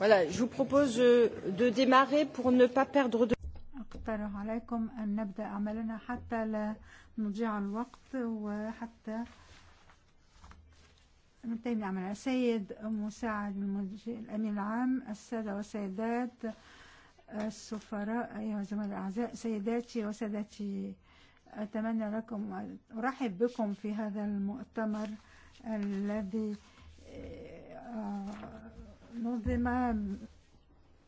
Voilà, je vous propose euh, de démarrer pour ne pas perdre de أقترح عليكم أن نبدأ عملنا حتى لا نضيع الوقت وحتى السيد مساعد العام السادة والسيدات السفراء الزملاء سيداتي وسادتي أتمنى لكم أرحب بكم في هذا المؤتمر الذي نظم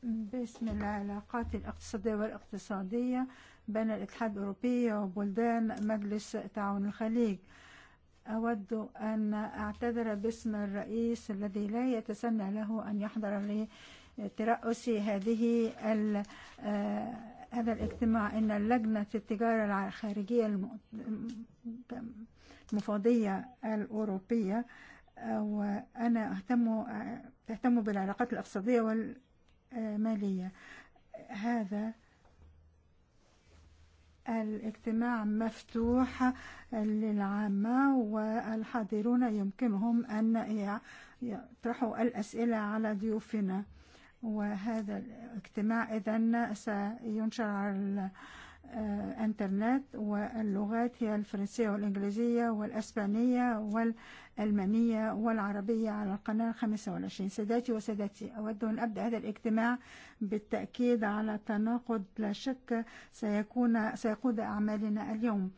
باسم العلاقات الاقتصادية والاقتصادية بين الاتحاد الأوروبي وبلدان مجلس تعاون الخليج أود أن أعتذر باسم الرئيس الذي لا يتسنى له أن يحضر لترأس هذه هذا الاجتماع إن اللجنة التجارة الخارجية المفوضية الأوروبية وأنا أهتم تهتم بالعلاقات الاقتصادية والمالية هذا الاجتماع مفتوح للعامة والحاضرون يمكنهم أن يطرحوا الأسئلة على ضيوفنا وهذا الاجتماع إذن سينشر على انترنت واللغات هي الفرنسية والإنجليزية والأسبانية والألمانية والعربية على القناة الخامسة والعشرين ساداتي وسادتي أود أن أبدأ هذا الاجتماع بالتأكيد على تناقض لا شك سيكون سيقود أعمالنا اليوم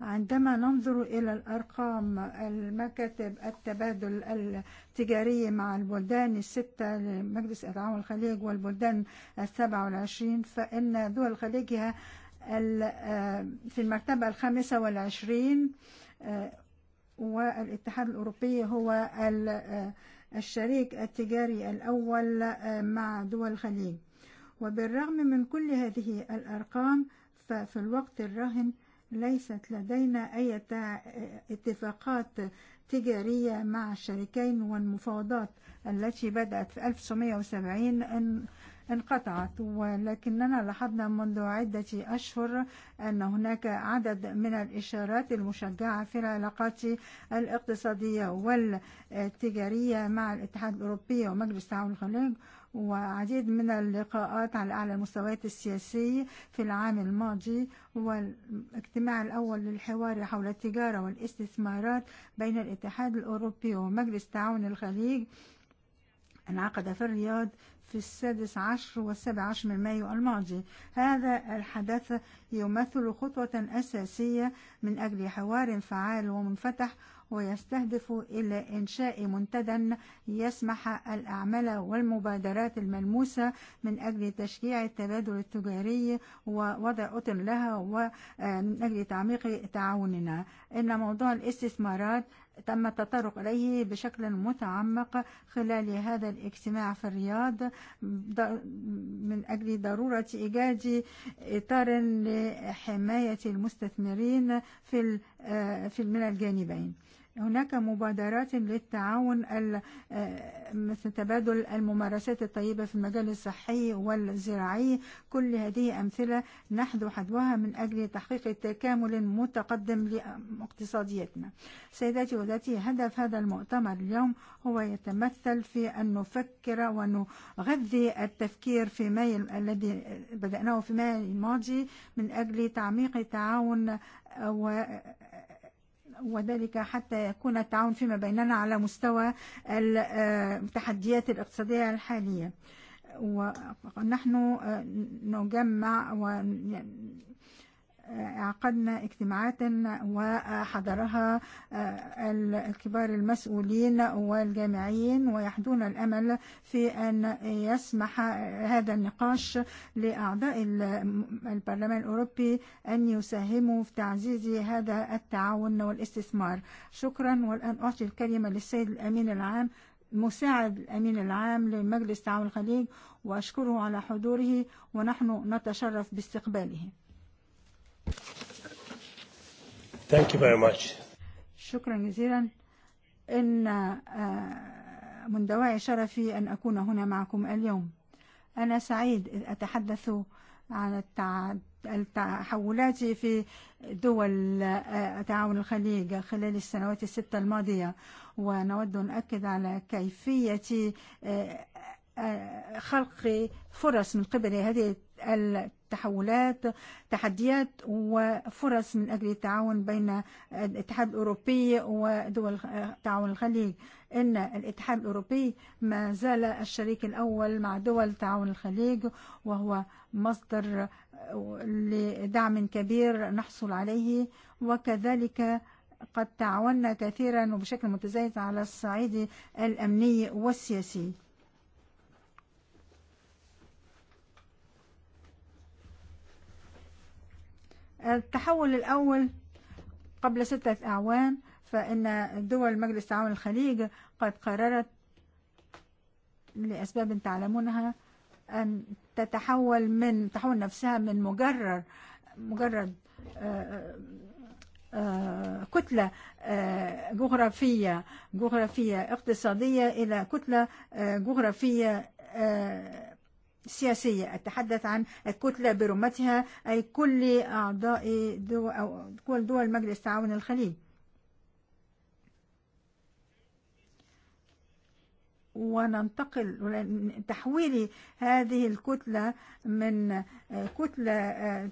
عندما ننظر إلى الأرقام المكاتب التبادل التجاري مع البلدان الستة لمجلس إدعام الخليج والبلدان السبع والعشرين فإن دول الخليج في المرتبة الخامسة والعشرين والاتحاد الأوروبي هو الشريك التجاري الأول مع دول الخليج وبالرغم من كل هذه الأرقام ففي الوقت الراهن ليست لدينا أي اتفاقات تجارية مع الشركين والمفاوضات التي بدأت في 1970 أن انقطعت ولكننا لاحظنا منذ عدة أشهر أن هناك عدد من الإشارات المشجعة في العلاقات الاقتصادية والتجارية مع الاتحاد الأوروبي ومجلس تعاون الخليج وعديد من اللقاءات على أعلى المستويات السياسية في العام الماضي والاجتماع الأول للحوار حول التجارة والاستثمارات بين الاتحاد الأوروبي ومجلس تعاون الخليج انعقد في الرياض في السادس عشر والسابع عشر من مايو الماضي هذا الحدث يمثل خطوة أساسية من أجل حوار فعال ومنفتح ويستهدف إلى إنشاء منتدى يسمح الأعمال والمبادرات الملموسة من أجل تشجيع التبادل التجاري ووضع أطر لها ومن أجل تعميق تعاوننا إن موضوع الاستثمارات تم التطرق إليه بشكل متعمق خلال هذا الاجتماع في الرياض من أجل ضرورة إيجاد إطار لحماية المستثمرين في من الجانبين هناك مبادرات للتعاون مثل تبادل الممارسات الطيبة في المجال الصحي والزراعي كل هذه أمثلة نحذو حذوها من أجل تحقيق تكامل متقدم لاقتصاديتنا سيداتي وذاتي هدف هذا المؤتمر اليوم هو يتمثل في أن نفكر ونغذي التفكير في ماي الذي بدأناه في ماي الماضي من أجل تعميق التعاون وذلك حتى يكون التعاون فيما بيننا على مستوى التحديات الاقتصادية الحالية ونحن نجمع عقدنا اجتماعات وحضرها الكبار المسؤولين والجامعيين ويحدون الأمل في أن يسمح هذا النقاش لأعضاء البرلمان الأوروبي أن يساهموا في تعزيز هذا التعاون والاستثمار شكرا والآن أعطي الكلمة للسيد الأمين العام مساعد الأمين العام لمجلس تعاون الخليج وأشكره على حضوره ونحن نتشرف باستقباله Thank you very much. شكرا جزيلا إن من دواعي شرفي أن أكون هنا معكم اليوم أنا سعيد إذ أتحدث عن التحولات في دول تعاون الخليج خلال السنوات الستة الماضية ونود أن أكد على كيفية خلق فرص من قبل هذه التحولات تحديات وفرص من أجل التعاون بين الاتحاد الأوروبي ودول تعاون الخليج إن الاتحاد الأوروبي ما زال الشريك الأول مع دول تعاون الخليج وهو مصدر لدعم كبير نحصل عليه وكذلك قد تعاوننا كثيرا وبشكل متزايد على الصعيد الأمني والسياسي التحول الأول قبل ستة أعوام فإن دول مجلس تعاون الخليج قد قررت لأسباب تعلمونها أن تتحول من تحول نفسها من مجرد مجرد كتلة جغرافية جغرافية اقتصادية إلى كتلة جغرافية سياسية أتحدث عن الكتلة برمتها أي كل أعضاء دول, كل دول مجلس تعاون الخليج وننتقل تحويل هذه الكتلة من كتلة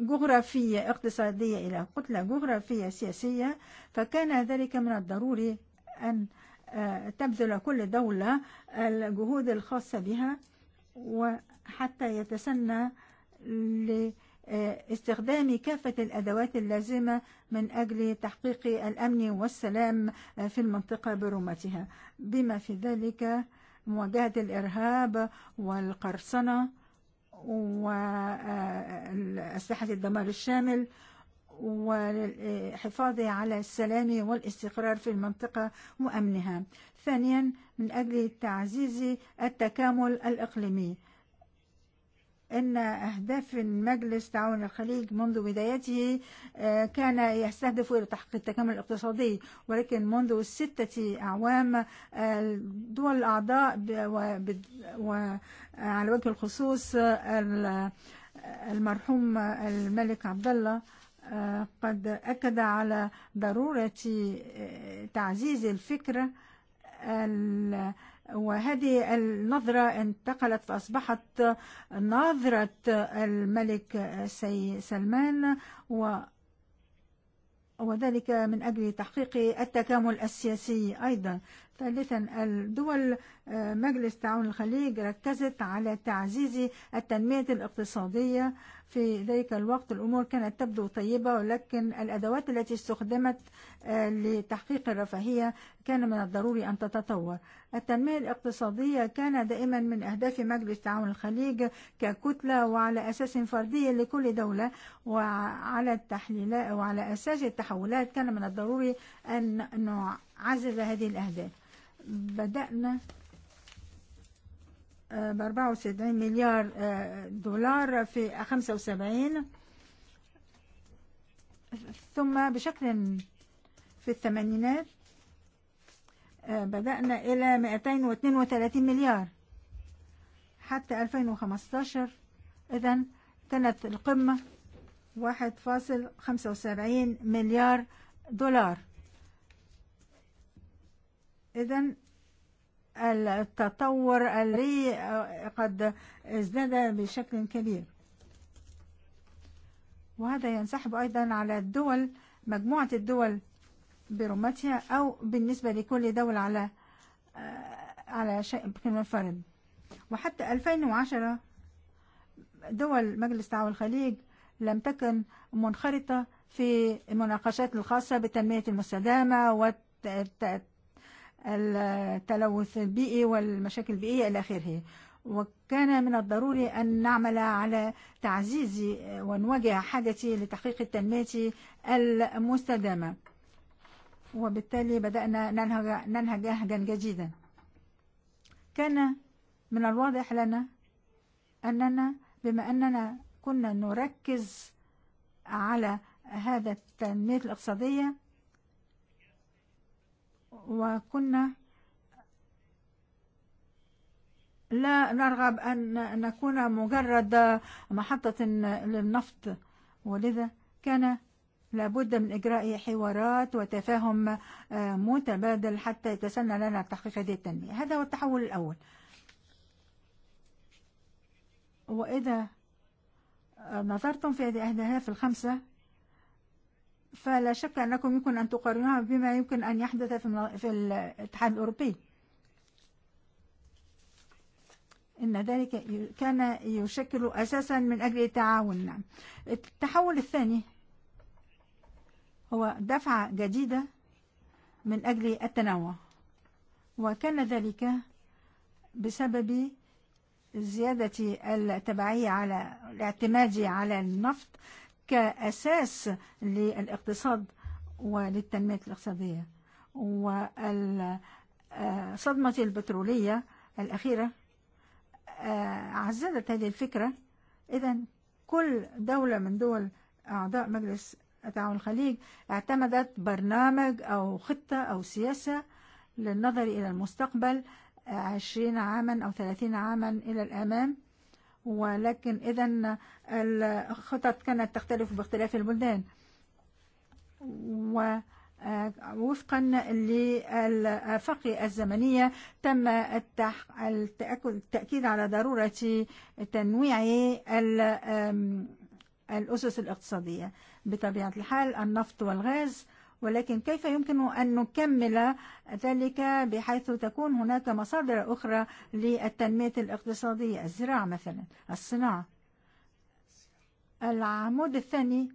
جغرافية اقتصادية إلى كتلة جغرافية سياسية فكان ذلك من الضروري أن تبذل كل دولة الجهود الخاصة بها وحتى يتسنى لاستخدام كافة الأدوات اللازمة من أجل تحقيق الأمن والسلام في المنطقة برمتها بما في ذلك مواجهة الإرهاب والقرصنة وأسلحة الدمار الشامل والحفاظ على السلام والاستقرار في المنطقة وأمنها ثانيا من أجل تعزيز التكامل الإقليمي إن أهداف مجلس تعاون الخليج منذ بدايته كان يستهدف إلى تحقيق التكامل الاقتصادي ولكن منذ ستة أعوام الدول الأعضاء وعلى وجه الخصوص المرحوم الملك عبد الله قد أكد على ضرورة تعزيز الفكرة وهذه النظرة انتقلت فأصبحت نظرة الملك سي سلمان و وذلك من أجل تحقيق التكامل السياسي أيضا ثالثا الدول مجلس تعاون الخليج ركزت على تعزيز التنمية الاقتصادية في ذلك الوقت الأمور كانت تبدو طيبة ولكن الأدوات التي استخدمت لتحقيق الرفاهية كان من الضروري أن تتطور التنمية الاقتصادية كان دائما من أهداف مجلس تعاون الخليج ككتلة وعلى أساس فردي لكل دولة وعلى التحليل وعلى أساس التحولات كان من الضروري أن نعزز هذه الأهداف بدأنا بأربعة وسبعين مليار دولار في 75 ثم بشكل في الثمانينات بدأنا إلى 232 مليار حتى 2015 إذا كانت القمة 1.75 مليار دولار إذا التطور الذي قد ازداد بشكل كبير وهذا ينسحب أيضا على الدول مجموعة الدول برمتها أو بالنسبة لكل دولة على على شيء فرد وحتى 2010 دول مجلس تعاون الخليج لم تكن منخرطة في المناقشات الخاصة بالتنمية المستدامة والت التلوث البيئي والمشاكل البيئية إلى آخره وكان من الضروري أن نعمل على تعزيز ونواجه حدثي لتحقيق التنمية المستدامة وبالتالي بدأنا ننهج, ننهج نهجا جديدا كان من الواضح لنا أننا بما أننا كنا نركز على هذا التنمية الاقتصادية وكنا لا نرغب أن نكون مجرد محطة للنفط ولذا كان لابد من إجراء حوارات وتفاهم متبادل حتى يتسنى لنا تحقيق هذه التنمية هذا هو التحول الأول وإذا نظرتم في هذه الأهداف الخمسة فلا شك أنكم يمكن أن تقارنوها بما يمكن أن يحدث في الاتحاد الأوروبي إن ذلك كان يشكل أساسا من أجل التعاون التحول الثاني هو دفعة جديدة من أجل التنوع وكان ذلك بسبب زيادة التبعية على الاعتماد على النفط كأساس للاقتصاد وللتنمية الاقتصادية وصدمة البترولية الأخيرة عززت هذه الفكرة إذا كل دولة من دول أعضاء مجلس التعاون الخليج اعتمدت برنامج أو خطة أو سياسة للنظر إلى المستقبل عشرين عاما أو ثلاثين عاما إلى الأمام ولكن إذا الخطط كانت تختلف باختلاف البلدان ووفقا وفقا الزمنية تم التأكيد على ضرورة تنويع الأسس الاقتصادية بطبيعة الحال النفط والغاز ولكن كيف يمكن أن نكمل ذلك بحيث تكون هناك مصادر أخرى للتنمية الاقتصادية الزراعة مثلا الصناعة العمود الثاني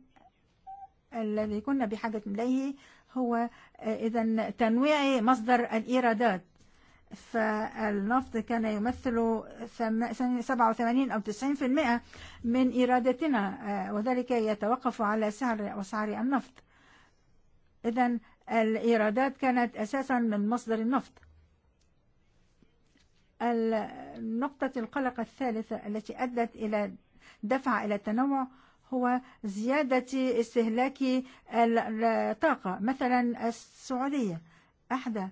الذي كنا بحاجة إليه هو إذا تنويع مصدر الإيرادات فالنفط كان يمثل 87 أو 90% من إيرادتنا وذلك يتوقف على سعر أسعار النفط إذا الإيرادات كانت أساسا من مصدر النفط النقطة القلق الثالثة التي أدت إلى دفع إلى التنوع هو زيادة استهلاك الطاقة مثلا السعودية أحدى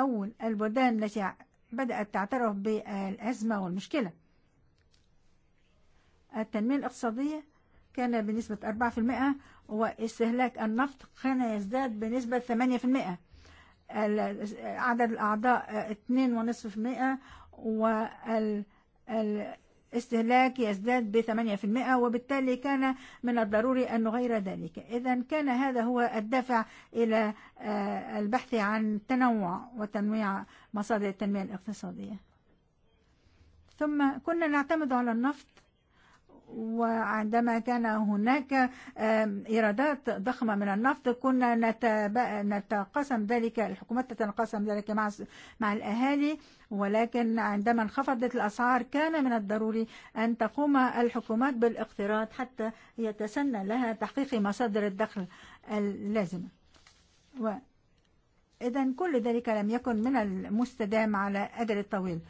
أول البلدان التي بدأت تعترف بالأزمة والمشكلة التنمية الاقتصادية كان بنسبة 4% واستهلاك النفط كان يزداد بنسبة 8% عدد الأعضاء 2.5% وال الاستهلاك يزداد ب 8% وبالتالي كان من الضروري أن نغير ذلك إذا كان هذا هو الدافع إلى البحث عن تنوع وتنويع مصادر التنمية الاقتصادية ثم كنا نعتمد على النفط وعندما كان هناك إيرادات ضخمة من النفط كنا نتقاسم ذلك الحكومات تتقاسم ذلك مع مع الأهالي ولكن عندما انخفضت الأسعار كان من الضروري أن تقوم الحكومات بالاقتراض حتى يتسنى لها تحقيق مصادر الدخل اللازمة إذا كل ذلك لم يكن من المستدام على أجل الطويل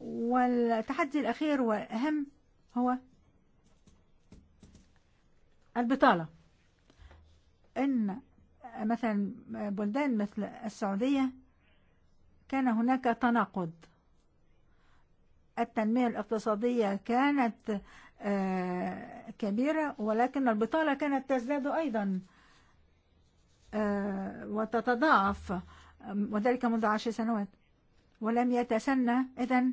والتحدي الأخير وأهم هو البطالة إن مثلا بلدان مثل السعودية كان هناك تناقض التنمية الاقتصادية كانت كبيرة ولكن البطالة كانت تزداد أيضا وتتضاعف وذلك منذ عشر سنوات ولم يتسنى إذن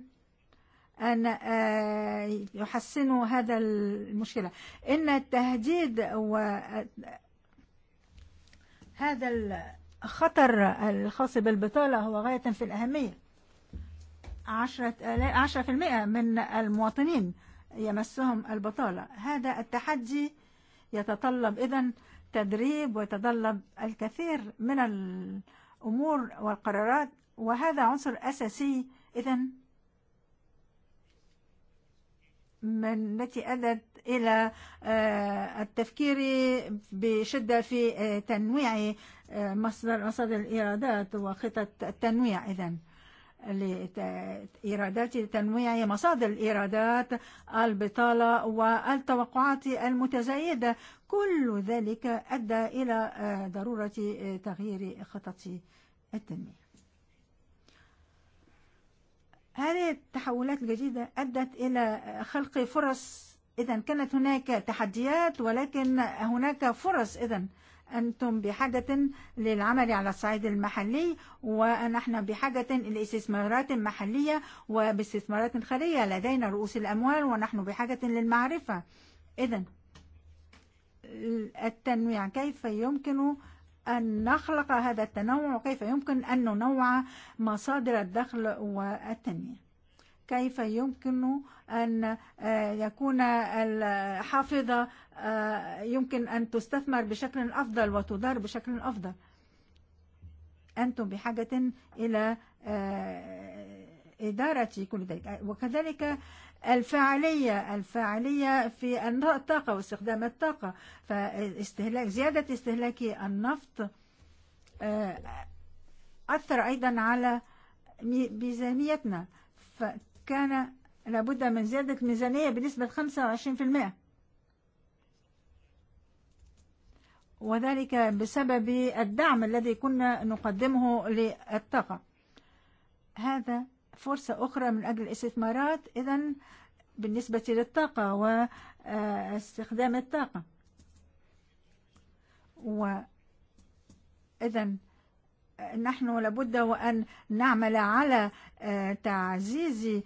أن يحسنوا هذا المشكلة إن التهديد و هذا الخطر الخاص بالبطالة هو غاية في الأهمية عشرة, عشرة في المئة من المواطنين يمسهم البطالة هذا التحدي يتطلب إذن تدريب ويتطلب الكثير من الأمور والقرارات وهذا عنصر أساسي إذن من التي أدت إلى التفكير بشدة في تنويع مصدر مصادر الإيرادات وخطط التنويع إذن لإيرادات تنويع مصادر الإيرادات البطالة والتوقعات المتزايدة كل ذلك أدى إلى ضرورة تغيير خطط التنمية هذه التحولات الجديدة أدت إلى خلق فرص إذا كانت هناك تحديات ولكن هناك فرص إذا أنتم بحاجة للعمل على الصعيد المحلي ونحن بحاجة إلى محلية وباستثمارات خارجية لدينا رؤوس الأموال ونحن بحاجة للمعرفة إذا التنويع كيف يمكن أن نخلق هذا التنوع وكيف يمكن أن ننوع مصادر الدخل والتنمية كيف يمكن أن يكون الحافظة يمكن أن تستثمر بشكل أفضل وتدار بشكل أفضل أنتم بحاجة إلى إدارة كل ذلك وكذلك الفعالية الفعالية في الطاقة واستخدام الطاقة فاستهلاك زيادة استهلاك النفط أثر أيضا على ميزانيتنا فكان لابد من زيادة ميزانية بنسبة 25% وذلك بسبب الدعم الذي كنا نقدمه للطاقة هذا فرصة أخرى من أجل الاستثمارات إذا بالنسبة للطاقة واستخدام الطاقة وإذا نحن لابد وأن نعمل على تعزيز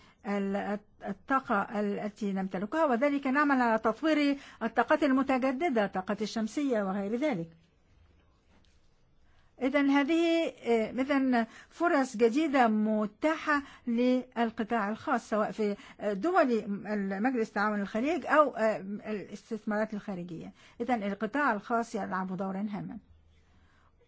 الطاقة التي نمتلكها وذلك نعمل على تطوير الطاقات المتجددة الطاقات الشمسية وغير ذلك إذا هذه مثلا فرص جديدة متاحة للقطاع الخاص سواء في دول مجلس تعاون الخليج أو الاستثمارات الخارجية إذا القطاع الخاص يلعب دورا هاما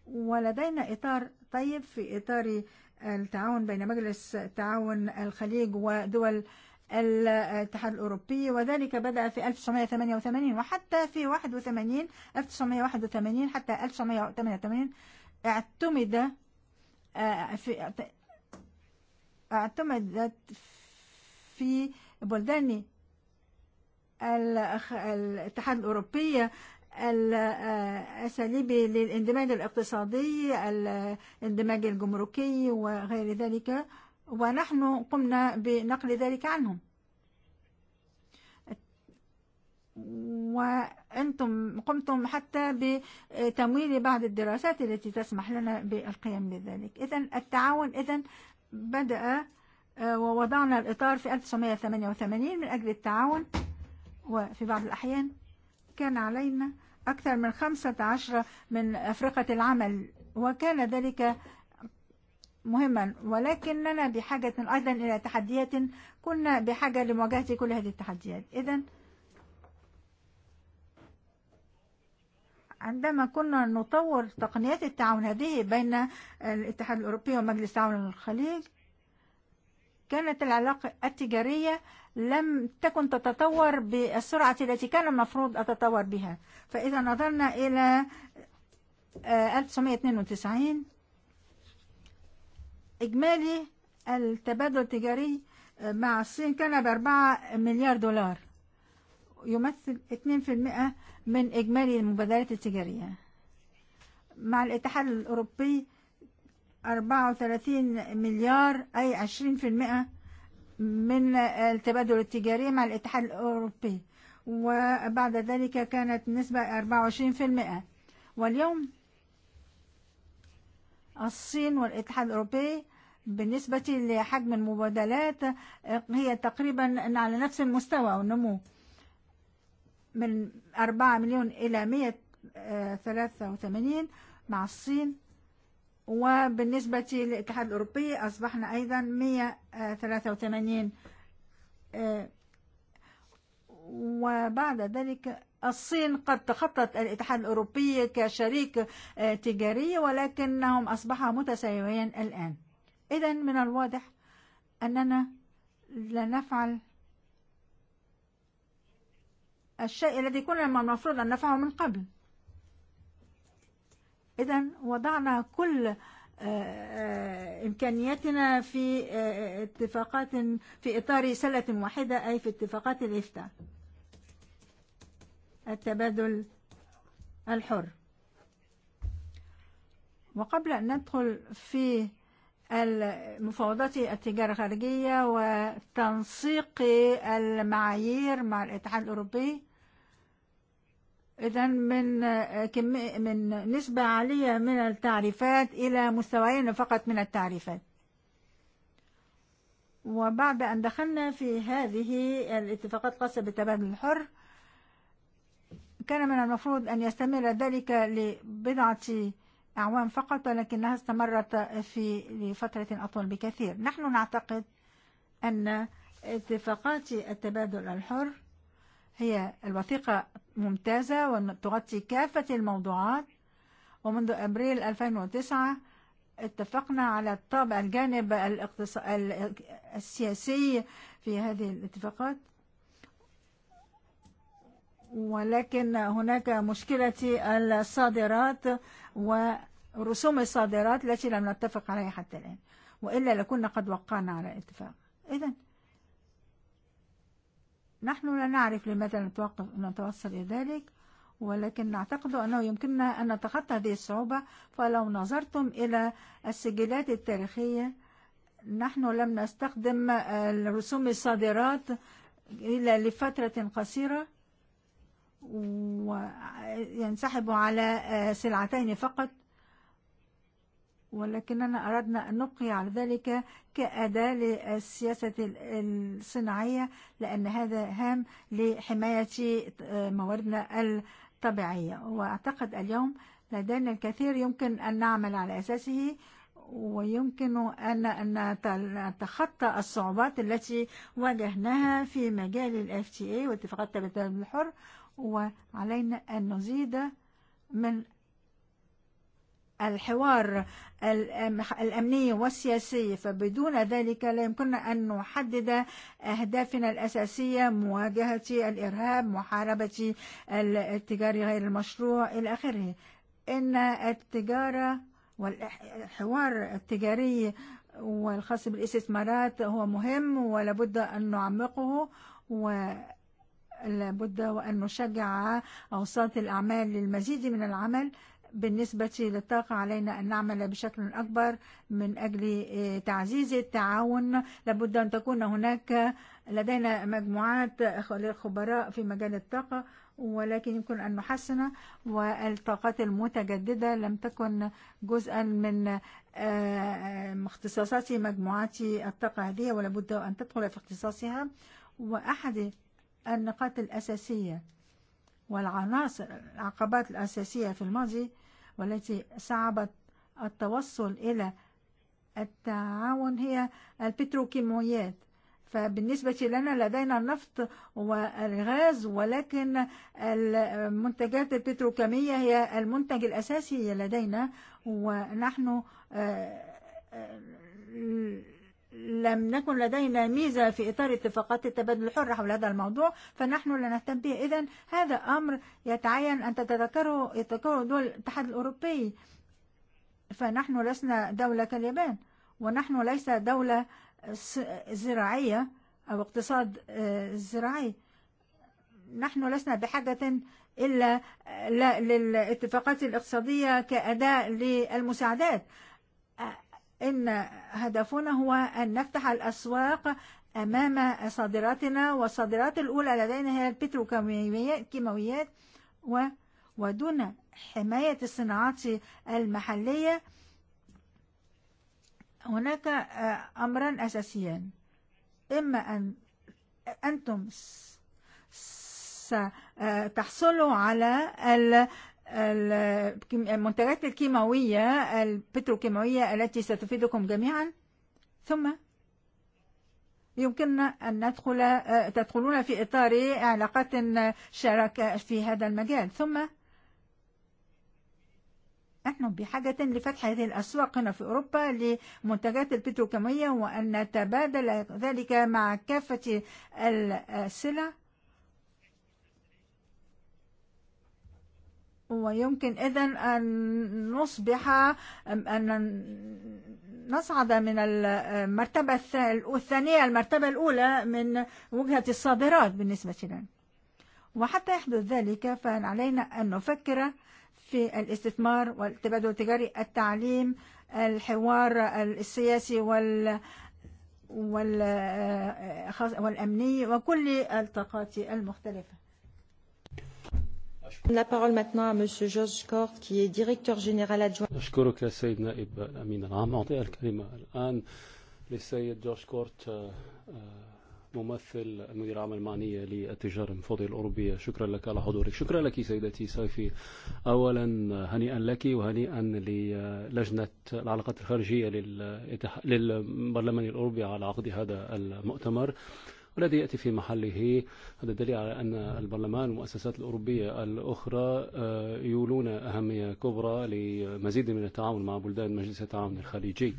ولدينا إطار طيب في إطار التعاون بين مجلس تعاون الخليج ودول الاتحاد الأوروبي وذلك بدأ في 1988 وحتى في 81 1981 حتى 1988 اعتمد في اعتمدت في بلدان الاتحاد الأوروبي الأساليب للاندماج الاقتصادي الاندماج الجمركي وغير ذلك ونحن قمنا بنقل ذلك عنهم وأنتم قمتم حتى بتمويل بعض الدراسات التي تسمح لنا بالقيام بذلك إذا التعاون إذا بدأ ووضعنا الإطار في 1988 من أجل التعاون وفي بعض الأحيان كان علينا أكثر من 15 من أفرقة العمل وكان ذلك مهما ولكننا بحاجة أيضا إلى تحديات كنا بحاجة لمواجهة كل هذه التحديات إذا عندما كنا نطور تقنيات التعاون هذه بين الاتحاد الأوروبي ومجلس تعاون الخليج كانت العلاقة التجارية لم تكن تتطور بالسرعة التي كان المفروض أتطور بها فإذا نظرنا إلى 1992 إجمالي التبادل التجاري مع الصين كان بأربعة مليار دولار يمثل 2% من إجمالي المبادلات التجارية مع الاتحاد الأوروبي 34 مليار أي 20% من التبادل التجاري مع الاتحاد الأوروبي وبعد ذلك كانت نسبة 24% واليوم الصين والاتحاد الأوروبي بالنسبة لحجم المبادلات هي تقريبا على نفس المستوى والنمو من 4 مليون إلى 183 مع الصين وبالنسبة للاتحاد الأوروبي أصبحنا أيضا 183 وبعد ذلك الصين قد تخطت الاتحاد الأوروبي كشريك تجاري ولكنهم أصبحوا متساويين الآن إذا من الواضح أننا لا نفعل الشيء الذي كنا من المفروض أن نفعله من قبل إذا وضعنا كل إمكانياتنا في اتفاقات في إطار سلة واحدة أي في اتفاقات الإفتاء التبادل الحر وقبل أن ندخل في المفاوضات التجارة الخارجية وتنسيق المعايير مع الاتحاد الأوروبي إذا من من نسبة عالية من التعريفات إلى مستويين فقط من التعريفات وبعد أن دخلنا في هذه الاتفاقات الخاصة بالتبادل الحر كان من المفروض أن يستمر ذلك لبضعة أعوام فقط ولكنها استمرت في لفترة أطول بكثير نحن نعتقد أن اتفاقات التبادل الحر هي الوثيقة ممتازة وتغطي كافة الموضوعات ومنذ أبريل 2009 اتفقنا على الطابع الجانب الاقتص... السياسي في هذه الاتفاقات ولكن هناك مشكلة الصادرات ورسوم الصادرات التي لم نتفق عليها حتى الآن وإلا لكنا قد وقعنا على اتفاق إذن نحن لا نعرف لماذا لم نتوصل إلى ذلك ولكن نعتقد أنه يمكننا أن نتخطى هذه الصعوبة فلو نظرتم إلى السجلات التاريخية نحن لم نستخدم رسوم الصادرات إلا لفترة قصيرة وينسحب على سلعتين فقط ولكننا أردنا أن نبقي على ذلك كأداة للسياسة الصناعية لأن هذا هام لحماية مواردنا الطبيعية وأعتقد اليوم لدينا الكثير يمكن أن نعمل على أساسه ويمكن أن نتخطى الصعوبات التي واجهناها في مجال الـ FTA واتفاقات التبادل الحر وعلينا أن نزيد من الحوار الأمني والسياسي فبدون ذلك لا يمكننا أن نحدد أهدافنا الأساسية مواجهة الإرهاب محاربة التجارة غير المشروع إلى آخره إن التجارة والحوار التجاري والخاص بالاستثمارات هو مهم ولابد أن نعمقه و لابد وأن نشجع أوساط الأعمال للمزيد من العمل بالنسبة للطاقة علينا أن نعمل بشكل أكبر من أجل تعزيز التعاون لابد أن تكون هناك لدينا مجموعات للخبراء في مجال الطاقة ولكن يمكن أن نحسن والطاقات المتجددة لم تكن جزءا من اختصاصات مجموعات الطاقة هذه ولابد أن تدخل في اختصاصها وأحد النقاط الأساسية والعناصر العقبات الأساسية في الماضي والتي صعبت التوصل إلى التعاون هي البتروكيماويات فبالنسبة لنا لدينا النفط والغاز ولكن المنتجات البتروكيمية هي المنتج الأساسي لدينا ونحن لم نكن لدينا ميزة في إطار اتفاقات التبادل الحر حول هذا الموضوع فنحن لا نهتم به إذا هذا أمر يتعين أن تتذكره يتذكره دول الاتحاد الأوروبي فنحن لسنا دولة كاليابان ونحن ليس دولة زراعية أو اقتصاد زراعي نحن لسنا بحاجة إلا للاتفاقات الاقتصادية كأداة للمساعدات إن هدفنا هو أن نفتح الأسواق أمام صادراتنا والصادرات الأولى لدينا هي البتروكيماويات ودون حماية الصناعات المحلية هناك أمرا أساسيا إما أن أنتم ستحصلوا على المنتجات الكيماوية البتروكيماوية التي ستفيدكم جميعا ثم يمكننا أن ندخل تدخلون في إطار علاقات شراكة في هذا المجال ثم نحن بحاجة لفتح هذه الأسواق هنا في أوروبا لمنتجات البتروكيماوية وأن نتبادل ذلك مع كافة السلع ويمكن إذا أن نصبح أن نصعد من المرتبة الثانية المرتبة الأولى من وجهة الصادرات بالنسبة لنا وحتى يحدث ذلك فعلينا أن نفكر في الاستثمار والتبادل التجاري التعليم الحوار السياسي وال والأمني وكل الطاقات المختلفة La parole maintenant à M. Georges Kort, qui est directeur général adjoint. أشكرك يا سيدنا أمين العام أعطي الكلمة الآن للسيد جورج كورت ممثل المدير العام المعنية للتجارة المفوضية الأوروبية شكرا لك على حضورك شكرا لك سيدتي صيفي أولا هنيئا لك وهنيئا للجنة العلاقات الخارجية للبرلمان الأوروبي على عقد هذا المؤتمر والذي يأتي في محله هذا دليل على أن البرلمان والمؤسسات الأوروبية الأخرى يولون أهمية كبرى لمزيد من التعاون مع بلدان مجلس التعاون الخليجي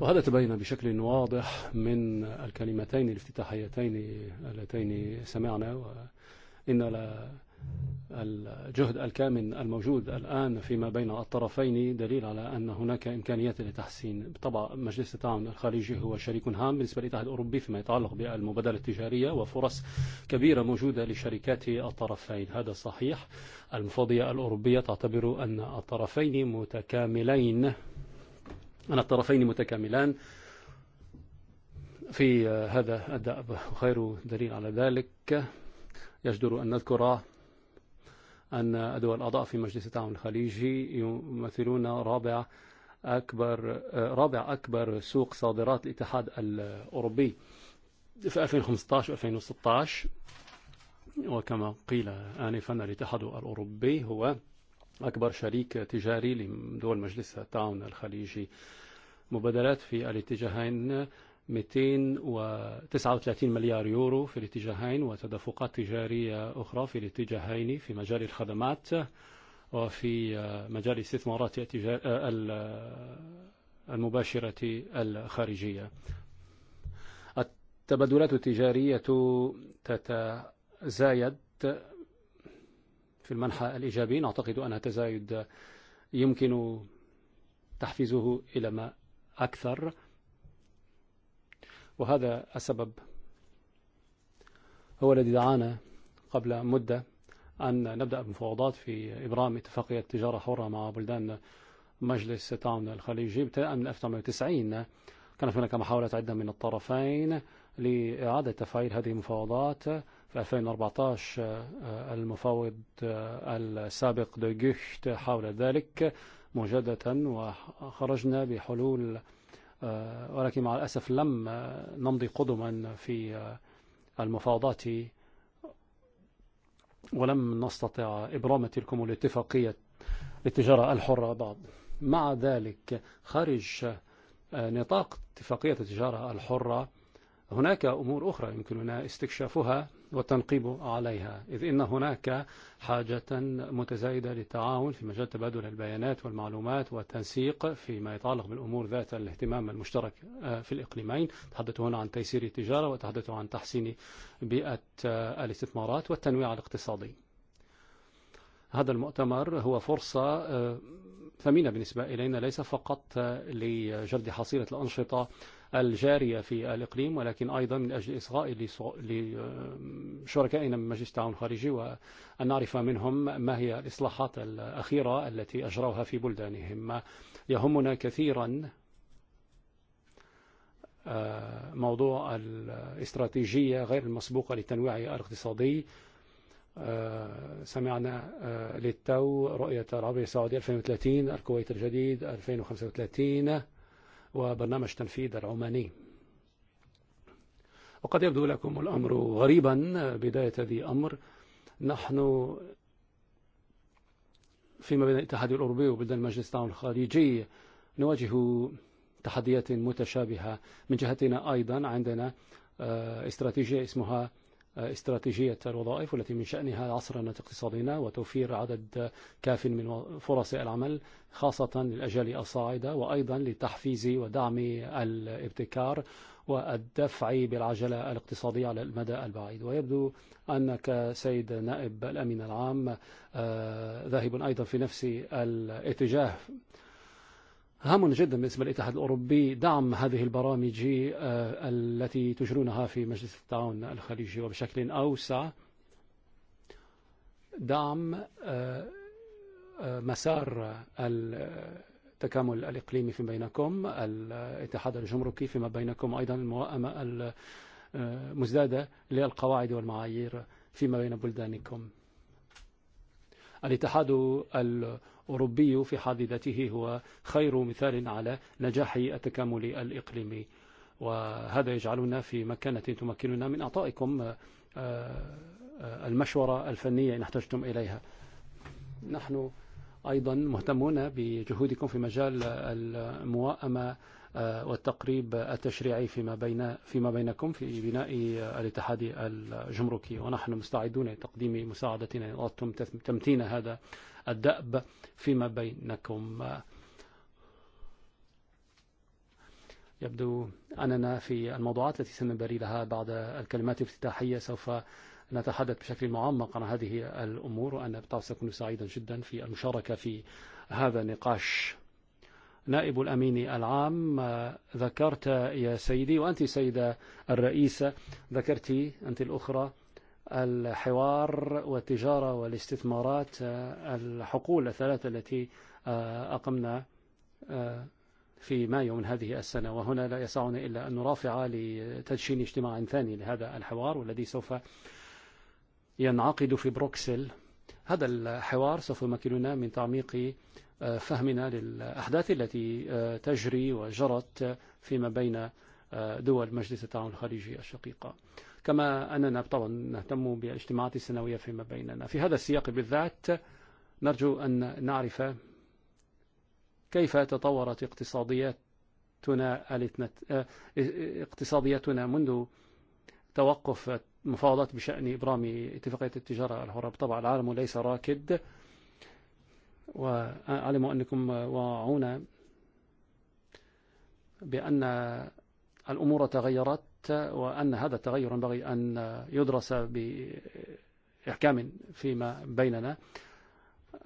وهذا تبين بشكل واضح من الكلمتين الافتتاحيتين اللتين سمعنا وإن لا الجهد الكامن الموجود الآن فيما بين الطرفين دليل على أن هناك إمكانيات لتحسين طبعا مجلس التعاون الخارجي هو شريك هام بالنسبة للاتحاد الأوروبي فيما يتعلق بالمبادلة التجارية وفرص كبيرة موجودة لشركات الطرفين هذا صحيح المفوضية الأوروبية تعتبر أن الطرفين متكاملين أن الطرفين متكاملان في هذا الدأب خير دليل على ذلك يجدر أن نذكر أن دول الأعضاء في مجلس التعاون الخليجي يمثلون رابع أكبر رابع أكبر سوق صادرات الاتحاد الأوروبي في 2015 و 2016 وكما قيل آنفا الاتحاد الأوروبي هو أكبر شريك تجاري لدول مجلس التعاون الخليجي مبادرات في الاتجاهين 239 مليار يورو في الاتجاهين وتدفقات تجارية أخرى في الاتجاهين في مجال الخدمات وفي مجال الاستثمارات المباشرة الخارجية التبادلات التجارية تتزايد في المنحى الإيجابي نعتقد أن تزايد يمكن تحفيزه إلى ما أكثر وهذا السبب هو الذي دعانا قبل مدة أن نبدأ بمفاوضات في إبرام اتفاقية تجارة حرة مع بلدان مجلس تعاون الخليجي ابتداء من 1990 كانت هناك محاولة عدة من الطرفين لإعادة تفعيل هذه المفاوضات في 2014 المفاوض السابق دوغيشت حاول ذلك مجددا وخرجنا بحلول ولكن مع الأسف لم نمضي قدما في المفاوضات ولم نستطع إبرامة تلكم الاتفاقية للتجارة الحرة بعض مع ذلك خارج نطاق اتفاقية التجارة الحرة هناك أمور أخرى يمكننا استكشافها والتنقيب عليها إذ إن هناك حاجة متزايدة للتعاون في مجال تبادل البيانات والمعلومات والتنسيق فيما يتعلق بالأمور ذات الاهتمام المشترك في الإقليمين تحدث هنا عن تيسير التجارة وتحدث عن تحسين بيئة الاستثمارات والتنويع الاقتصادي هذا المؤتمر هو فرصة ثمينة بالنسبة إلينا ليس فقط لجلب حصيلة الأنشطة الجارية في الإقليم ولكن أيضا من أجل إصغاء لشركائنا من مجلس التعاون الخارجي وأن نعرف منهم ما هي الإصلاحات الأخيرة التي أجروها في بلدانهم يهمنا كثيرا موضوع الاستراتيجية غير المسبوقة للتنويع الاقتصادي سمعنا للتو رؤية العربية السعودية 2030 الكويت الجديد 2035 وبرنامج تنفيذ العماني وقد يبدو لكم الأمر غريبا بداية هذه أمر نحن فيما بين الاتحاد الأوروبي وبلدان المجلس التعاون الخارجي نواجه تحديات متشابهة من جهتنا أيضا عندنا استراتيجية اسمها استراتيجية الوظائف والتي من شأنها عصرنة اقتصادنا وتوفير عدد كاف من فرص العمل خاصة للأجل الصاعدة وأيضا لتحفيز ودعم الابتكار والدفع بالعجلة الاقتصادية على المدى البعيد ويبدو أنك سيد نائب الأمين العام ذاهب أيضا في نفس الاتجاه هام جدا بالنسبة للاتحاد الأوروبي دعم هذه البرامج التي تجرونها في مجلس التعاون الخليجي وبشكل أوسع دعم مسار التكامل الإقليمي فيما بينكم الاتحاد الجمركي فيما بينكم أيضا الموائمة المزدادة للقواعد والمعايير فيما بين بلدانكم الاتحاد الأوروبي في حضيضته هو خير مثال على نجاح التكامل الإقليمي وهذا يجعلنا في مكانة تمكننا من أعطائكم المشورة الفنية إن احتجتم إليها نحن أيضا مهتمون بجهودكم في مجال المواءمة والتقريب التشريعي فيما بين فيما بينكم في بناء الاتحاد الجمركي ونحن مستعدون لتقديم مساعدتنا إن أردتم تمتين هذا الدأب فيما بينكم يبدو أننا في الموضوعات التي سنبري لها بعد الكلمات الافتتاحية سوف نتحدث بشكل معمق عن هذه الأمور وأنا بالطبع سكون سعيدا جدا في المشاركة في هذا النقاش نائب الأمين العام ذكرت يا سيدي وأنت سيدة الرئيسة ذكرت أنت الأخرى الحوار والتجارة والاستثمارات الحقول الثلاثة التي أقمنا في مايو من هذه السنة وهنا لا يسعني إلا أن نرافع لتدشين اجتماع ثاني لهذا الحوار والذي سوف ينعقد في بروكسل هذا الحوار سوف يمكننا من تعميق فهمنا للأحداث التي تجري وجرت فيما بين دول مجلس التعاون الخارجي الشقيقة كما أننا طبعا نهتم بالاجتماعات السنوية فيما بيننا في هذا السياق بالذات نرجو أن نعرف كيف تطورت اقتصادياتنا الاثنت... اقتصادياتنا منذ توقف مفاوضات بشأن إبرام اتفاقية التجارة الحرة طبعا العالم ليس راكد وعلموا أنكم وعونا بأن الأمور تغيرت وأن هذا التغير ينبغي أن يدرس بإحكام فيما بيننا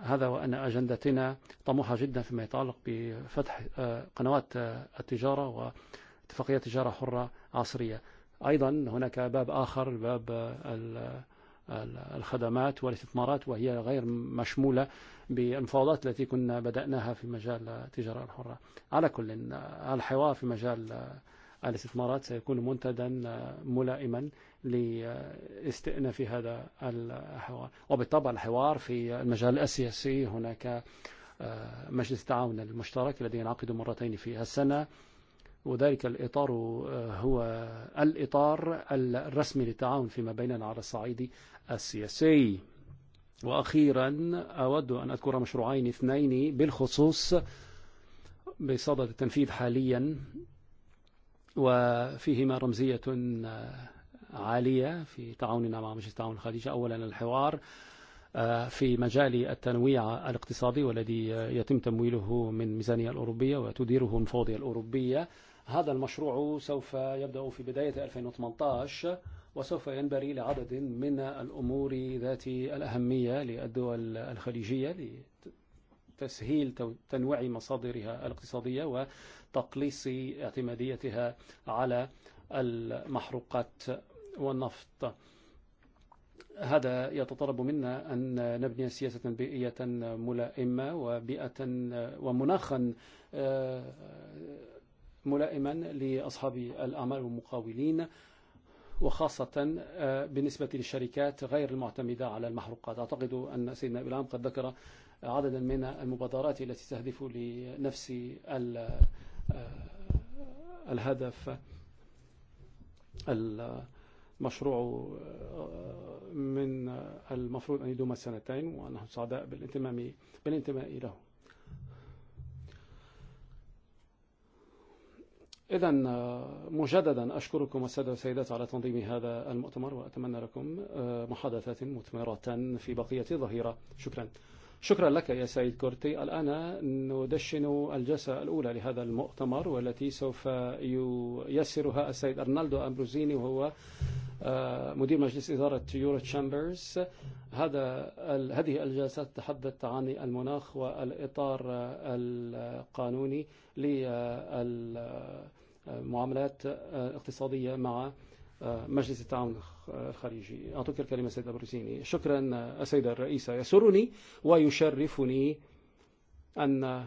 هذا وأن أجندتنا طموحة جدا فيما يتعلق بفتح قنوات التجارة واتفاقية تجارة حرة عصرية أيضا هناك باب آخر باب الخدمات والاستثمارات وهي غير مشمولة بالمفاوضات التي كنا بدأناها في مجال التجارة الحرة على كل الحوار في مجال الاستثمارات سيكون منتدا ملائما لاستئنا في هذا الحوار وبالطبع الحوار في المجال السياسي هناك مجلس التعاون المشترك الذي ينعقد مرتين في السنة وذلك الإطار هو الإطار الرسمي للتعاون فيما بيننا على الصعيد السياسي وأخيرا أود أن أذكر مشروعين اثنين بالخصوص بصدد التنفيذ حاليا وفيهما رمزية عالية في تعاوننا مع مجلس التعاون الخليجي أولا الحوار في مجال التنويع الاقتصادي والذي يتم تمويله من ميزانية الأوروبية وتديره المفوضية الأوروبية هذا المشروع سوف يبدأ في بداية 2018 وسوف ينبري لعدد من الأمور ذات الأهمية للدول الخليجية لتسهيل تنوع مصادرها الاقتصادية وتقليص اعتماديتها على المحروقات والنفط هذا يتطلب منا أن نبني سياسة بيئية ملائمة وبيئة ومناخا ملائما لأصحاب الأمر ومقاولين وخاصة بالنسبة للشركات غير المعتمدة على المحروقات أعتقد أن سيدنا إلهام قد ذكر عددا من المبادرات التي تهدف لنفس الهدف المشروع من المفروض أن يدوم سنتين ونحن سعداء بالانتماء, بالانتماء له إذن مجددا أشكركم السادة والسيدات على تنظيم هذا المؤتمر وأتمنى لكم محادثات مثمرة في بقية ظهيرة شكرا شكرا لك يا سيد كورتي الآن ندشن الجلسة الأولى لهذا المؤتمر والتي سوف ييسرها السيد أرنالدو أمبروزيني وهو مدير مجلس إدارة يورو تشامبرز هذا هذه الجلسة تحدثت عن المناخ والإطار القانوني للمعاملات الاقتصادية مع مجلس التعاون الخليجي أعطوك الكلمة سيدة بروسيني شكرا سيدة الرئيسة يسرني ويشرفني أن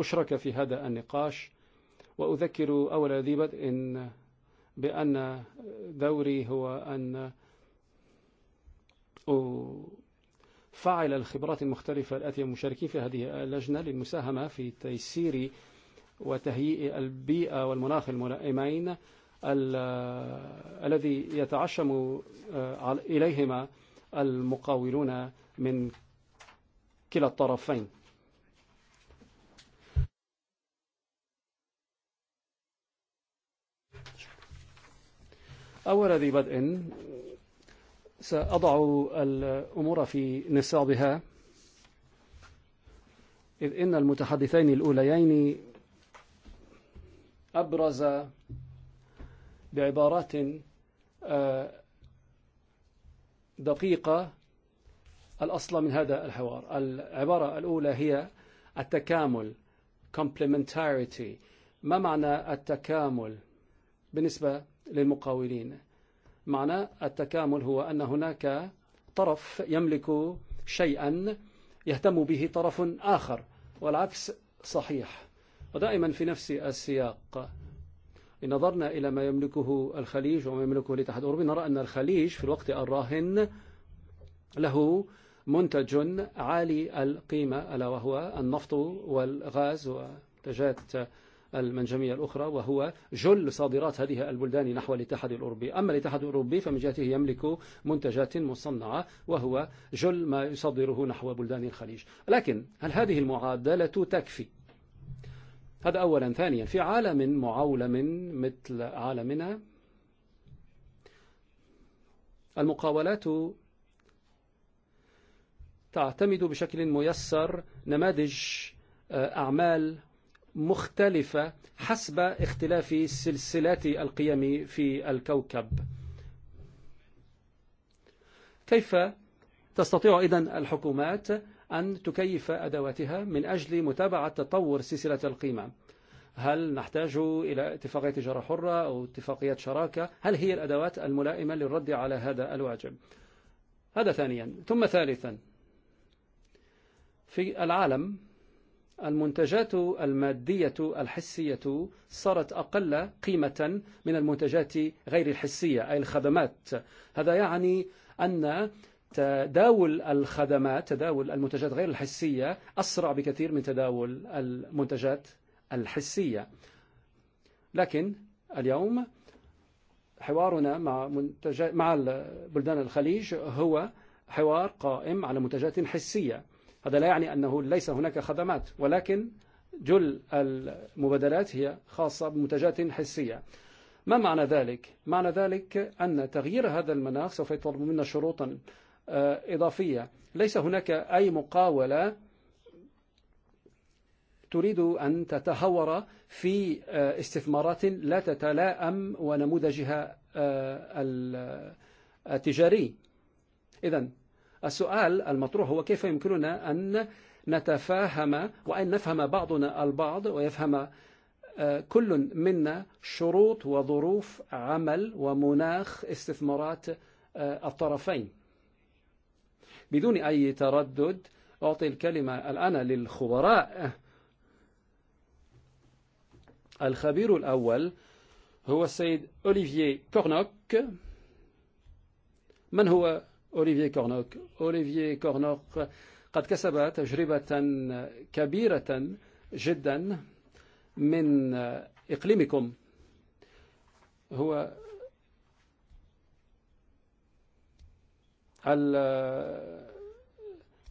أشرك في هذا النقاش وأذكر أول ذي بدء بأن دوري هو أن فعل الخبرات المختلفة الآتية المشاركين في هذه اللجنة للمساهمة في تيسير وتهيئ البيئة والمناخ الملائمين الذي يتعشم إليهما المقاولون من كلا الطرفين أول ذي بدء سأضع الأمور في نصابها إذ إن المتحدثين الأوليين أبرز بعبارات دقيقة الأصل من هذا الحوار العبارة الأولى هي التكامل complementarity ما معنى التكامل بالنسبة للمقاولين معنى التكامل هو أن هناك طرف يملك شيئا يهتم به طرف آخر والعكس صحيح ودائما في نفس السياق إن نظرنا إلى ما يملكه الخليج وما يملكه الاتحاد الأوروبي نرى أن الخليج في الوقت الراهن له منتج عالي القيمة ألا وهو النفط والغاز ومنتجات المنجمية الأخرى وهو جل صادرات هذه البلدان نحو الاتحاد الأوروبي أما الاتحاد الأوروبي فمن جهته يملك منتجات مصنعة وهو جل ما يصدره نحو بلدان الخليج لكن هل هذه المعادلة تكفي هذا أولا ثانيا في عالم معولم مثل عالمنا المقاولات تعتمد بشكل ميسر نماذج أعمال مختلفة حسب اختلاف سلسلات القيم في الكوكب كيف تستطيع إذن الحكومات أن تكيف أدواتها من أجل متابعة تطور سلسلة القيمة هل نحتاج إلى اتفاقية تجارة حرة أو اتفاقيات شراكة هل هي الأدوات الملائمة للرد على هذا الواجب هذا ثانيا ثم ثالثا في العالم المنتجات المادية الحسية صارت أقل قيمة من المنتجات غير الحسية أي الخدمات هذا يعني أن تداول الخدمات تداول المنتجات غير الحسية أسرع بكثير من تداول المنتجات الحسية لكن اليوم حوارنا مع منتجات مع بلدان الخليج هو حوار قائم على منتجات حسية هذا لا يعني أنه ليس هناك خدمات ولكن جل المبادلات هي خاصة بمنتجات حسية ما معنى ذلك؟ معنى ذلك أن تغيير هذا المناخ سوف يطلب منا شروطاً إضافية ليس هناك أي مقاولة تريد أن تتهور في استثمارات لا تتلاءم ونموذجها التجاري إذن السؤال المطروح هو كيف يمكننا أن نتفاهم وأن نفهم بعضنا البعض ويفهم كل منا شروط وظروف عمل ومناخ استثمارات الطرفين بدون أي تردد أعطي الكلمة الآن للخبراء الخبير الأول هو السيد أوليفيي كورنوك من هو أوليفيي كورنوك؟ أوليفيي كورنوك قد كسب تجربة كبيرة جدا من إقليمكم هو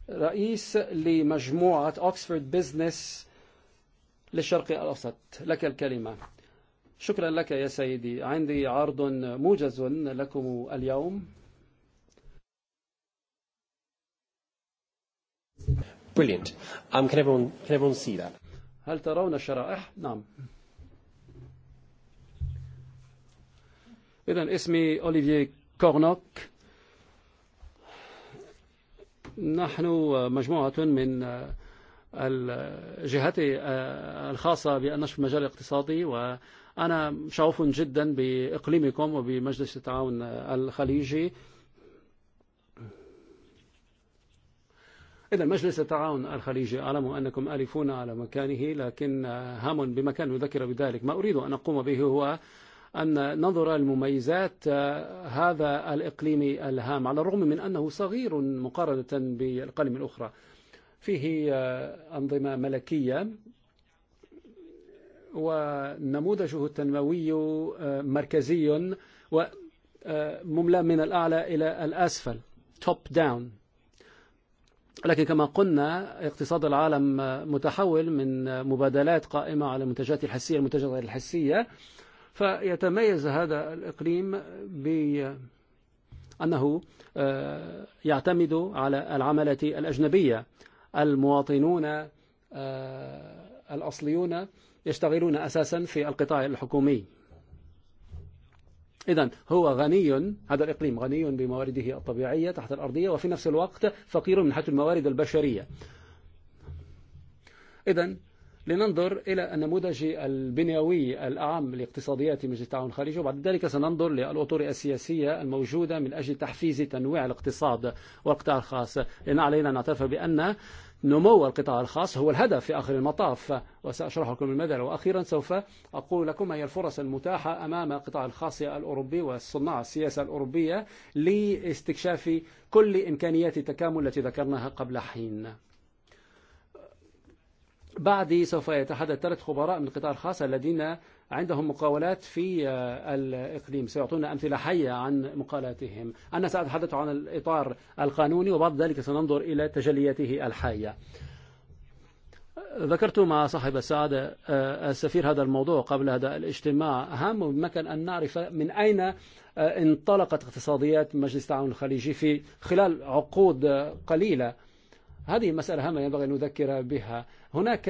الرئيس لمجموعة أوكسفورد بيزنس للشرق الأوسط لك الكلمة شكرا لك يا سيدي عندي عرض موجز لكم اليوم Brilliant. Um, can, everyone, can everyone see that? هل ترون الشرائح؟ نعم. إذا اسمي أوليفييه كورنوك نحن مجموعة من الجهات الخاصة بالنشر في المجال الاقتصادي وأنا شغوف جدا بإقليمكم وبمجلس التعاون الخليجي إذا مجلس التعاون الخليجي أعلم أنكم آلفون على مكانه لكن هام بمكان يذكر بذلك ما أريد أن أقوم به هو أن ننظر المميزات هذا الإقليم الهام على الرغم من أنه صغير مقارنة بالقلم الأخرى فيه أنظمة ملكية ونموذجه التنموي مركزي ومملأ من الأعلى إلى الأسفل top down لكن كما قلنا اقتصاد العالم متحول من مبادلات قائمة على المنتجات الحسية المنتجات الحسية فيتميز هذا الإقليم بأنه يعتمد على العملة الأجنبية المواطنون الأصليون يشتغلون أساسا في القطاع الحكومي إذن هو غني هذا الإقليم غني بموارده الطبيعية تحت الأرضية وفي نفس الوقت فقير من حيث الموارد البشرية إذن لننظر إلى النموذج البنيوي الأعم لاقتصاديات مجلس التعاون الخارجي وبعد ذلك سننظر للأطر السياسية الموجودة من أجل تحفيز تنويع الاقتصاد والقطاع الخاص لأن علينا أن نعترف بأن نمو القطاع الخاص هو الهدف في آخر المطاف وسأشرح لكم المدى وأخيرا سوف أقول لكم ما هي الفرص المتاحة أمام القطاع الخاص الأوروبي والصناع السياسة الأوروبية لاستكشاف كل إمكانيات التكامل التي ذكرناها قبل حين بعد سوف يتحدث ثلاث خبراء من القطاع الخاص الذين عندهم مقاولات في الإقليم سيعطونا أمثلة حية عن مقالاتهم أنا سأتحدث عن الإطار القانوني وبعد ذلك سننظر إلى تجلياته الحية ذكرت مع صاحب السعادة السفير هذا الموضوع قبل هذا الاجتماع أهم بمكان أن نعرف من أين انطلقت اقتصاديات مجلس التعاون الخليجي في خلال عقود قليلة هذه مسألة هامة ينبغي أن نذكر بها هناك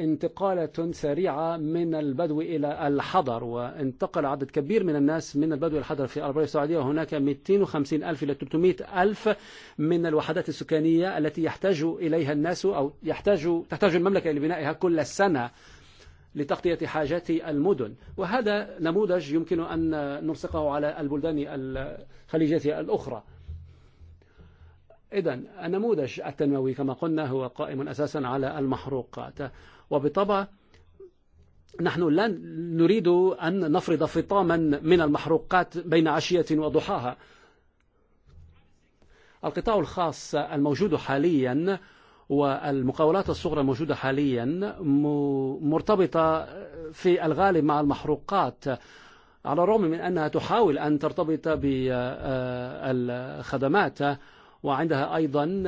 انتقالة سريعة من البدو إلى الحضر وانتقل عدد كبير من الناس من البدو إلى الحضر في العربية السعودية وهناك 250 ألف إلى 300 ألف من الوحدات السكانية التي يحتاج إليها الناس أو يحتاج تحتاج المملكة لبنائها كل سنة لتغطية حاجات المدن وهذا نموذج يمكن أن نلصقه على البلدان الخليجية الأخرى إذن النموذج التنموي كما قلنا هو قائم أساسا على المحروقات وبطبع نحن لا نريد أن نفرض فطاما من المحروقات بين عشية وضحاها القطاع الخاص الموجود حاليا والمقاولات الصغرى الموجودة حاليا مرتبطة في الغالب مع المحروقات على الرغم من أنها تحاول أن ترتبط بالخدمات وعندها أيضا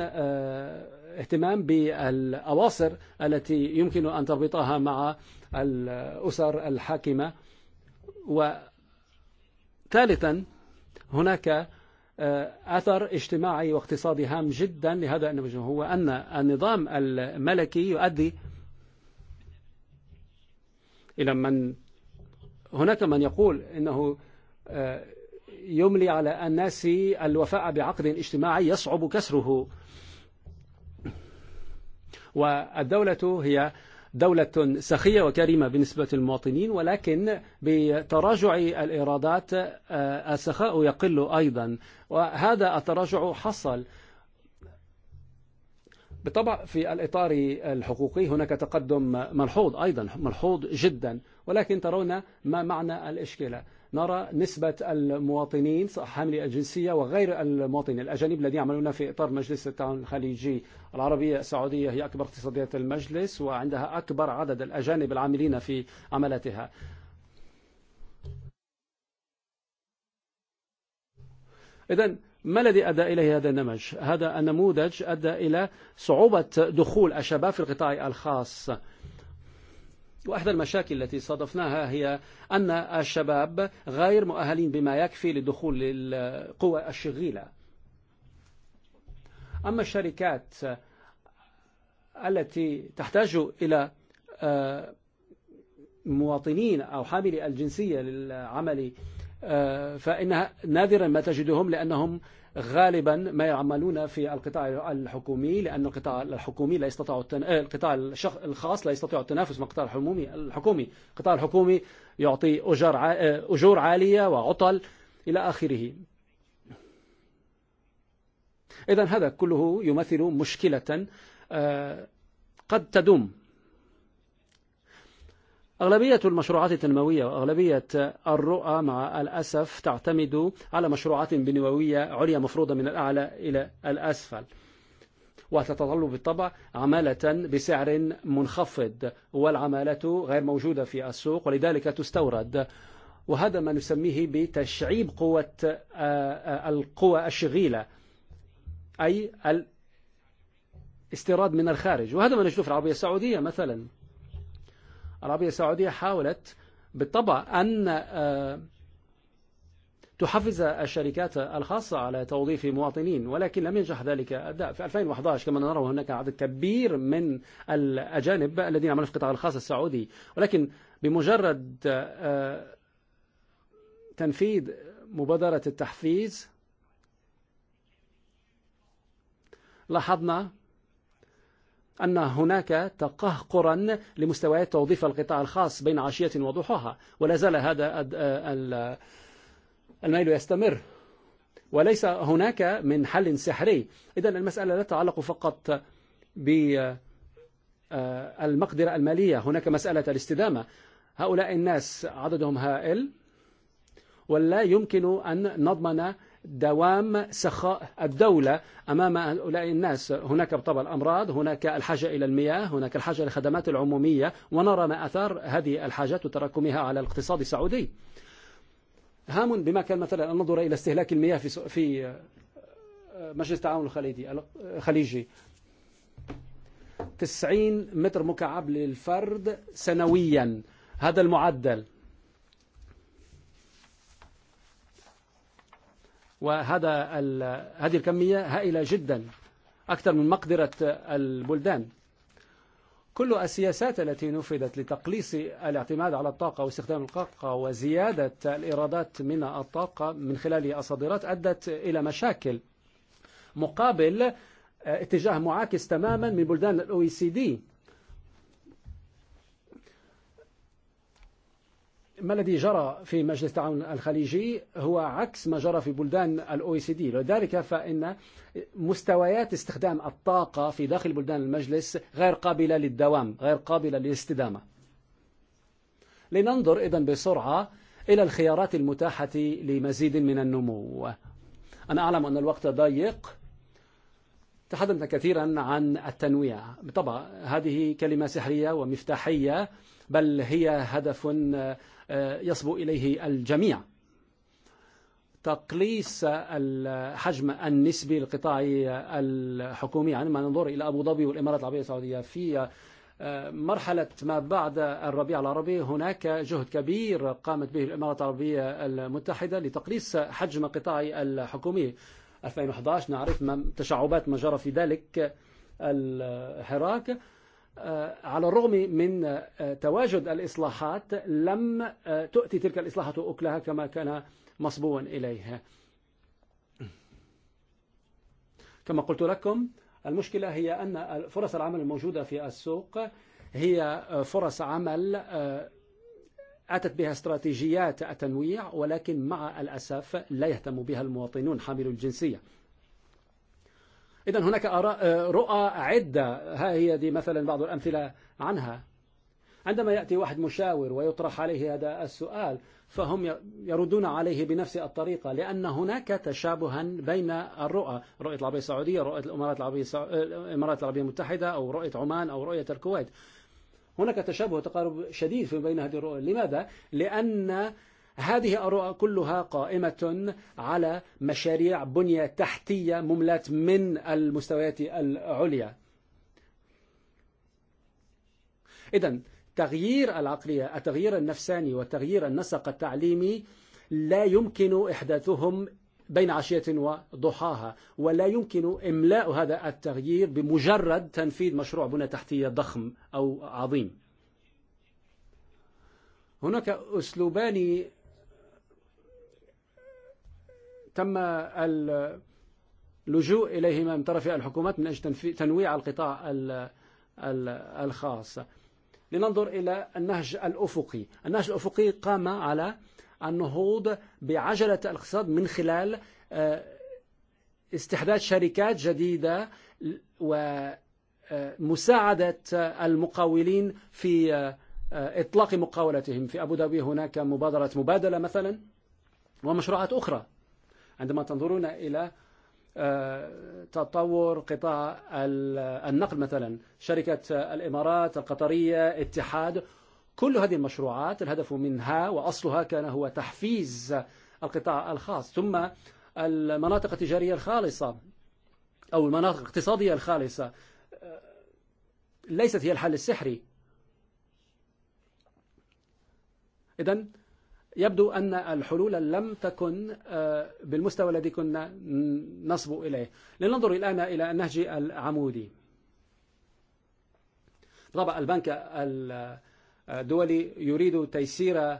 اهتمام بالأواصر التي يمكن أن تربطها مع الأسر الحاكمة وثالثا هناك أثر اجتماعي واقتصادي هام جدا لهذا النموذج هو أن النظام الملكي يؤدي إلى من هناك من يقول أنه يملي على الناس الوفاء بعقد اجتماعي يصعب كسره والدولة هي دولة سخية وكريمة بالنسبة للمواطنين ولكن بتراجع الإيرادات السخاء يقل أيضا وهذا التراجع حصل بالطبع في الإطار الحقوقي هناك تقدم ملحوظ أيضا ملحوظ جدا ولكن ترون ما معنى الإشكالة نرى نسبة المواطنين حامل الجنسية وغير المواطنين الأجانب الذين يعملون في إطار مجلس التعاون الخليجي العربية السعودية هي أكبر اقتصادية المجلس وعندها أكبر عدد الأجانب العاملين في عملتها إذن ما الذي أدى إليه هذا النموذج؟ هذا النموذج أدى إلى صعوبة دخول الشباب في القطاع الخاص وأحد المشاكل التي صادفناها هي أن الشباب غير مؤهلين بما يكفي لدخول القوى الشغيلة أما الشركات التي تحتاج إلى مواطنين أو حاملي الجنسية للعمل فإنها نادرا ما تجدهم لأنهم غالبا ما يعملون في القطاع الحكومي لأن القطاع الحكومي لا يستطيع التن... القطاع الخاص لا يستطيع التنافس مع القطاع الحكومي الحكومي القطاع الحكومي يعطي أجر أجور عالية وعطل إلى آخره إذا هذا كله يمثل مشكلة قد تدوم أغلبية المشروعات التنموية وأغلبية الرؤى مع الأسف تعتمد على مشروعات بنووية عليا مفروضة من الأعلى إلى الأسفل وتتطلب بالطبع عمالة بسعر منخفض والعمالة غير موجودة في السوق ولذلك تستورد وهذا ما نسميه بتشعيب قوة القوى الشغيلة أي الاستيراد من الخارج وهذا ما نجده في العربية السعودية مثلا العربية السعودية حاولت بالطبع أن تحفز الشركات الخاصة على توظيف مواطنين ولكن لم ينجح ذلك أداء في 2011 كما نرى هناك عدد كبير من الأجانب الذين عملوا في القطاع الخاص السعودي ولكن بمجرد تنفيذ مبادرة التحفيز لاحظنا أن هناك تقهقرا لمستويات توظيف القطاع الخاص بين عشية وضحاها ولا زال هذا الميل يستمر وليس هناك من حل سحري إذا المسألة لا تعلق فقط بالمقدرة المالية هناك مسألة الاستدامة هؤلاء الناس عددهم هائل ولا يمكن أن نضمن دوام سخاء الدولة أمام هؤلاء الناس هناك طبعا الأمراض هناك الحاجة إلى المياه هناك الحاجة للخدمات العمومية ونرى ما أثار هذه الحاجات وتراكمها على الاقتصاد السعودي هام بما كان مثلا أن ننظر إلى استهلاك المياه في في مجلس التعاون الخليجي الخليجي 90 متر مكعب للفرد سنويا هذا المعدل وهذا هذه الكمية هائلة جدا أكثر من مقدرة البلدان كل السياسات التي نفذت لتقليص الاعتماد على الطاقة واستخدام الطاقة وزيادة الإيرادات من الطاقة من خلال الصادرات أدت إلى مشاكل مقابل اتجاه معاكس تماما من بلدان الـ OECD ما الذي جرى في مجلس التعاون الخليجي هو عكس ما جرى في بلدان الاو سي دي لذلك فان مستويات استخدام الطاقه في داخل بلدان المجلس غير قابله للدوام غير قابله للاستدامه لننظر اذا بسرعه الى الخيارات المتاحه لمزيد من النمو انا اعلم ان الوقت ضيق تحدثنا كثيرا عن التنويع بالطبع هذه كلمه سحريه ومفتاحيه بل هي هدف يصبو إليه الجميع تقليص الحجم النسبي للقطاع الحكومي عندما ننظر إلى أبو ظبي والإمارات العربية السعودية في مرحلة ما بعد الربيع العربي هناك جهد كبير قامت به الإمارات العربية المتحدة لتقليص حجم قطاع الحكومي 2011 نعرف تشعبات ما جرى في ذلك الحراك على الرغم من تواجد الإصلاحات لم تؤتي تلك الإصلاحات أكلها كما كان مصبوا إليها كما قلت لكم المشكلة هي أن فرص العمل الموجودة في السوق هي فرص عمل أتت بها استراتيجيات التنويع ولكن مع الأسف لا يهتم بها المواطنون حامل الجنسية إذا هناك رؤى عدة ها هي دي مثلا بعض الأمثلة عنها عندما يأتي واحد مشاور ويطرح عليه هذا السؤال فهم يردون عليه بنفس الطريقة لأن هناك تشابها بين الرؤى رؤية العربية السعودية رؤية الإمارات العربية, الإمارات العربية المتحدة أو رؤية عمان أو رؤية الكويت هناك تشابه وتقارب شديد في بين هذه الرؤى لماذا؟ لأن هذه أراء كلها قائمة على مشاريع بنية تحتية مملة من المستويات العليا إذن تغيير العقلية التغيير النفساني وتغيير النسق التعليمي لا يمكن إحداثهم بين عشية وضحاها ولا يمكن إملاء هذا التغيير بمجرد تنفيذ مشروع بنى تحتية ضخم أو عظيم هناك أسلوبان تم اللجوء إليهما من طرف الحكومات من أجل تنويع القطاع الخاص لننظر إلى النهج الأفقي النهج الأفقي قام على النهوض بعجلة الاقتصاد من خلال استحداث شركات جديدة ومساعدة المقاولين في إطلاق مقاولتهم في أبو دابي هناك مبادرة مبادلة مثلا ومشروعات أخرى عندما تنظرون إلى تطور قطاع النقل مثلا شركة الإمارات القطرية اتحاد كل هذه المشروعات الهدف منها وأصلها كان هو تحفيز القطاع الخاص ثم المناطق التجارية الخالصة أو المناطق الاقتصادية الخالصة ليست هي الحل السحري إذن يبدو أن الحلول لم تكن بالمستوى الذي كنا نصب إليه لننظر الآن إلى النهج العمودي طبعا البنك الدولي يريد تيسير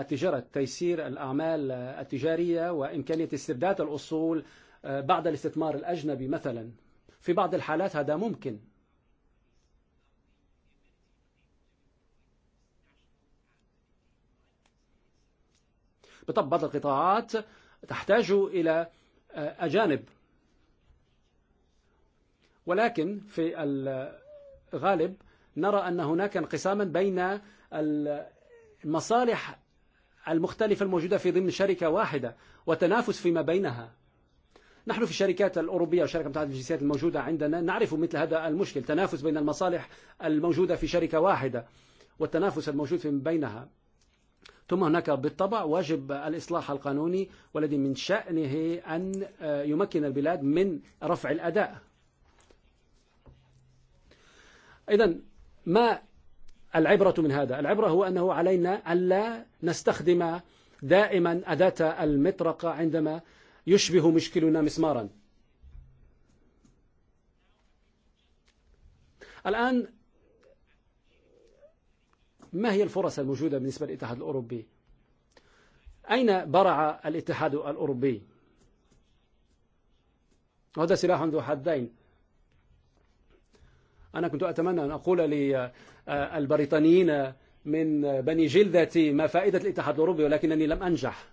التجارة تيسير الأعمال التجارية وإمكانية استرداد الأصول بعد الاستثمار الأجنبي مثلا في بعض الحالات هذا ممكن بطبعة القطاعات تحتاج إلى أجانب ولكن في الغالب نرى أن هناك انقساما بين المصالح المختلفة الموجودة في ضمن شركة واحدة وتنافس فيما بينها نحن في الشركات الأوروبية وشركة متعادة الجنسيات الموجودة عندنا نعرف مثل هذا المشكل تنافس بين المصالح الموجودة في شركة واحدة والتنافس الموجود فيما بينها ثم هناك بالطبع واجب الإصلاح القانوني والذي من شأنه أن يمكن البلاد من رفع الأداء إذن ما العبرة من هذا العبرة هو أنه علينا أن لا نستخدم دائما أداة المطرقة عندما يشبه مشكلنا مسمارا الآن ما هي الفرص الموجودة بالنسبة للاتحاد الأوروبي أين برع الاتحاد الأوروبي وهذا سلاح ذو حدين أنا كنت أتمنى أن أقول للبريطانيين من بني جلدتي ما فائدة الاتحاد الأوروبي ولكنني لم أنجح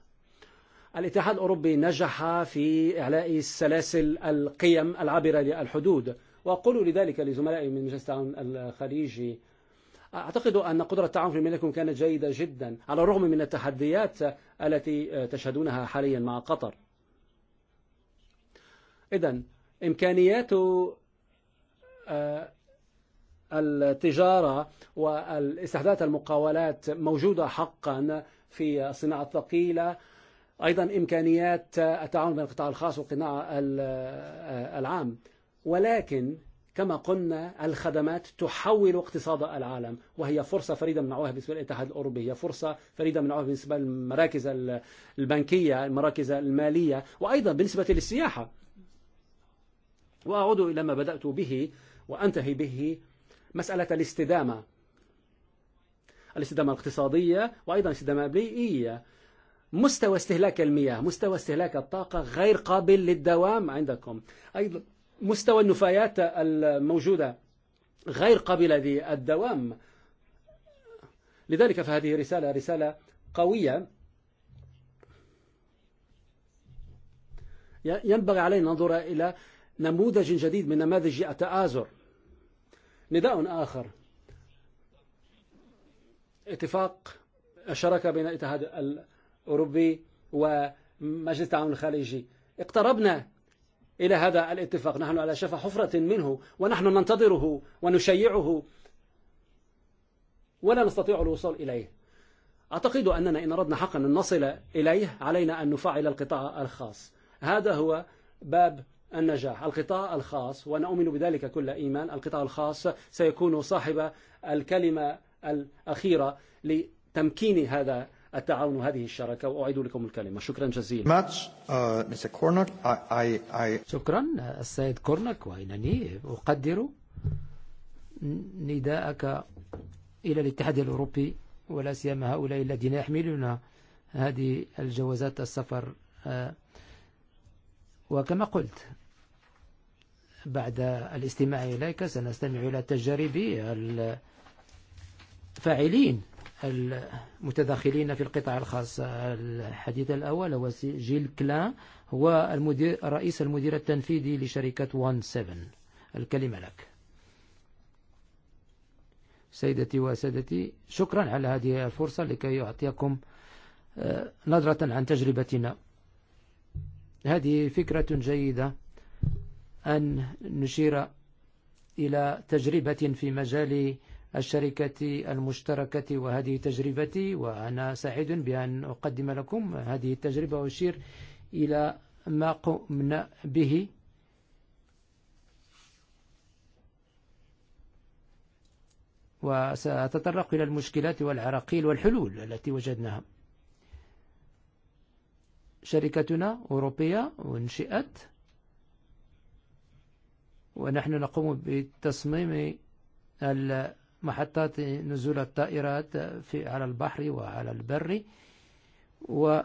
الاتحاد الأوروبي نجح في إعلاء السلاسل القيم العابرة للحدود وأقول لذلك لزملائي من مجلس الخليجي أعتقد أن قدرة التعاون في المملكة كانت جيدة جدا على الرغم من التحديات التي تشهدونها حاليا مع قطر إذا إمكانيات التجارة والاستحداث المقاولات موجودة حقا في الصناعة الثقيلة أيضا إمكانيات التعاون بين القطاع الخاص والقطاع العام ولكن كما قلنا الخدمات تحول اقتصاد العالم وهي فرصة فريدة من نوعها بالنسبة للاتحاد الأوروبي هي فرصة فريدة من نوعها بالنسبة للمراكز البنكية المراكز المالية وأيضا بالنسبة للسياحة وأعود إلى ما بدأت به وأنتهي به مسألة الاستدامة الاستدامة الاقتصادية وأيضا الاستدامة البيئية مستوى استهلاك المياه مستوى استهلاك الطاقة غير قابل للدوام عندكم أيضا مستوى النفايات الموجودة غير قابلة للدوام لذلك فهذه رسالة رسالة قوية ينبغي علينا ننظر إلى نموذج جديد من نماذج التآزر نداء آخر اتفاق الشراكة بين الاتحاد الأوروبي ومجلس التعاون الخليجي اقتربنا إلى هذا الاتفاق نحن على شفا حفرة منه ونحن ننتظره ونشيعه ولا نستطيع الوصول إليه أعتقد أننا إن أردنا حقا أن نصل إليه علينا أن نفعل القطاع الخاص هذا هو باب النجاح القطاع الخاص وأنا أؤمن بذلك كل إيمان القطاع الخاص سيكون صاحب الكلمة الأخيرة لتمكين هذا التعاون هذه الشراكة وأعيد لكم الكلمة شكرا جزيلا شكرا السيد كورنك وإنني أقدر نداءك إلى الاتحاد الأوروبي ولا سيما هؤلاء الذين يحملون هذه الجوازات السفر وكما قلت بعد الاستماع إليك سنستمع إلى تجاربي الفاعلين المتداخلين في القطاع الخاص الحديث الأول هو جيل كلا هو المدير رئيس المدير التنفيذي لشركة وان سيفن الكلمة لك سيدتي وسادتي شكرا على هذه الفرصة لكي يعطيكم نظرة عن تجربتنا هذه فكرة جيدة أن نشير إلى تجربة في مجال الشركة المشتركة وهذه تجربتي وأنا سعيد بأن أقدم لكم هذه التجربة وأشير إلى ما قمنا به وسأتطرق إلى المشكلات والعراقيل والحلول التي وجدناها شركتنا أوروبية وانشئت ونحن نقوم بتصميم محطات نزول الطائرات في على البحر وعلى البر و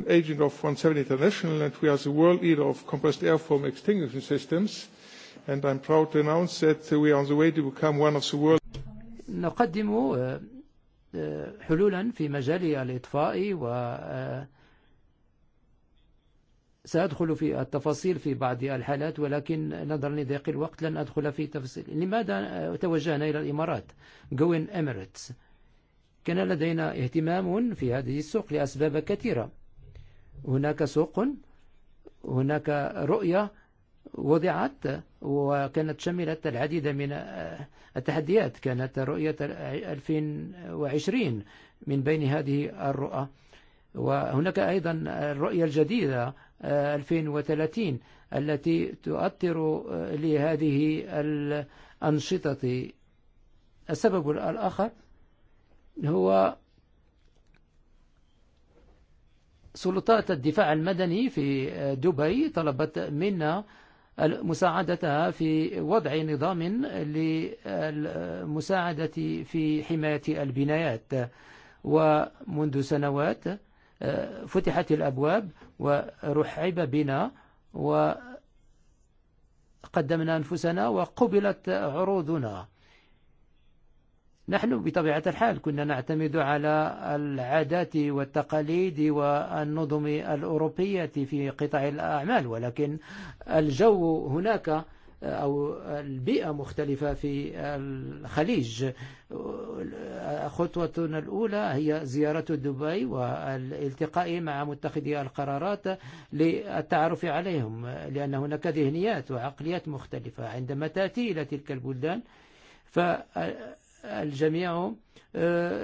agent of 170 International and we are the world leader of compressed air foam extinguishing systems and I'm proud to announce that we are on the way to become one of the world نقدم حلولا في مجال الاطفاء و سأدخل في التفاصيل في بعض الحالات ولكن نظرا لضيق الوقت لن أدخل في تفاصيل لماذا توجهنا إلى الإمارات جوين إميريتس كان لدينا اهتمام في هذه السوق لأسباب كثيرة هناك سوق هناك رؤية وضعت وكانت شملت العديد من التحديات كانت رؤية 2020 من بين هذه الرؤى وهناك أيضا الرؤية الجديدة 2030 التي تؤثر لهذه الأنشطة السبب الآخر هو سلطات الدفاع المدني في دبي طلبت منا مساعدتها في وضع نظام للمساعدة في حماية البنايات ومنذ سنوات فتحت الأبواب ورحب بنا وقدمنا أنفسنا وقبلت عروضنا نحن بطبيعة الحال كنا نعتمد على العادات والتقاليد والنظم الأوروبية في قطاع الأعمال ولكن الجو هناك أو البيئة مختلفة في الخليج خطوتنا الأولى هي زيارة دبي والالتقاء مع متخذي القرارات للتعرف عليهم لأن هناك ذهنيات وعقليات مختلفة عندما تأتي إلى تلك البلدان فالجميع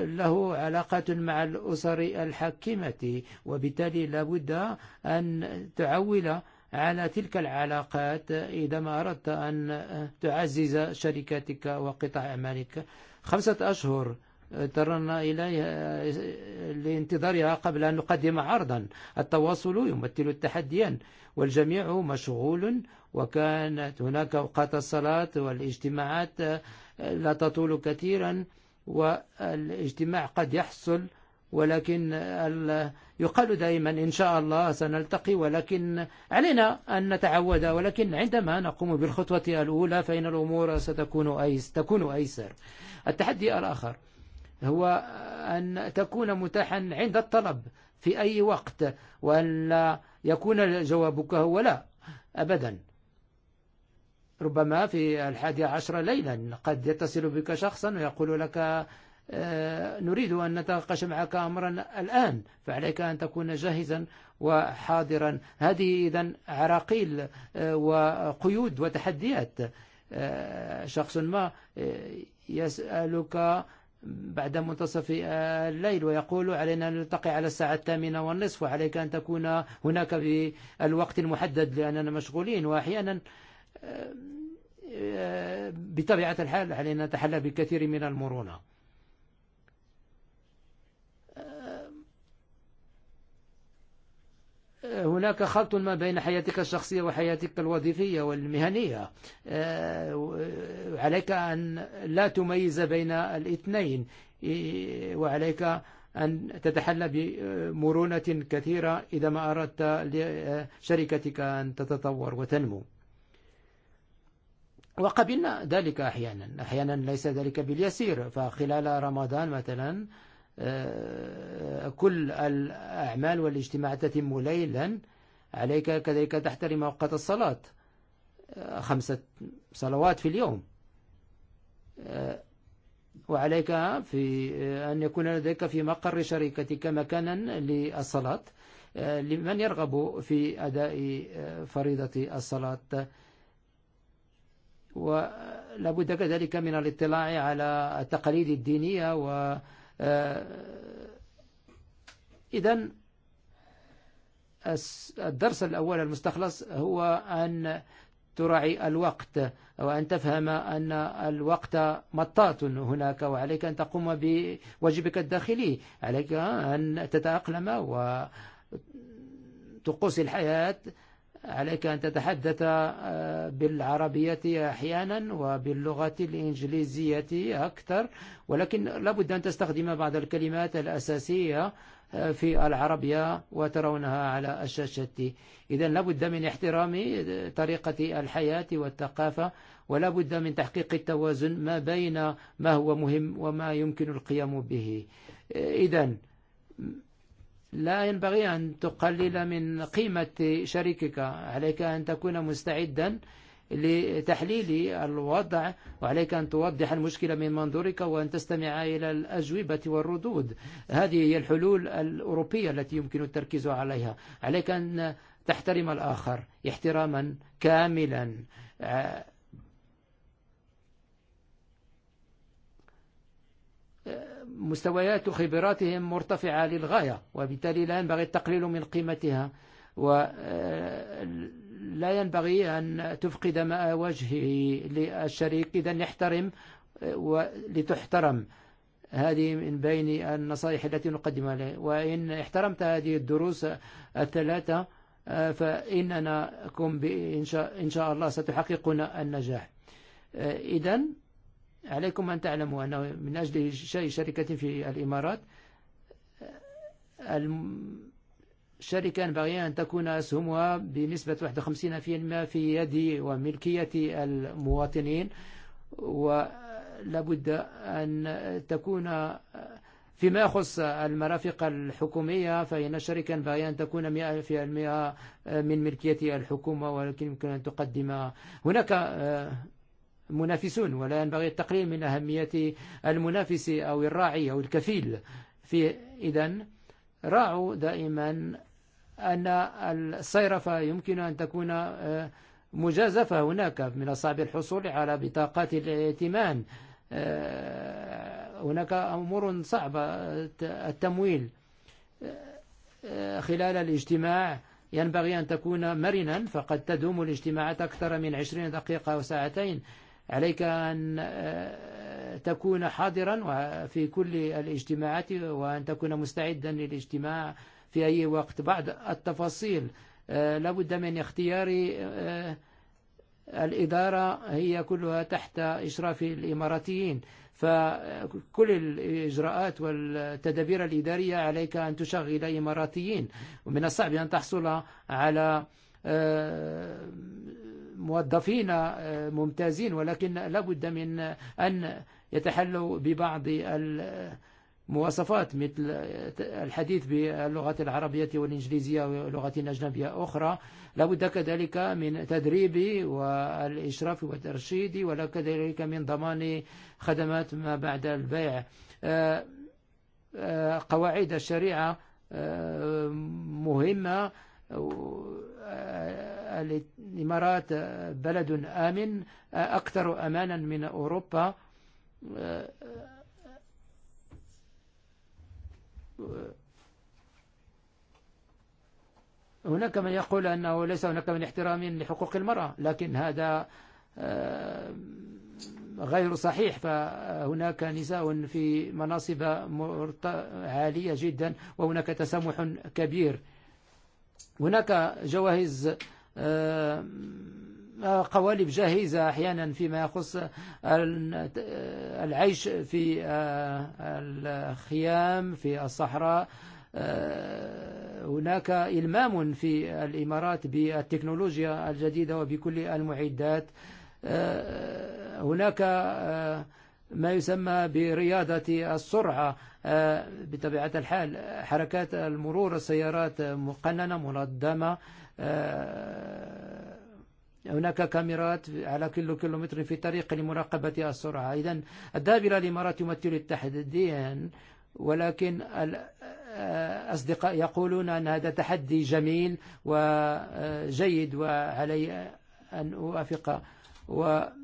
له علاقات مع الأسر الحاكمة وبالتالي لابد أن تعول على تلك العلاقات إذا ما أردت أن تعزز شركتك وقطع أعمالك خمسة أشهر ترنا إليها لانتظارها قبل أن نقدم عرضا التواصل يمثل تحديا والجميع مشغول وكانت هناك أوقات الصلاة والاجتماعات لا تطول كثيرا والاجتماع قد يحصل ولكن يقال دائما إن شاء الله سنلتقي ولكن علينا أن نتعود ولكن عندما نقوم بالخطوة الأولى فإن الأمور ستكون أيس تكون أيسر التحدي الآخر هو أن تكون متاحا عند الطلب في أي وقت وأن لا يكون جوابك هو لا أبدا ربما في الحادي عشر ليلا قد يتصل بك شخصا ويقول لك نريد أن نتناقش معك أمرا الآن فعليك أن تكون جاهزا وحاضرا هذه إذا عراقيل وقيود وتحديات شخص ما يسألك بعد منتصف الليل ويقول علينا أن نلتقي على الساعة الثامنة والنصف وعليك أن تكون هناك بالوقت المحدد لأننا مشغولين وأحيانا بطبيعة الحال علينا نتحلى بكثير من المرونة هناك خلط ما بين حياتك الشخصية وحياتك الوظيفية والمهنية عليك أن لا تميز بين الاثنين وعليك أن تتحلى بمرونة كثيرة إذا ما أردت لشركتك أن تتطور وتنمو وقبلنا ذلك أحيانا أحيانا ليس ذلك باليسير فخلال رمضان مثلا كل الأعمال والاجتماع تتم ليلا عليك كذلك تحترم وقت الصلاة خمسة صلوات في اليوم وعليك في أن يكون لديك في مقر شركتك مكانا للصلاة لمن يرغب في أداء فريضة الصلاة ولابد كذلك من الاطلاع على التقاليد الدينية و إذا الدرس الأول المستخلص هو أن تراعي الوقت وأن تفهم أن الوقت مطاط هناك وعليك أن تقوم بواجبك الداخلي عليك أن تتأقلم وتقوس الحياة عليك أن تتحدث بالعربية أحيانا وباللغة الإنجليزية أكثر ولكن لابد أن تستخدم بعض الكلمات الأساسية في العربية وترونها على الشاشة إذا لابد من احترام طريقة الحياة والثقافة ولا بد من تحقيق التوازن ما بين ما هو مهم وما يمكن القيام به إذا لا ينبغي أن تقلل من قيمة شريكك عليك أن تكون مستعدا لتحليل الوضع وعليك أن توضح المشكلة من منظورك وأن تستمع إلى الأجوبة والردود هذه هي الحلول الأوروبية التي يمكن التركيز عليها عليك أن تحترم الآخر احتراما كاملا مستويات خبراتهم مرتفعة للغاية وبالتالي لا ينبغي التقليل من قيمتها ولا ينبغي أن تفقد ماء وجهه للشريك إذا نحترم ولتحترم هذه من بين النصائح التي نقدمها له وإن احترمت هذه الدروس الثلاثة فإننا إن شاء الله ستحققنا النجاح إذا عليكم أن تعلموا أنه من أجل شيء شركة في الإمارات الشركة ينبغي أن تكون أسهمها بنسبة 51% في يد وملكية المواطنين ولابد أن تكون فيما يخص المرافق الحكومية فإن الشركة ينبغي أن تكون 100% من ملكية الحكومة ولكن يمكن أن تقدم هناك منافسون ولا ينبغي التقليل من أهمية المنافس أو الراعي أو الكفيل في إذا راعوا دائما أن الصيرفة يمكن أن تكون مجازفة هناك من الصعب الحصول على بطاقات الائتمان هناك أمور صعبة التمويل خلال الاجتماع ينبغي أن تكون مرنا فقد تدوم الاجتماعات أكثر من عشرين دقيقة أو ساعتين عليك أن تكون حاضرا في كل الاجتماعات وأن تكون مستعدا للاجتماع في أي وقت بعد التفاصيل لابد من اختيار الإدارة هي كلها تحت إشراف الإماراتيين فكل الإجراءات والتدابير الإدارية عليك أن تشغل إماراتيين ومن الصعب أن تحصل على موظفين ممتازين ولكن لابد من أن يتحلوا ببعض المواصفات مثل الحديث باللغة العربية والإنجليزية ولغة أجنبية أخرى لابد كذلك من تدريب والإشراف والترشيد ولا كذلك من ضمان خدمات ما بعد البيع قواعد الشريعة مهمة الإمارات بلد آمن أكثر أمانا من أوروبا هناك من يقول أنه ليس هناك من احترام لحقوق المرأة لكن هذا غير صحيح فهناك نساء في مناصب عالية جدا وهناك تسامح كبير هناك جواهز قوالب جاهزة أحيانا فيما يخص العيش في الخيام في الصحراء هناك إلمام في الإمارات بالتكنولوجيا الجديدة وبكل المعدات هناك ما يسمى برياضة السرعة بطبيعة الحال حركات المرور السيارات مقننة منظمة هناك كاميرات على كل كيلومتر في طريق لمراقبة السرعة إذا الدابرة الإمارات يمثل التحديا ولكن الأصدقاء يقولون أن هذا تحدي جميل وجيد وعلي أن أوافق وأوافق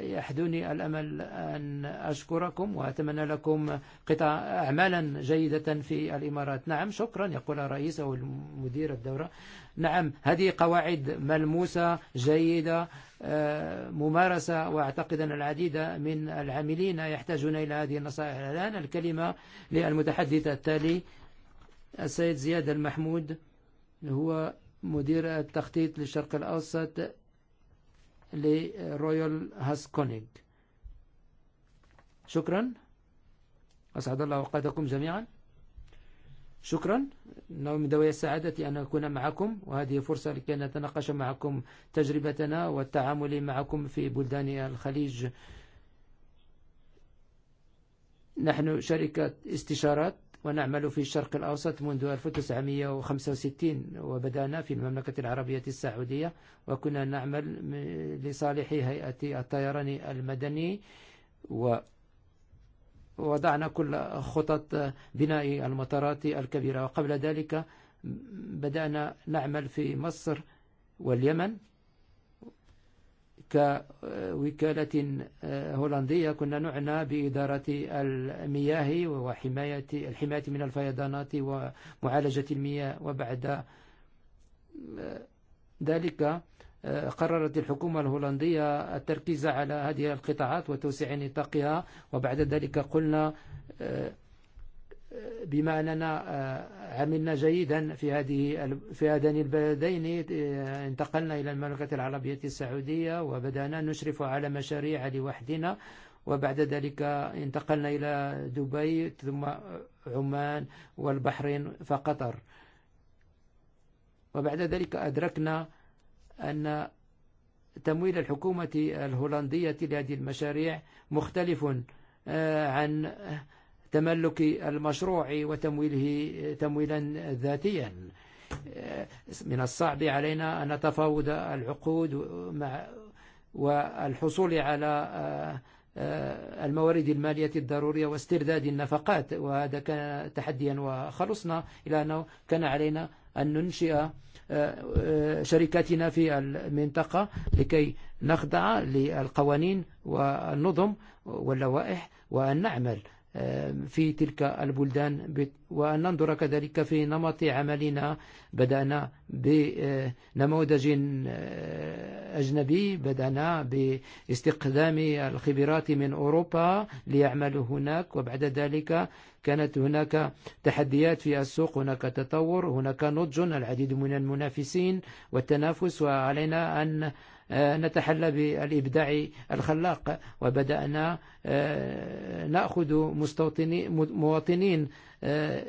يحدني الأمل أن أشكركم وأتمنى لكم قطع أعمالا جيدة في الإمارات نعم شكرا يقول الرئيس أو المدير الدورة نعم هذه قواعد ملموسة جيدة ممارسة وأعتقد أن العديد من العاملين يحتاجون إلى هذه النصائح الآن الكلمة للمتحدث التالي السيد زياد المحمود هو مدير التخطيط للشرق الأوسط لرويال هاسكونينج شكرا أسعد الله أوقاتكم جميعا شكرا إنه من Ma'akum السعادة أن أكون معكم وهذه فرصة لكي نتناقش معكم تجربتنا والتعامل معكم في بلدان الخليج نحن شركة استشارات ونعمل في الشرق الأوسط منذ 1965 وبدأنا في المملكة العربية السعودية وكنا نعمل لصالح هيئة الطيران المدني ووضعنا كل خطط بناء المطارات الكبيرة وقبل ذلك بدأنا نعمل في مصر واليمن كوكالة هولندية كنا نعنى بإدارة المياه وحماية الحماية من الفيضانات ومعالجة المياه وبعد ذلك قررت الحكومة الهولندية التركيز على هذه القطاعات وتوسيع نطاقها وبعد ذلك قلنا بما أننا عملنا جيدا في هذه في هذين البلدين انتقلنا إلى المملكة العربية السعودية وبدأنا نشرف على مشاريع لوحدنا وبعد ذلك انتقلنا إلى دبي ثم عمان والبحرين فقطر وبعد ذلك أدركنا أن تمويل الحكومة الهولندية لهذه المشاريع مختلف عن تملك المشروع وتمويله تمويلا ذاتيا من الصعب علينا أن نتفاوض العقود مع والحصول على الموارد المالية الضرورية واسترداد النفقات وهذا كان تحديا وخلصنا إلى أنه كان علينا أن ننشئ شركاتنا في المنطقة لكي نخضع للقوانين والنظم واللوائح وأن نعمل في تلك البلدان وأن ننظر كذلك في نمط عملنا بدأنا بنموذج أجنبي بدأنا باستخدام الخبرات من أوروبا ليعملوا هناك وبعد ذلك كانت هناك تحديات في السوق هناك تطور هناك نضج العديد من المنافسين والتنافس وعلينا أن نتحلى بالإبداع الخلاق وبدأنا نأخذ مواطنين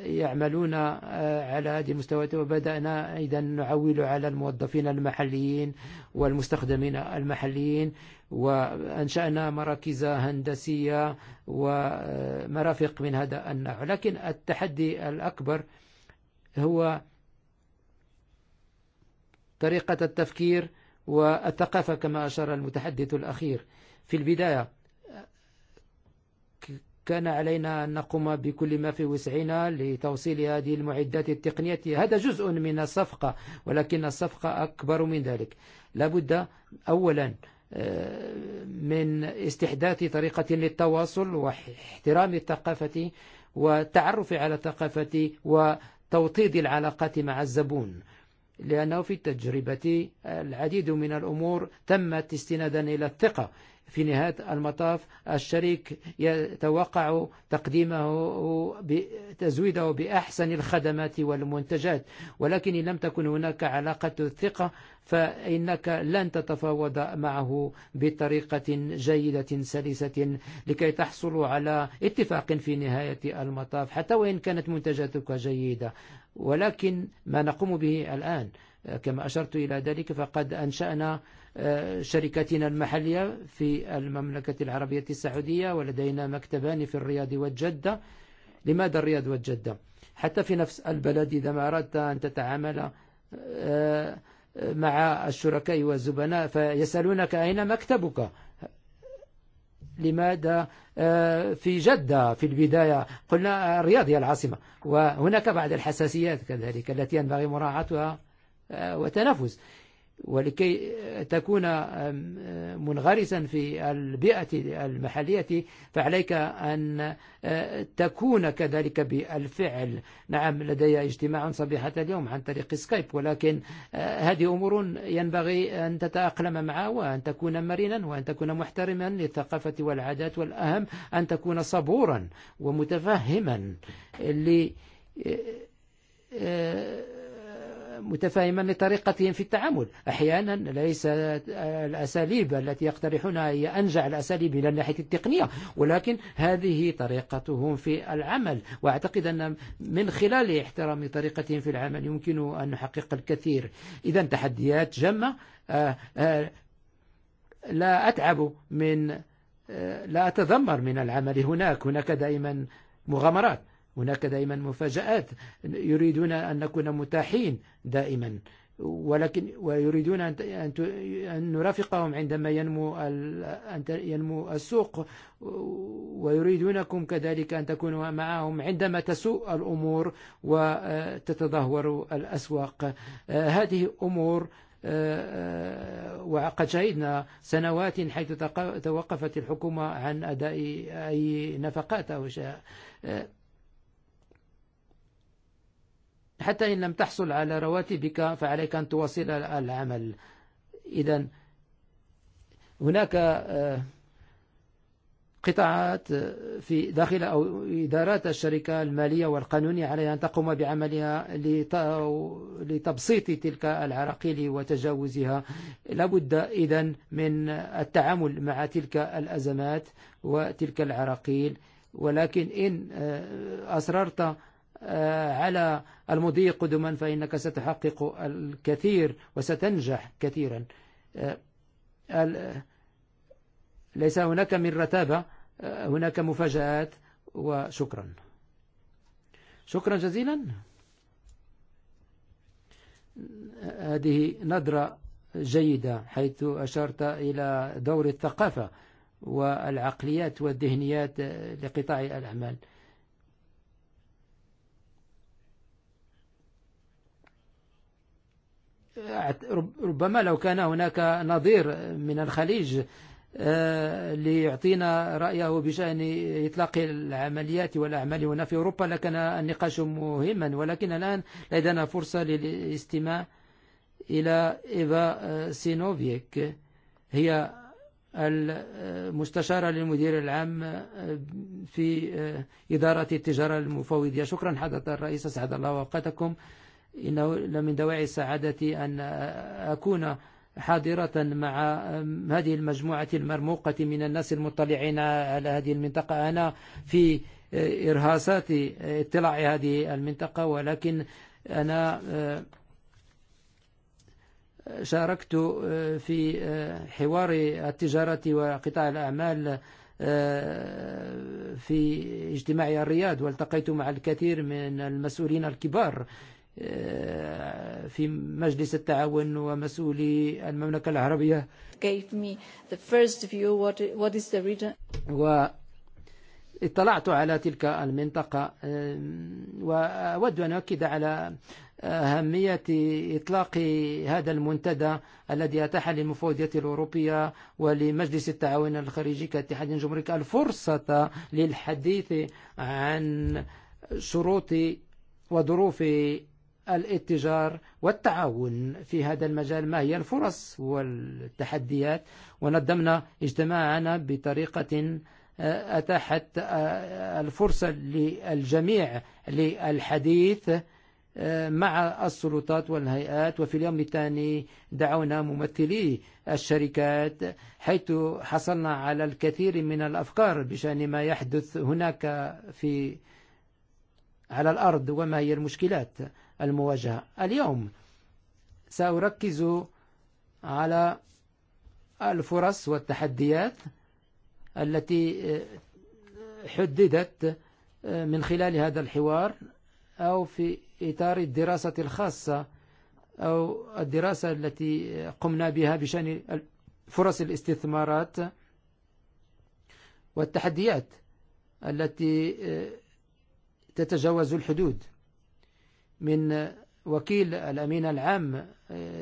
يعملون على هذه المستويات وبدأنا أيضا نعول على الموظفين المحليين والمستخدمين المحليين وأنشأنا مراكز هندسية ومرافق من هذا النوع لكن التحدي الأكبر هو طريقة التفكير والثقافة كما أشار المتحدث الأخير في البداية كان علينا أن نقوم بكل ما في وسعنا لتوصيل هذه المعدات التقنية هذا جزء من الصفقة ولكن الصفقة أكبر من ذلك لابد أولا من استحداث طريقة للتواصل واحترام الثقافة والتعرف على الثقافة وتوطيد العلاقات مع الزبون لأنه في التجربة العديد من الأمور تمت استنادا إلى الثقة في نهاية المطاف الشريك يتوقع تقديمه تزويده بأحسن الخدمات والمنتجات ولكن إن لم تكن هناك علاقة الثقة فإنك لن تتفاوض معه بطريقة جيدة سلسة لكي تحصل على اتفاق في نهاية المطاف حتى وإن كانت منتجاتك جيدة ولكن ما نقوم به الآن كما أشرت إلى ذلك فقد أنشأنا شركتنا المحلية في المملكة العربية السعودية ولدينا مكتبان في الرياض والجدة لماذا الرياض والجدة؟ حتى في نفس البلد إذا ما أردت أن تتعامل مع الشركاء والزبناء فيسألونك أين مكتبك لماذا في جدة في البداية قلنا الرياض هي العاصمة وهناك بعض الحساسيات كذلك التي ينبغي مراعاتها وتنفس ولكي تكون منغرسا في البيئة المحلية فعليك أن تكون كذلك بالفعل نعم لدي اجتماع صبيحة اليوم عن طريق سكايب ولكن هذه أمور ينبغي أن تتأقلم معها وأن تكون مرينا وأن تكون محترما للثقافة والعادات والأهم أن تكون صبورا ومتفهما ل متفاهما لطريقتهم في التعامل أحيانا ليس الأساليب التي يقترحونها هي أنجع الأساليب إلى ناحية التقنية ولكن هذه طريقتهم في العمل وأعتقد أن من خلال احترام طريقتهم في العمل يمكن أن نحقق الكثير إذا تحديات جمع لا أتعب من لا أتذمر من العمل هناك هناك دائما مغامرات هناك دائما مفاجآت يريدون أن نكون متاحين دائما ولكن ويريدون أن أن نرافقهم عندما ينمو أن ينمو السوق ويريدونكم كذلك أن تكونوا معهم عندما تسوء الأمور وتتدهور الأسواق هذه أمور وقد شهدنا سنوات حيث توقفت الحكومة عن أداء أي نفقات أو شيء حتى إن لم تحصل على رواتبك فعليك أن تواصل العمل إذا هناك قطاعات في داخل أو إدارات الشركة المالية والقانونية عليها أن تقوم بعملها لتبسيط تلك العراقيل وتجاوزها لابد إذا من التعامل مع تلك الأزمات وتلك العراقيل ولكن إن أصررت على المضي قدما فإنك ستحقق الكثير وستنجح كثيرا ليس هناك من رتابة هناك مفاجآت وشكرا شكرا جزيلا هذه نظرة جيدة حيث أشرت إلى دور الثقافة والعقليات والذهنيات لقطاع الأعمال ربما لو كان هناك نظير من الخليج ليعطينا رأيه بشأن إطلاق العمليات والأعمال هنا في أوروبا لكان النقاش مهما ولكن الآن لدينا فرصة للاستماع إلى إيفا سينوفيك هي المستشارة للمدير العام في إدارة التجارة المفوضية شكرا حضرة الرئيس سعد الله وقتكم إنه من دواعي سعادتي أن أكون حاضرة مع هذه المجموعة المرموقة من الناس المطلعين على هذه المنطقة أنا في إرهاسات اطلاع هذه المنطقة ولكن أنا شاركت في حوار التجارة وقطاع الأعمال في اجتماع الرياض والتقيت مع الكثير من المسؤولين الكبار في مجلس التعاون ومسؤولي المملكة العربية gave me the first view what, what is the region واطلعت على تلك المنطقة وأود أن أؤكد على أهمية إطلاق هذا المنتدى الذي أتاح للمفوضية الأوروبية ولمجلس التعاون الخارجي كاتحاد جمهوريك الفرصة للحديث عن شروط وظروف الاتجار والتعاون في هذا المجال ما هي الفرص والتحديات ونظمنا اجتماعنا بطريقة أتاحت الفرصة للجميع للحديث مع السلطات والهيئات وفي اليوم الثاني دعونا ممثلي الشركات حيث حصلنا على الكثير من الأفكار بشأن ما يحدث هناك في على الأرض وما هي المشكلات المواجهة اليوم سأركز على الفرص والتحديات التي حددت من خلال هذا الحوار أو في إطار الدراسة الخاصة أو الدراسة التي قمنا بها بشأن فرص الاستثمارات والتحديات التي تتجاوز الحدود من وكيل الأمين العام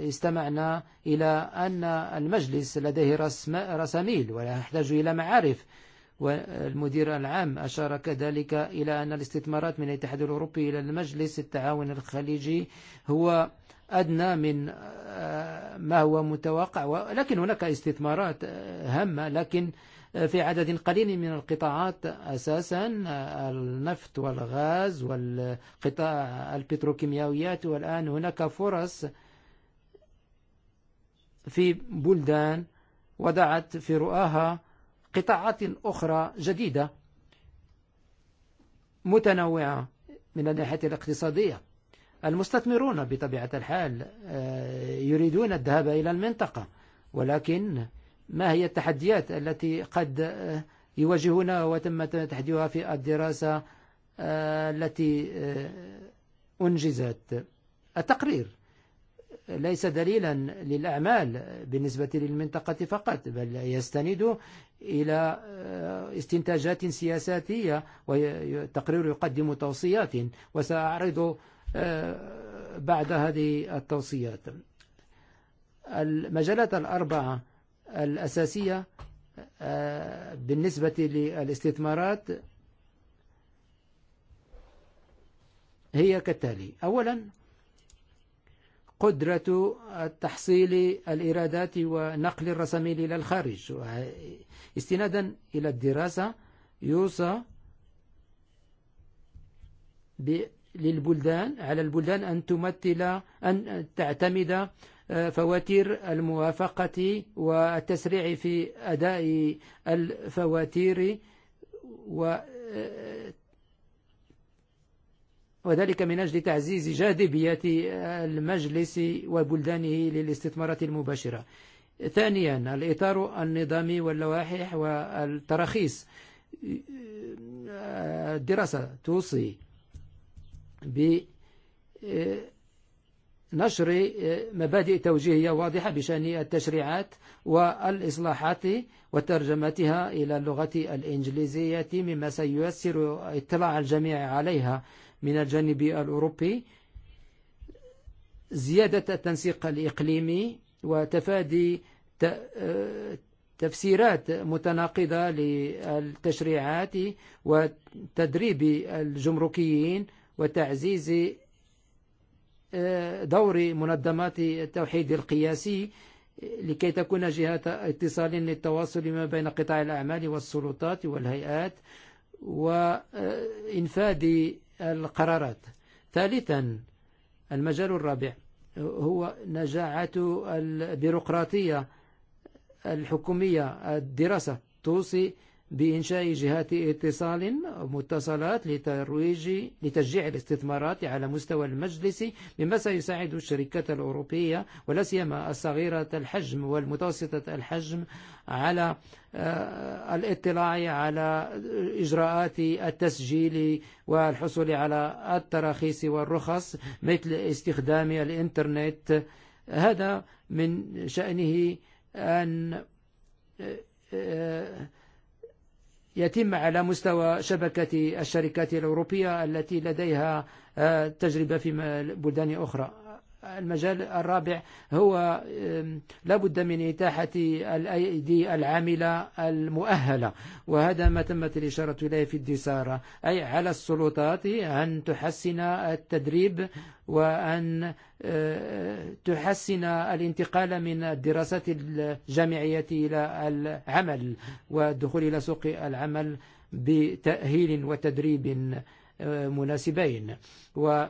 استمعنا إلى أن المجلس لديه رسم رساميل ولا يحتاج إلى معارف والمدير العام أشار كذلك إلى أن الاستثمارات من الاتحاد الأوروبي إلى المجلس التعاون الخليجي هو أدنى من ما هو متوقع ولكن هناك استثمارات هامة لكن في عدد قليل من القطاعات أساسا النفط والغاز والقطاع البتروكيماويات والآن هناك فرص في بلدان وضعت في رؤاها قطاعات أخرى جديدة متنوعة من الناحية الاقتصادية المستثمرون بطبيعة الحال يريدون الذهاب إلى المنطقة ولكن ما هي التحديات التي قد يواجهونها وتم تحديها في الدراسة التي أنجزت التقرير ليس دليلا للأعمال بالنسبة للمنطقة فقط بل يستند إلى استنتاجات سياساتية وتقرير يقدم توصيات وسأعرض بعد هذه التوصيات المجالات الأربعة الأساسية بالنسبة للاستثمارات هي كالتالي أولا قدرة تحصيل الإيرادات ونقل الرسميل إلى الخارج استنادا إلى الدراسة يوصى للبلدان على البلدان أن تمثل أن تعتمد فواتير الموافقة والتسريع في أداء الفواتير و وذلك من أجل تعزيز جاذبية المجلس وبلدانه للاستثمارات المباشرة ثانيا الإطار النظامي واللوائح والتراخيص الدراسة توصي ب نشر مبادئ توجيهية واضحة بشأن التشريعات والإصلاحات وترجمتها إلى اللغة الإنجليزية مما سييسر اطلاع الجميع عليها من الجانب الأوروبي زيادة التنسيق الإقليمي وتفادي تفسيرات متناقضة للتشريعات وتدريب الجمركيين وتعزيز دور منظمات التوحيد القياسي لكي تكون جهة اتصال للتواصل ما بين قطاع الأعمال والسلطات والهيئات وإنفاذ القرارات ثالثا المجال الرابع هو نجاعة البيروقراطية الحكومية الدراسة توصي بإنشاء جهات اتصال متصلات لترويج لتشجيع الاستثمارات على مستوى المجلس مما سيساعد الشركات الأوروبية ولا سيما الصغيرة الحجم والمتوسطة الحجم على الاطلاع على إجراءات التسجيل والحصول على التراخيص والرخص مثل استخدام الإنترنت هذا من شأنه أن يتم على مستوى شبكة الشركات الأوروبية التي لديها تجربة في بلدان أخرى المجال الرابع هو لابد من إتاحة الأيدي العاملة المؤهلة وهذا ما تمت الإشارة إليه في الدسارة أي على السلطات أن تحسن التدريب وأن تحسن الانتقال من الدراسات الجامعية إلى العمل والدخول إلى سوق العمل بتأهيل وتدريب مناسبين وتدريب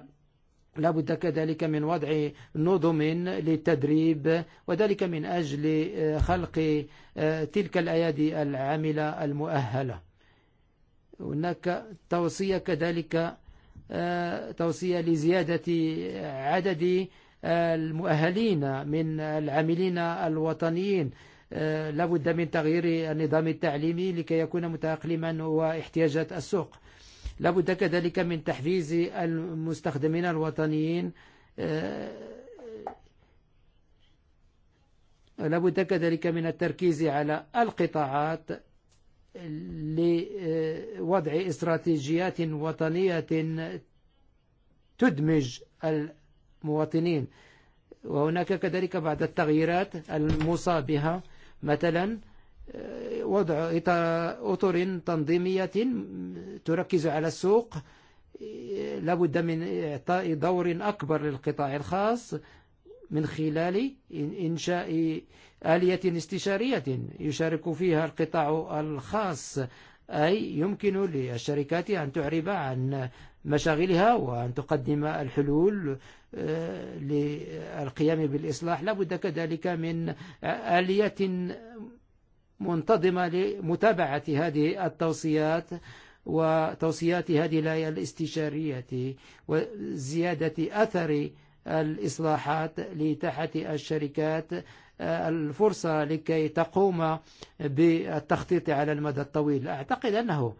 لا بد كذلك من وضع نظم للتدريب وذلك من أجل خلق تلك الأيادي العاملة المؤهلة هناك توصية كذلك توصية لزيادة عدد المؤهلين من العاملين الوطنيين لابد من تغيير النظام التعليمي لكي يكون متأقلما واحتياجات السوق لابد كذلك من تحفيز المستخدمين الوطنيين لابد كذلك من التركيز على القطاعات لوضع استراتيجيات وطنية تدمج المواطنين وهناك كذلك بعد التغييرات الموصى بها مثلا وضع أطر تنظيمية تركز على السوق لابد من إعطاء دور أكبر للقطاع الخاص من خلال إنشاء آلية استشارية يشارك فيها القطاع الخاص أي يمكن للشركات أن تعرب عن مشاغلها وأن تقدم الحلول للقيام بالإصلاح لابد كذلك من آلية منتظمة لمتابعة هذه التوصيات وتوصيات هذه الآية الاستشارية وزيادة أثر الإصلاحات لتحت الشركات الفرصة لكي تقوم بالتخطيط على المدى الطويل أعتقد أنه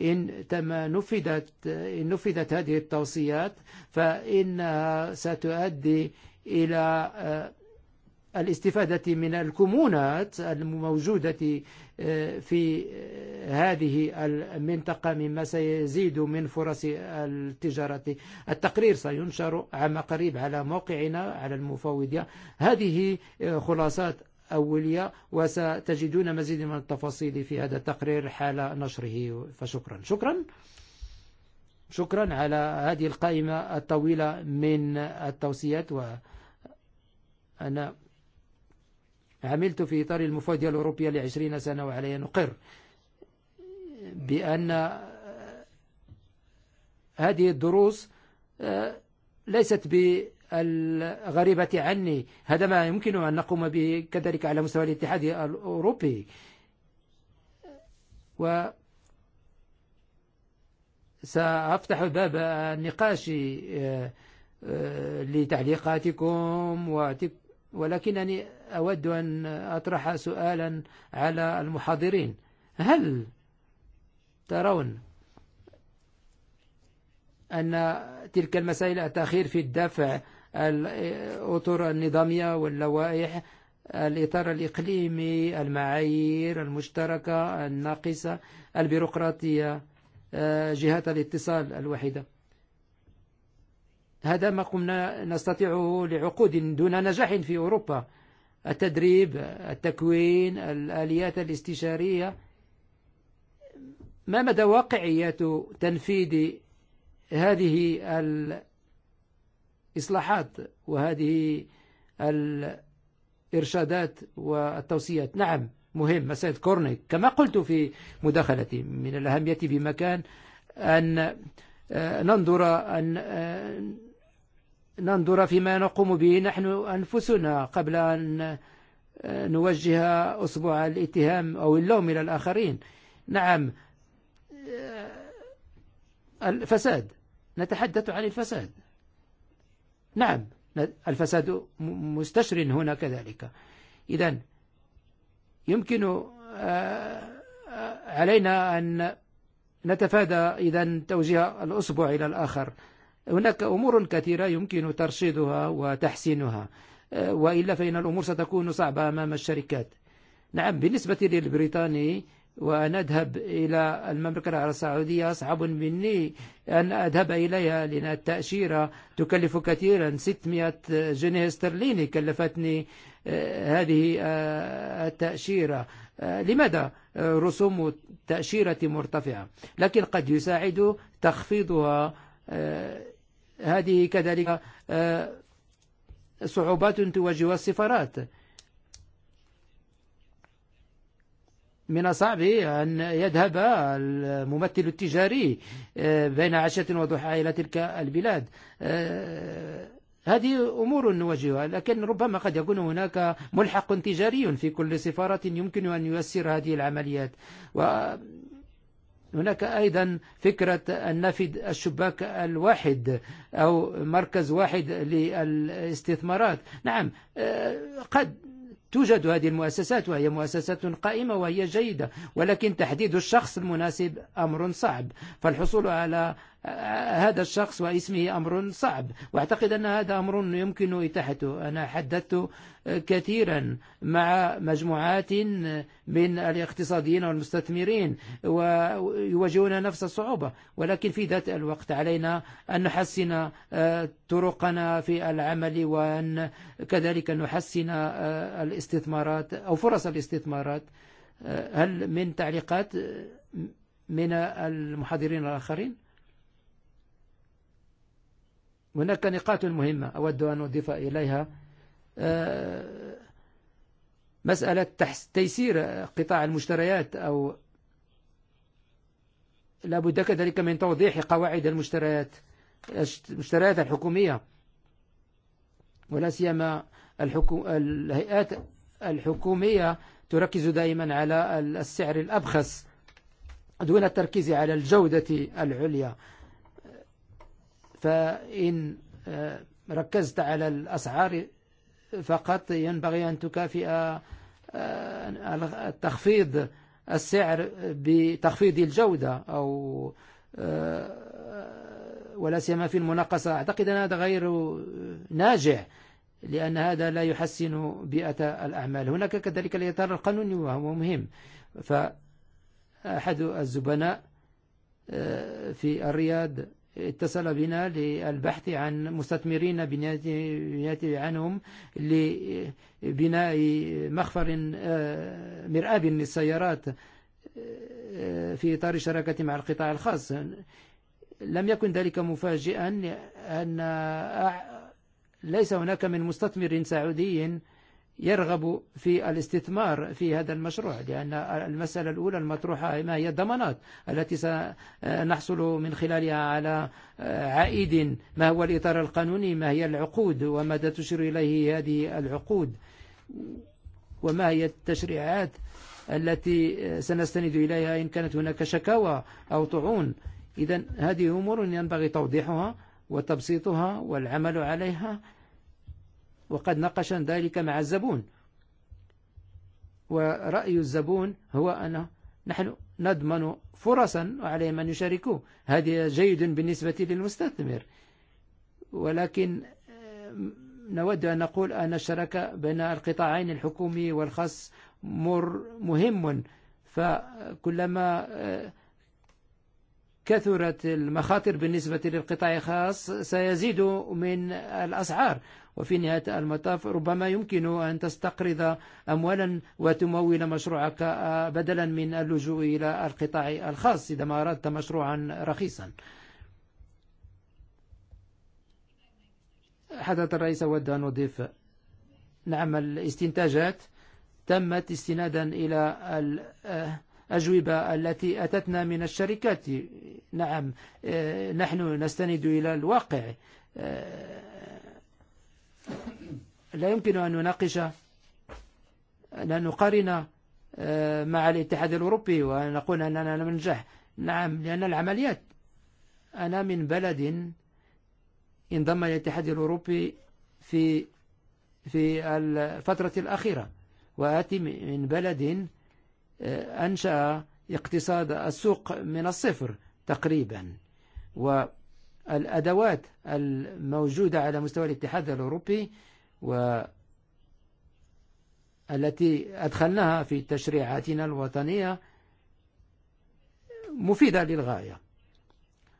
إن تم نفذت إن نفذت هذه التوصيات فإنها ستؤدي إلى الاستفادة من الكمونات الموجودة في هذه المنطقة مما سيزيد من فرص التجارة التقرير سينشر عما قريب على موقعنا على المفاوضية هذه خلاصات أولية وستجدون مزيد من التفاصيل في هذا التقرير حال نشره فشكرا شكرا شكرا على هذه القائمة الطويلة من التوصيات وأنا عملت في إطار المفادية الأوروبية لعشرين سنة وعلي نقر بأن هذه الدروس ليست بالغريبة عني هذا ما يمكن أن نقوم به كذلك على مستوى الاتحاد الأوروبي و سأفتح باب النقاش لتعليقاتكم ولكنني أود أن أطرح سؤالا على المحاضرين هل ترون أن تلك المسائل التأخير في الدفع الأطر النظامية واللوائح الإطار الإقليمي المعايير المشتركة الناقصة البيروقراطية جهات الاتصال الوحيدة هذا ما قمنا نستطيعه لعقود دون نجاح في أوروبا التدريب التكوين الآليات الاستشارية ما مدى واقعية تنفيذ هذه الإصلاحات وهذه الإرشادات والتوصيات نعم مهم مسألة كورنيك كما قلت في مداخلتي من الأهمية بمكان أن ننظر أن ننظر فيما نقوم به نحن أنفسنا قبل أن نوجه أسبوع الاتهام أو اللوم إلى الآخرين نعم الفساد نتحدث عن الفساد نعم الفساد مستشر هنا كذلك إذا يمكن علينا أن نتفادى إذا توجيه الأسبوع إلى الآخر هناك أمور كثيرة يمكن ترشيدها وتحسينها وإلا فإن الأمور ستكون صعبة أمام الشركات نعم بالنسبة للبريطاني وأن أذهب إلى المملكة العربية السعودية أصعب مني أن أذهب إليها لأن التأشيرة تكلف كثيرا 600 جنيه استرليني كلفتني هذه التأشيرة لماذا رسوم التأشيرة مرتفعة لكن قد يساعد تخفيضها هذه كذلك صعوبات تواجه السفارات من الصعب أن يذهب الممثل التجاري بين عشاء وضحى إلى تلك البلاد هذه أمور نواجهها لكن ربما قد يكون هناك ملحق تجاري في كل سفارة يمكن أن ييسر هذه العمليات هناك أيضا فكرة النفد الشباك الواحد أو مركز واحد للاستثمارات نعم قد توجد هذه المؤسسات وهي مؤسسات قائمة وهي جيدة ولكن تحديد الشخص المناسب أمر صعب فالحصول على هذا الشخص واسمه أمر صعب وأعتقد أن هذا أمر يمكن إتاحته أنا حدثت كثيرا مع مجموعات من الاقتصاديين والمستثمرين ويواجهون نفس الصعوبة ولكن في ذات الوقت علينا أن نحسن طرقنا في العمل وأن كذلك نحسن الاستثمارات أو فرص الاستثمارات هل من تعليقات من المحاضرين الآخرين؟ هناك نقاط مهمة أود أن أضيف إليها مسألة تيسير قطاع المشتريات أو لا بد كذلك من توضيح قواعد المشتريات المشتريات الحكومية ولا سيما الحكو... الهيئات الحكومية تركز دائما على السعر الأبخس دون التركيز على الجودة العليا فإن ركزت على الأسعار فقط ينبغي أن تكافئ تخفيض السعر بتخفيض الجودة أو ولا سيما في المناقصة أعتقد أن هذا غير ناجع لأن هذا لا يحسن بيئة الأعمال هناك كذلك الإطار القانوني وهو مهم فأحد الزبناء في الرياض اتصل بنا للبحث عن مستثمرين بنياتي عنهم لبناء مخفر مرآب للسيارات في إطار شراكة مع القطاع الخاص لم يكن ذلك مفاجئا أن ليس هناك من مستثمر سعودي يرغب في الاستثمار في هذا المشروع لأن المسألة الأولى المطروحة ما هي الضمانات التي سنحصل من خلالها على عائد ما هو الإطار القانوني ما هي العقود وماذا تشير إليه هذه العقود وما هي التشريعات التي سنستند إليها إن كانت هناك شكاوى أو طعون إذا هذه أمور ينبغي توضيحها وتبسيطها والعمل عليها وقد ناقش ذلك مع الزبون ورأي الزبون هو أن نحن نضمن فرصا وعليهم أن يشاركوه هذا جيد بالنسبة للمستثمر ولكن نود أن نقول أن الشراكة بين القطاعين الحكومي والخاص مر مهم فكلما كثرت المخاطر بالنسبة للقطاع الخاص سيزيد من الأسعار وفي نهاية المطاف ربما يمكن أن تستقرض أموالا وتمول مشروعك بدلا من اللجوء إلى القطاع الخاص إذا ما أردت مشروعا رخيصا حدث الرئيس أود أن أضيف نعم الاستنتاجات تمت استنادا إلى الأجوبة التي أتتنا من الشركات نعم نحن نستند إلى الواقع لا يمكن أن نناقش أن نقارن مع الاتحاد الأوروبي ونقول أننا لم ننجح نعم لأن العمليات أنا من بلد انضم الاتحاد الأوروبي في في الفترة الأخيرة وآتي من بلد أنشأ اقتصاد السوق من الصفر تقريبا وأنشأ الأدوات الموجودة على مستوى الاتحاد الأوروبي والتي أدخلناها في تشريعاتنا الوطنية مفيدة للغاية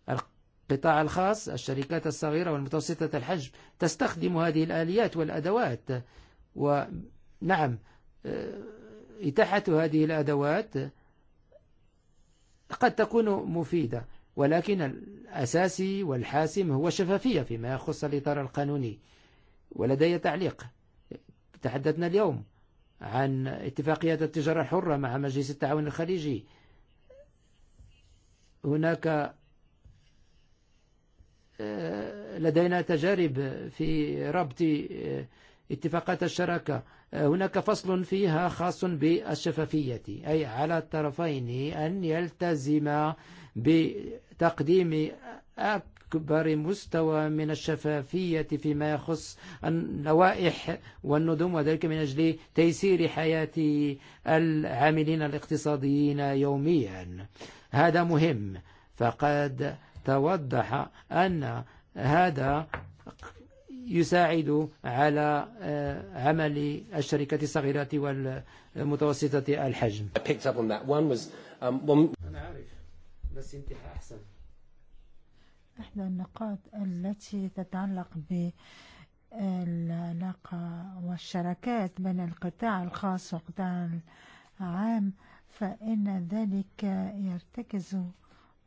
القطاع الخاص الشركات الصغيرة والمتوسطة الحجم تستخدم هذه الآليات والأدوات ونعم إتاحة هذه الأدوات قد تكون مفيدة ولكن الأساسي والحاسم هو الشفافية فيما يخص الإطار القانوني ولدي تعليق تحدثنا اليوم عن اتفاقيات التجارة الحرة مع مجلس التعاون الخليجي هناك لدينا تجارب في ربط اتفاقات الشراكة هناك فصل فيها خاص بالشفافية أي على الطرفين أن يلتزم بتقديم أكبر مستوى من الشفافية فيما يخص النوائح والنظم وذلك من أجل تيسير حياة العاملين الاقتصاديين يوميا هذا مهم فقد توضح أن هذا يساعد على عمل الشركات الصغيرة والمتوسطة الحجم. بس انت احسن احدى النقاط التي تتعلق ب العلاقة والشراكات بين القطاع الخاص والقطاع العام فإن ذلك يرتكز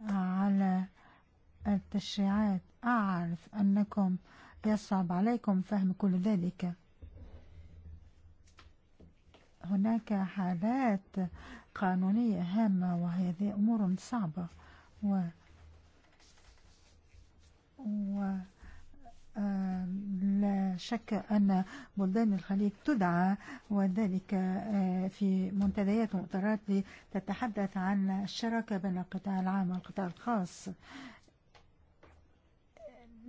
على التشريعات أعرف أنكم يصعب عليكم فهم كل ذلك هناك حالات قانونية هامة وهذه أمور صعبة و و لا شك أن بلدان الخليج تدعى وذلك في منتديات ومؤتمرات تتحدث عن الشراكة بين القطاع العام والقطاع الخاص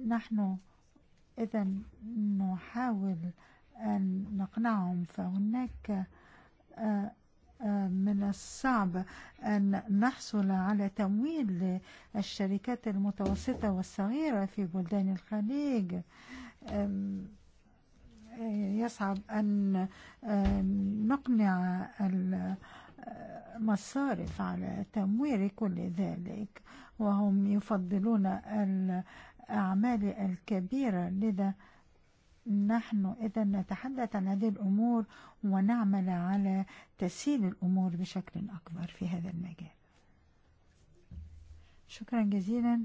نحن إذا نحاول أن نقنعهم فهناك من الصعب أن نحصل على تمويل للشركات المتوسطة والصغيرة في بلدان الخليج يصعب أن نقنع المصارف على تمويل كل ذلك وهم يفضلون الأعمال الكبيرة لذا نحن إذا نتحدث عن هذه الأمور ونعمل على تسهيل الأمور بشكل أكبر في هذا المجال شكرا جزيلا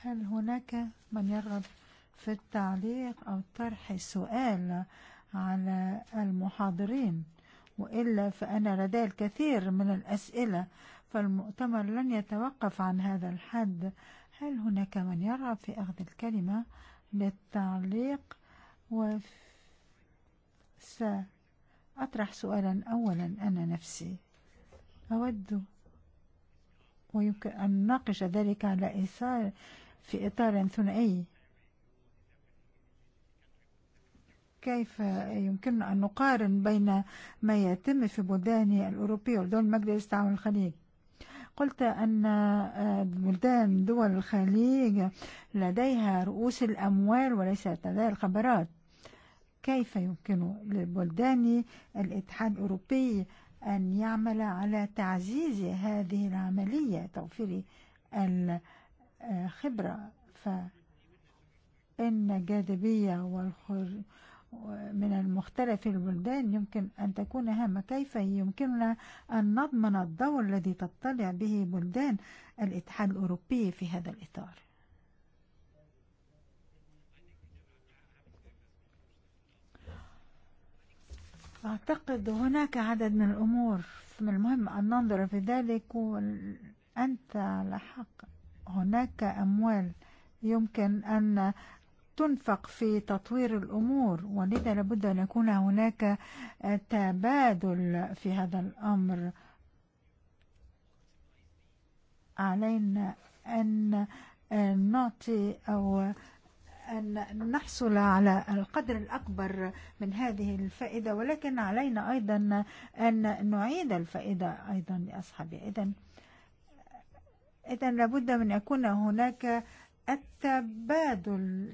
هل هناك من يرغب في التعليق أو طرح سؤال على المحاضرين وإلا فأنا لدي الكثير من الأسئلة فالمؤتمر لن يتوقف عن هذا الحد هل هناك من يرغب في أخذ الكلمة للتعليق وسأطرح سؤالا أولا أنا نفسي أود ويمكن أن نناقش ذلك على إثار في إطار ثنائي كيف يمكن أن نقارن بين ما يتم في بلدان الأوروبية ودول مجلس تعاون الخليج قلت أن بلدان دول الخليج لديها رؤوس الأموال وليس لديها الخبرات كيف يمكن للبلدان الاتحاد الأوروبي أن يعمل على تعزيز هذه العملية توفير الخبرة فإن الجاذبية والخروج من المختلف البلدان يمكن أن تكون هامة كيف يمكننا أن نضمن الدور الذي تطلع به بلدان الاتحاد الأوروبي في هذا الإطار أعتقد هناك عدد من الأمور من المهم أن ننظر في ذلك وأنت على حق هناك أموال يمكن أن تنفق في تطوير الأمور ولذا لابد أن يكون هناك تبادل في هذا الأمر علينا أن نعطي أو أن نحصل على القدر الأكبر من هذه الفائدة ولكن علينا أيضا أن نعيد الفائدة أيضا لأصحابها إذن إذن لابد من يكون هناك التبادل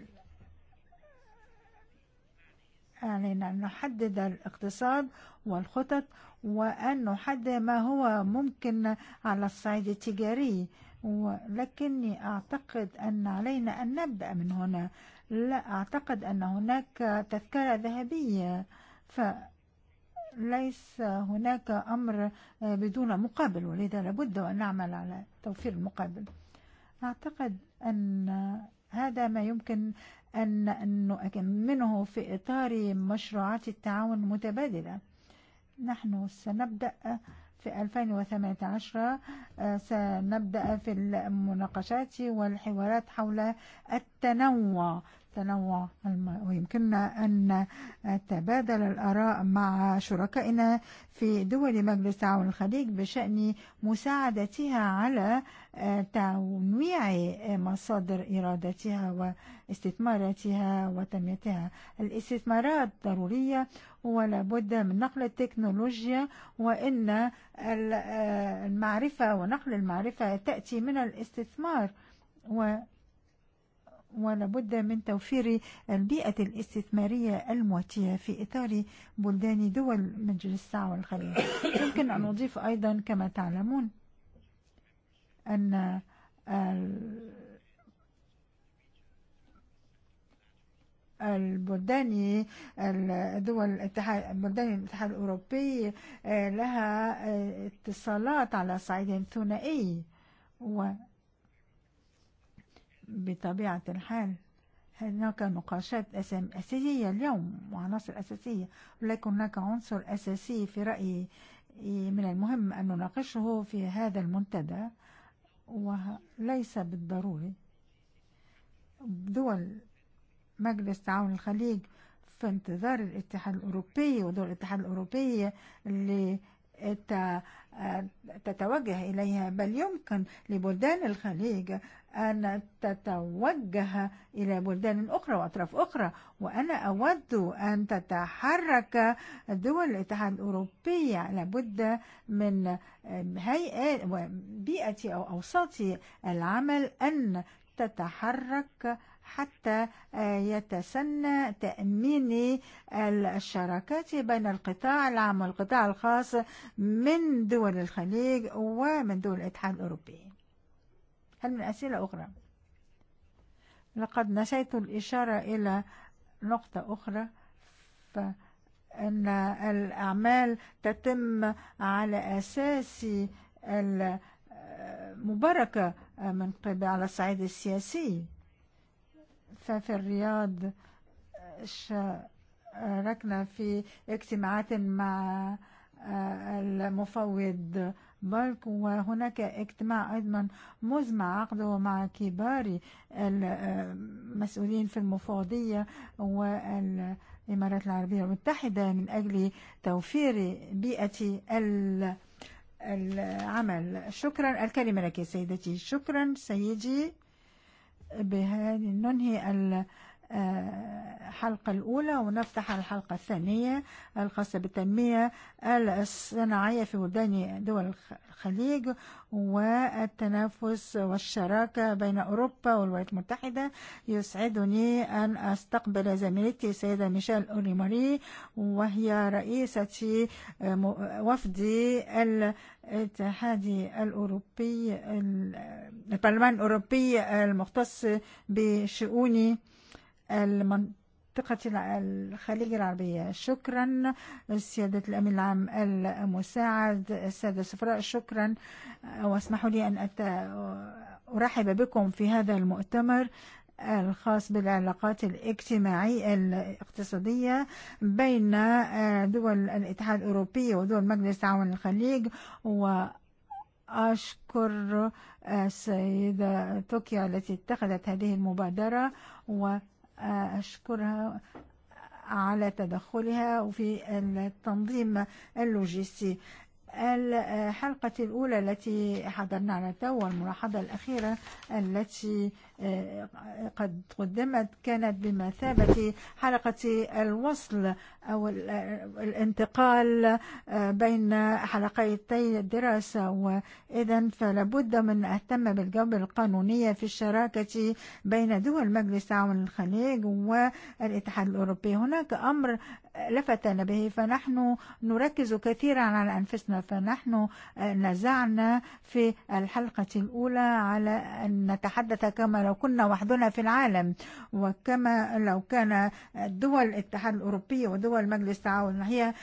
علينا أن نحدد الاقتصاد والخطط وأن نحدد ما هو ممكن على الصعيد التجاري ولكني أعتقد أن علينا أن نبدأ من هنا لا أعتقد أن هناك تذكرة ذهبية فليس هناك أمر بدون مقابل ولذا لابد أن نعمل على توفير المقابل أعتقد أن هذا ما يمكن أن أنه منه في إطار مشروعات التعاون المتبادلة نحن سنبدأ في 2018 سنبدأ في المناقشات والحوارات حول التنوع تنوع الماء ويمكننا أن نتبادل الآراء مع شركائنا في دول مجلس تعاون الخليج بشأن مساعدتها على تنويع مصادر إرادتها واستثماراتها وتنميتها الاستثمارات ضرورية ولا بد من نقل التكنولوجيا وإن المعرفة ونقل المعرفة تأتي من الاستثمار و ولا بد من توفير البيئة الاستثمارية المواتية في إطار بلدان دول مجلس الساعة والخليج يمكن أن أضيف أيضا كما تعلمون أن البلدان الدول الاتحاد بلدان الاتحاد الأوروبي لها اتصالات على صعيد ثنائي بطبيعه الحال هناك نقاشات اساسيه اليوم وعناصر اساسيه ولكن هناك عنصر اساسي في رايي من المهم ان نناقشه في هذا المنتدى وليس بالضروري دول مجلس تعاون الخليج في انتظار الاتحاد الأوروبي ودول الاتحاد الأوروبي اللي تتوجه إليها بل يمكن لبلدان الخليج أن تتوجه إلى بلدان أخرى وأطراف أخرى وأنا أود أن تتحرك دول الاتحاد الأوروبي لابد من هيئة وبيئة أو أوساط العمل أن تتحرك حتى يتسنى تأمين الشراكات بين القطاع العام والقطاع الخاص من دول الخليج ومن دول الاتحاد الأوروبي هل من أسئلة أخرى؟ لقد نسيت الإشارة إلى نقطة أخرى فإن الأعمال تتم على أساس المباركة من قبل على الصعيد السياسي ففي الرياض شاركنا في اجتماعات مع المفوض بارك وهناك اجتماع ايضا مزمع عقده مع كبار المسؤولين في المفوضية والإمارات العربية المتحدة من أجل توفير بيئة العمل شكرا الكلمة لك سيدتي شكرا سيدي بهذه ننهي الحلقة الأولى ونفتح الحلقة الثانية الخاصة بالتنمية الصناعية في بلدان دول الخليج والتنافس والشراكة بين أوروبا والولايات المتحدة يسعدني أن أستقبل زميلتي السيدة ميشيل أوريماري وهي رئيسة وفد الاتحاد الأوروبي البرلمان الأوروبي المختص بشؤون المنطقة الخليج العربية شكرا سيادة الأمين العام المساعد السادة السفراء شكرا واسمحوا لي أن أت... أرحب بكم في هذا المؤتمر الخاص بالعلاقات الاجتماعية الاقتصادية بين دول الاتحاد الأوروبي ودول مجلس تعاون الخليج و أشكر السيدة توكيا التي اتخذت هذه المبادرة و أشكرها على تدخلها وفي التنظيم اللوجستي الحلقة الأولى التي حضرنا على تو والملاحظة الأخيرة التي قد قدمت كانت بمثابة حلقة الوصل أو الانتقال بين حلقتي الدراسة وإذا فلابد من أهتم بالجواب القانونية في الشراكة بين دول مجلس تعاون الخليج والاتحاد الأوروبي هناك أمر لفتنا به فنحن نركز كثيرا على أنفسنا فنحن نزعنا في الحلقة الأولى على أن نتحدث كما لو لو كنا وحدنا في العالم وكما لو كان دول الاتحاد الأوروبي ودول مجلس التعاون هي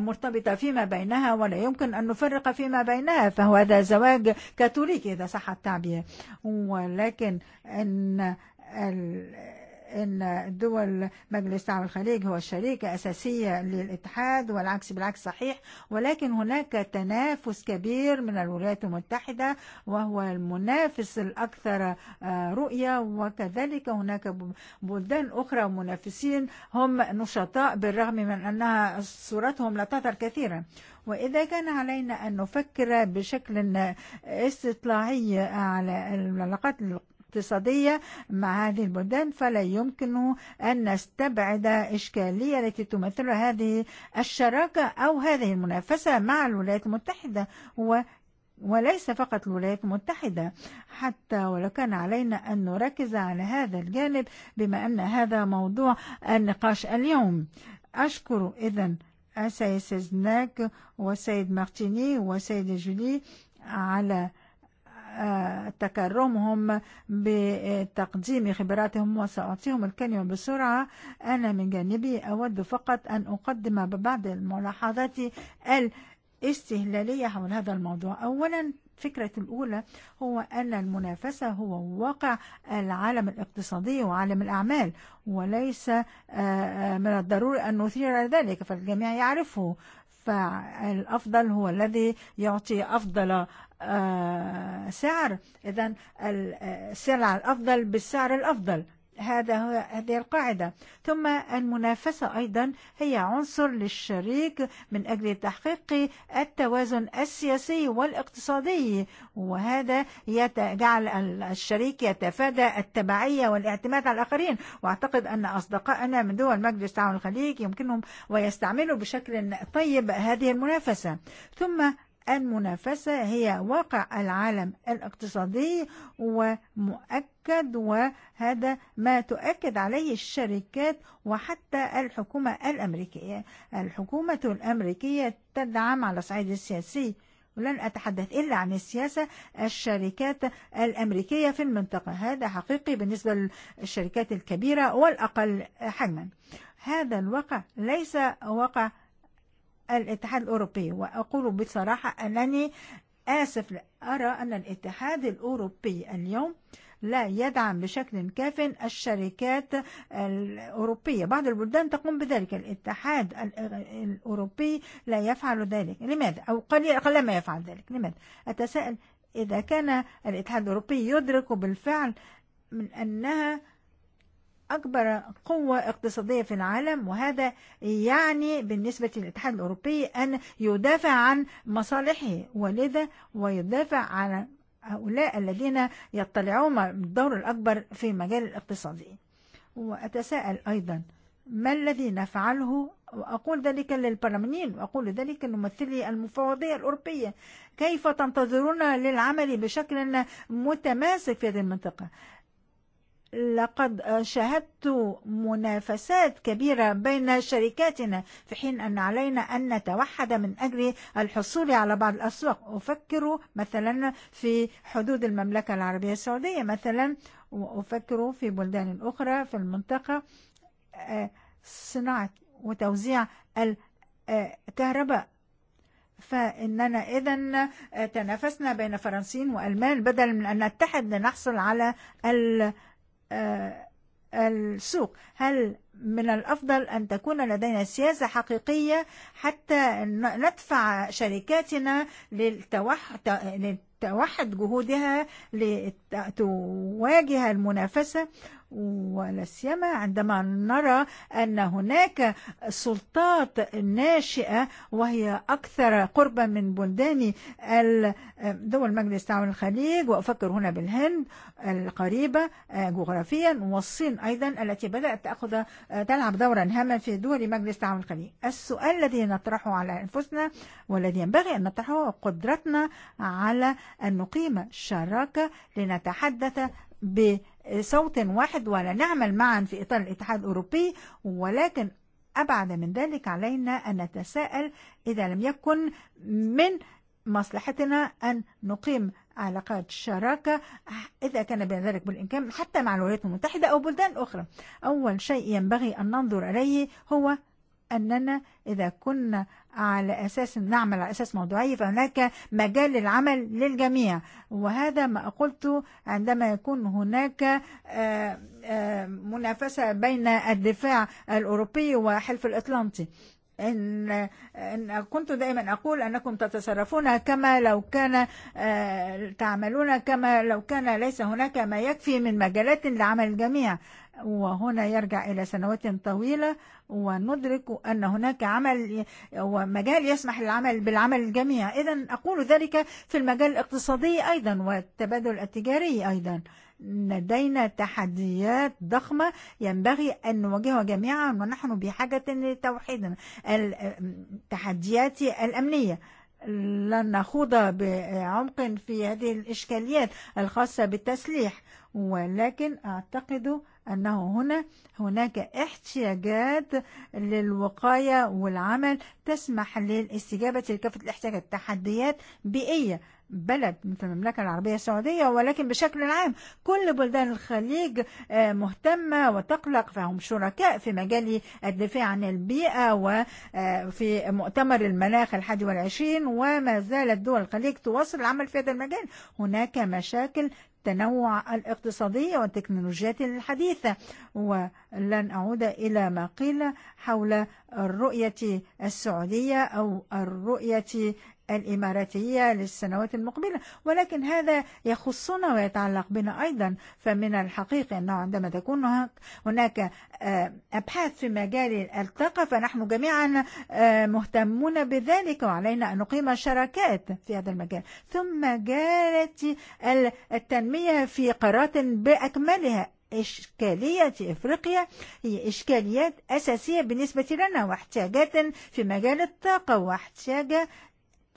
مرتبطة فيما بينها ولا يمكن أن نفرق فيما بينها فهو هذا زواج كاثوليكي إذا صح التعبير ولكن أن ان دول مجلس دعم الخليج هو الشريك أساسية للاتحاد والعكس بالعكس صحيح ولكن هناك تنافس كبير من الولايات المتحدة وهو المنافس الأكثر رؤية وكذلك هناك بلدان أخرى منافسين هم نشطاء بالرغم من أنها صورتهم لا تظهر كثيرا وإذا كان علينا أن نفكر بشكل استطلاعي على العلاقات الاقتصادية مع هذه البلدان فلا يمكن أن نستبعد إشكالية التي تمثل هذه الشراكة أو هذه المنافسة مع الولايات المتحدة و وليس فقط الولايات المتحدة حتى ولو كان علينا أن نركز على هذا الجانب بما أن هذا موضوع النقاش اليوم أشكر إذن السيد سيزناك وسيد مارتيني وسيد جولي على تكرمهم بتقديم خبراتهم وسأعطيهم الكلمة بسرعة أنا من جانبي أود فقط أن أقدم ببعض الملاحظات الاستهلالية حول هذا الموضوع أولا فكرة الأولى هو أن المنافسة هو واقع العالم الاقتصادي وعالم الأعمال وليس من الضروري أن نثير ذلك فالجميع يعرفه فالأفضل هو الذي يعطي أفضل سعر إذا السلعة الأفضل بالسعر الأفضل هذا هو هذه القاعدة ثم المنافسة أيضا هي عنصر للشريك من أجل تحقيق التوازن السياسي والاقتصادي وهذا يجعل الشريك يتفادى التبعية والاعتماد على الآخرين وأعتقد أن أصدقائنا من دول مجلس تعاون الخليج يمكنهم ويستعملوا بشكل طيب هذه المنافسة ثم المنافسة هي واقع العالم الاقتصادي ومؤكد وهذا ما تؤكد عليه الشركات وحتى الحكومة الأمريكية الحكومة الأمريكية تدعم على الصعيد السياسي ولن أتحدث إلا عن السياسة الشركات الأمريكية في المنطقة هذا حقيقي بالنسبة للشركات الكبيرة والأقل حجما هذا الواقع ليس واقع الاتحاد الأوروبي وأقول بصراحة أنني آسف أرى أن الاتحاد الأوروبي اليوم لا يدعم بشكل كاف الشركات الأوروبية بعض البلدان تقوم بذلك الاتحاد الأوروبي لا يفعل ذلك لماذا؟ أو قل ما يفعل ذلك لماذا؟ أتساءل إذا كان الاتحاد الأوروبي يدرك بالفعل من أنها أكبر قوة اقتصادية في العالم وهذا يعني بالنسبة للاتحاد الأوروبي أن يدافع عن مصالحه ولذا ويدافع عن هؤلاء الذين يطلعون الدور الأكبر في مجال الاقتصادي وأتساءل أيضا ما الذي نفعله وأقول ذلك للبرلمانيين وأقول ذلك لممثلي المفوضية الأوروبية كيف تنتظرون للعمل بشكل متماسك في هذه المنطقة لقد شاهدت منافسات كبيرة بين شركاتنا في حين أن علينا أن نتوحد من أجل الحصول على بعض الأسواق أفكر مثلا في حدود المملكة العربية السعودية مثلا وأفكر في بلدان أخرى في المنطقة صناعة وتوزيع الكهرباء فإننا إذا تنافسنا بين فرنسيين وألمان بدل من أن نتحد لنحصل على الكهرباء السوق هل من الأفضل أن تكون لدينا سياسة حقيقية حتى ندفع شركاتنا للتوحد, جهودها لتواجه المنافسة ولا سيما عندما نرى أن هناك سلطات ناشئة وهي أكثر قربا من بلدان دول مجلس تعاون الخليج وأفكر هنا بالهند القريبة جغرافيا والصين أيضا التي بدأت تأخذ تلعب دورا هاما في دول مجلس تعاون الخليج السؤال الذي نطرحه على أنفسنا والذي ينبغي أن نطرحه قدرتنا على أن نقيم شراكة لنتحدث ب صوت واحد ولا نعمل معا في إطار الاتحاد الأوروبي ولكن أبعد من ذلك علينا أن نتساءل إذا لم يكن من مصلحتنا أن نقيم علاقات شراكة إذا كان بين ذلك بالإمكان حتى مع الولايات المتحدة أو بلدان أخرى أول شيء ينبغي أن ننظر إليه هو أننا إذا كنا على أساس نعمل على أساس موضوعي فهناك مجال للعمل للجميع وهذا ما قلت عندما يكون هناك منافسة بين الدفاع الأوروبي وحلف الأطلنطي إن, إن كنت دائما أقول أنكم تتصرفون كما لو كان تعملون كما لو كان ليس هناك ما يكفي من مجالات لعمل الجميع وهنا يرجع إلى سنوات طويلة وندرك أن هناك عمل ومجال يسمح للعمل بالعمل الجميع إذا أقول ذلك في المجال الاقتصادي أيضا والتبادل التجاري أيضا لدينا تحديات ضخمة ينبغي أن نواجهها جميعا ونحن بحاجة لتوحيدنا التحديات الأمنية لن نخوض بعمق في هذه الإشكاليات الخاصة بالتسليح ولكن أعتقد أنه هنا هناك احتياجات للوقاية والعمل تسمح للاستجابة لكافة الاحتياجات التحديات بيئية بلد مثل المملكة العربية السعودية ولكن بشكل عام كل بلدان الخليج مهتمة وتقلق فهم شركاء في مجال الدفاع عن البيئة وفي مؤتمر المناخ الحادي والعشرين وما زالت دول الخليج تواصل العمل في هذا المجال هناك مشاكل التنوع الاقتصادي والتكنولوجيات الحديثة ولن أعود إلى ما قيل حول الرؤية السعودية أو الرؤية الإماراتية للسنوات المقبلة ولكن هذا يخصنا ويتعلق بنا أيضا فمن الحقيقي أنه عندما تكون هناك أبحاث في مجال الطاقة فنحن جميعا مهتمون بذلك وعلينا أن نقيم شراكات في هذا المجال ثم جالت التنمية في قارات بأكملها إشكالية إفريقيا هي إشكاليات أساسية بالنسبة لنا واحتياجات في مجال الطاقة واحتياجة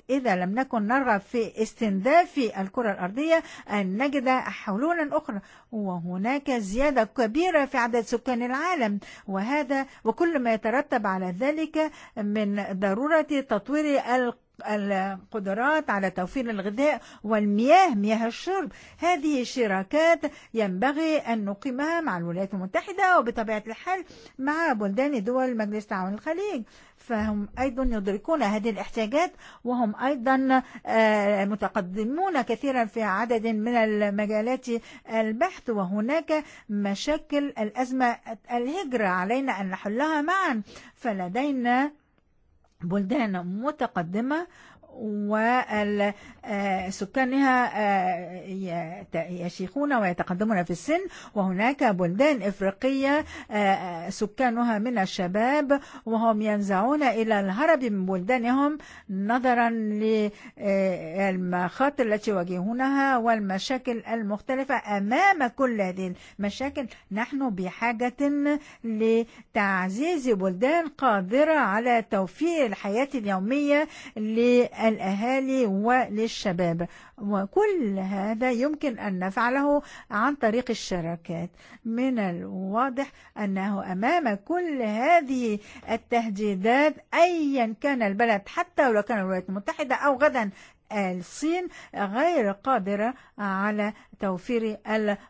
إذا لم نكن نرغب في استنداف الكرة الأرضية أن نجد حلولا أخرى وهناك زيادة كبيرة في عدد سكان العالم وهذا وكل ما يترتب على ذلك من ضرورة تطوير القرى القدرات على توفير الغذاء والمياه مياه الشرب هذه الشراكات ينبغي أن نقيمها مع الولايات المتحدة وبطبيعة الحال مع بلدان دول مجلس تعاون الخليج فهم أيضا يدركون هذه الاحتياجات وهم أيضا متقدمون كثيرا في عدد من المجالات البحث وهناك مشاكل الأزمة الهجرة علينا أن نحلها معا فلدينا بلدان متقدمة وسكانها يشيخون ويتقدمون في السن وهناك بلدان إفريقية سكانها من الشباب وهم ينزعون إلى الهرب من بلدانهم نظرا للمخاطر التي يواجهونها والمشاكل المختلفة أمام كل هذه المشاكل نحن بحاجة لتعزيز بلدان قادرة على توفير الحياة اليومية لأ الأهالي وللشباب وكل هذا يمكن أن نفعله عن طريق الشراكات من الواضح أنه أمام كل هذه التهديدات أيا كان البلد حتى ولو كان الولايات المتحدة أو غدا الصين غير قادرة على توفير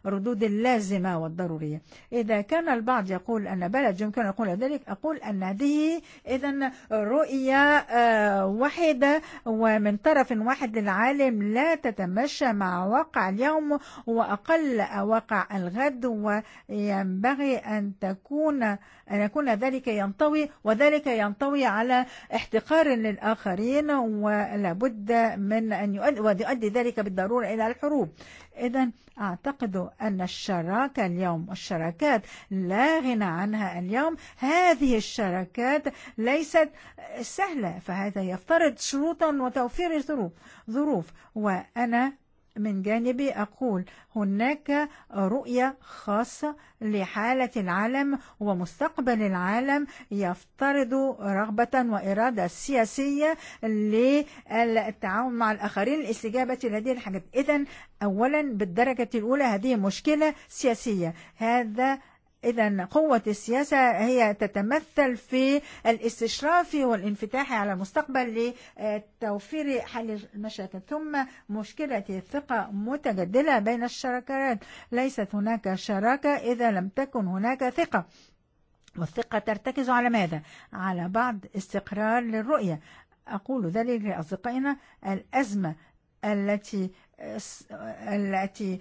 الردود اللازمة والضرورية إذا كان البعض يقول أن بلد يمكن أن يقول ذلك أقول أن هذه إذا رؤية واحدة ومن طرف واحد للعالم لا تتمشى مع واقع اليوم وأقل واقع الغد وينبغي أن تكون أن يكون ذلك ينطوي وذلك ينطوي على احتقار للآخرين ولابد من من أن يؤدي ذلك بالضرورة إلى الحروب إذا أعتقد أن الشراكة اليوم الشراكات لا غنى عنها اليوم هذه الشراكات ليست سهلة فهذا يفترض شروطا وتوفير ظروف وأنا من جانبي أقول هناك رؤية خاصة لحالة العالم ومستقبل العالم يفترض رغبة وإرادة سياسية للتعاون مع الآخرين الاستجابة لهذه الحاجات إذا أولا بالدرجة الأولى هذه مشكلة سياسية هذا إذا قوة السياسة هي تتمثل في الاستشراف والانفتاح على المستقبل لتوفير حل المشاكل ثم مشكلة الثقة متجدلة بين الشركات ليست هناك شراكة إذا لم تكن هناك ثقة والثقة ترتكز على ماذا؟ على بعض استقرار للرؤية أقول ذلك لأصدقائنا الأزمة التي التي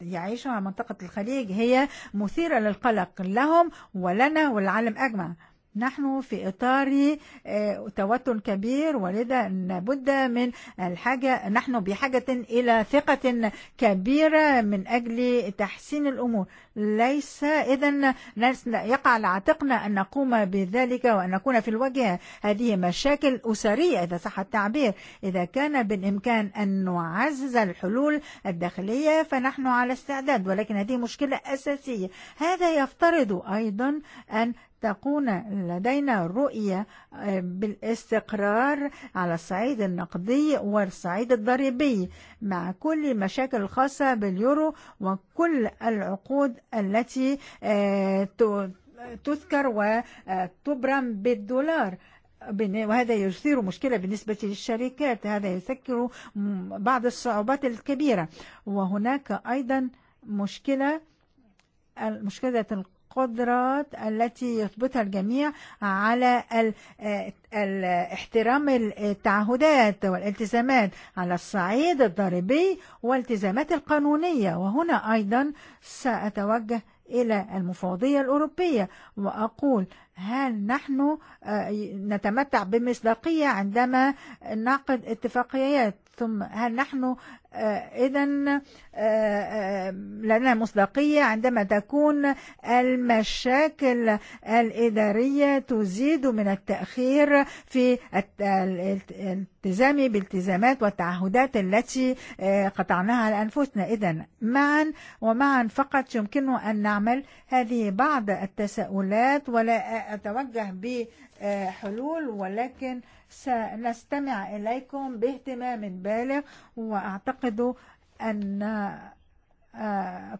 يعيشها منطقة الخليج هي مثيرة للقلق لهم ولنا والعالم أجمع نحن في إطار توتر كبير ولذا نبد من الحاجة نحن بحاجة إلى ثقة كبيرة من أجل تحسين الأمور ليس إذا يقع على عاتقنا أن نقوم بذلك وأن نكون في الوجه هذه مشاكل أسرية إذا صح التعبير إذا كان بالإمكان أن نعزز الحلول الداخلية فنحن على استعداد ولكن هذه مشكلة أساسية هذا يفترض أيضا أن تكون لدينا رؤية بالاستقرار على الصعيد النقدي والصعيد الضريبي مع كل مشاكل الخاصة باليورو وكل العقود التي تذكر وتبرم بالدولار وهذا يثير مشكلة بالنسبة للشركات هذا يذكر بعض الصعوبات الكبيرة وهناك أيضا مشكلة مشكلة القدرات التي يثبتها الجميع على احترام التعهدات والالتزامات على الصعيد الضريبي والالتزامات القانونية وهنا أيضا سأتوجه إلى المفوضية الأوروبية وأقول هل نحن نتمتع بمصداقية عندما نعقد اتفاقيات ثم هل نحن إذا لنا مصداقية عندما تكون المشاكل الإدارية تزيد من التأخير في الالتزام بالتزامات والتعهدات التي قطعناها لأنفسنا أنفسنا إذا معا ومعا فقط يمكن أن نعمل هذه بعض التساؤلات ولا أتوجه بالتساؤلات حلول ولكن سنستمع إليكم باهتمام بالغ وأعتقد أن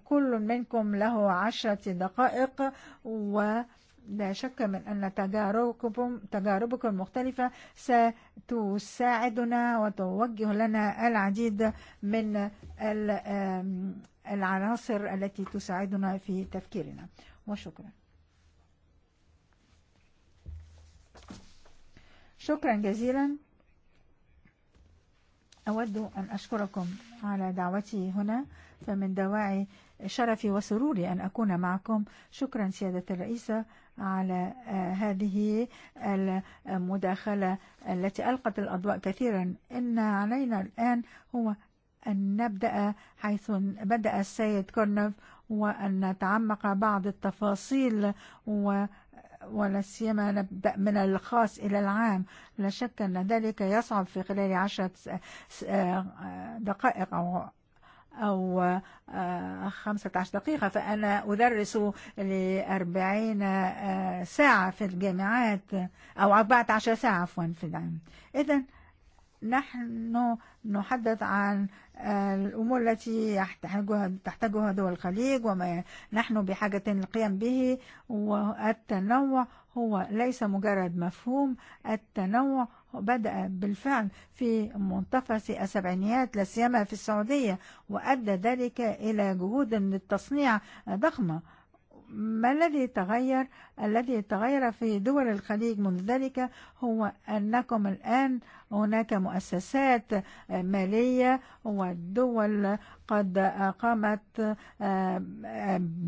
كل منكم له عشرة دقائق و لا شك من أن تجاربكم, تجاربكم المختلفة ستساعدنا وتوجه لنا العديد من العناصر التي تساعدنا في تفكيرنا وشكراً شكرا جزيلا أود أن أشكركم على دعوتي هنا فمن دواعي شرفي وسروري أن أكون معكم شكرا سيادة الرئيسة على هذه المداخلة التي ألقت الأضواء كثيرا إن علينا الآن هو أن نبدأ حيث بدأ السيد كورنف وأن نتعمق بعض التفاصيل وأن ولا سيما نبدأ من الخاص إلى العام لا شك أن ذلك يصعب في خلال عشرة دقائق أو أو خمسة عشر دقيقة فأنا أدرس لأربعين ساعة في الجامعات أو أربعة عشر ساعة عفوا في العام إذن نحن نحدث عن الأمور التي يحتاجها تحتاجها دول الخليج وما نحن بحاجة للقيام به والتنوع هو ليس مجرد مفهوم التنوع بدأ بالفعل في منتصف السبعينيات لا سيما في السعودية وأدى ذلك إلى جهود للتصنيع ضخمة ما الذي تغير؟ الذي تغير في دول الخليج منذ ذلك هو أنكم الآن هناك مؤسسات مالية والدول قد أقامت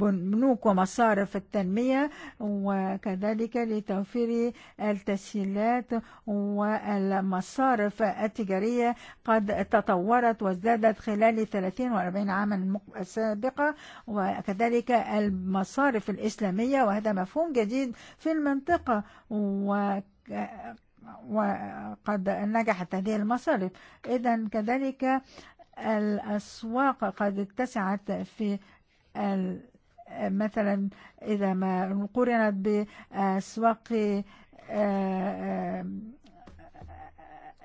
بنوك ومصارف التنمية وكذلك لتوفير التسهيلات والمصارف التجارية قد تطورت وازدادت خلال 30 و 40 عاما سابقة وكذلك المصارف الإسلامية وهذا مفهوم جديد في المنطقة و وقد نجحت هذه المصارف إذا كذلك الأسواق قد اتسعت في مثلا إذا ما قرنت بأسواق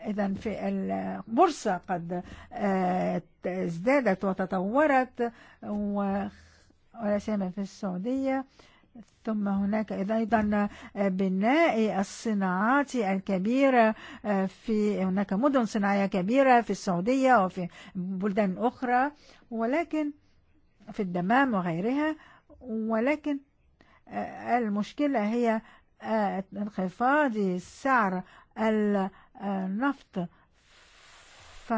إذا في البورصة قد ازدادت وتطورت ولا سيما في السعودية ثم هناك أيضا بناء الصناعات الكبيرة في هناك مدن صناعية كبيرة في السعودية وفي بلدان أخرى ولكن في الدمام وغيرها ولكن المشكلة هي انخفاض سعر النفط ف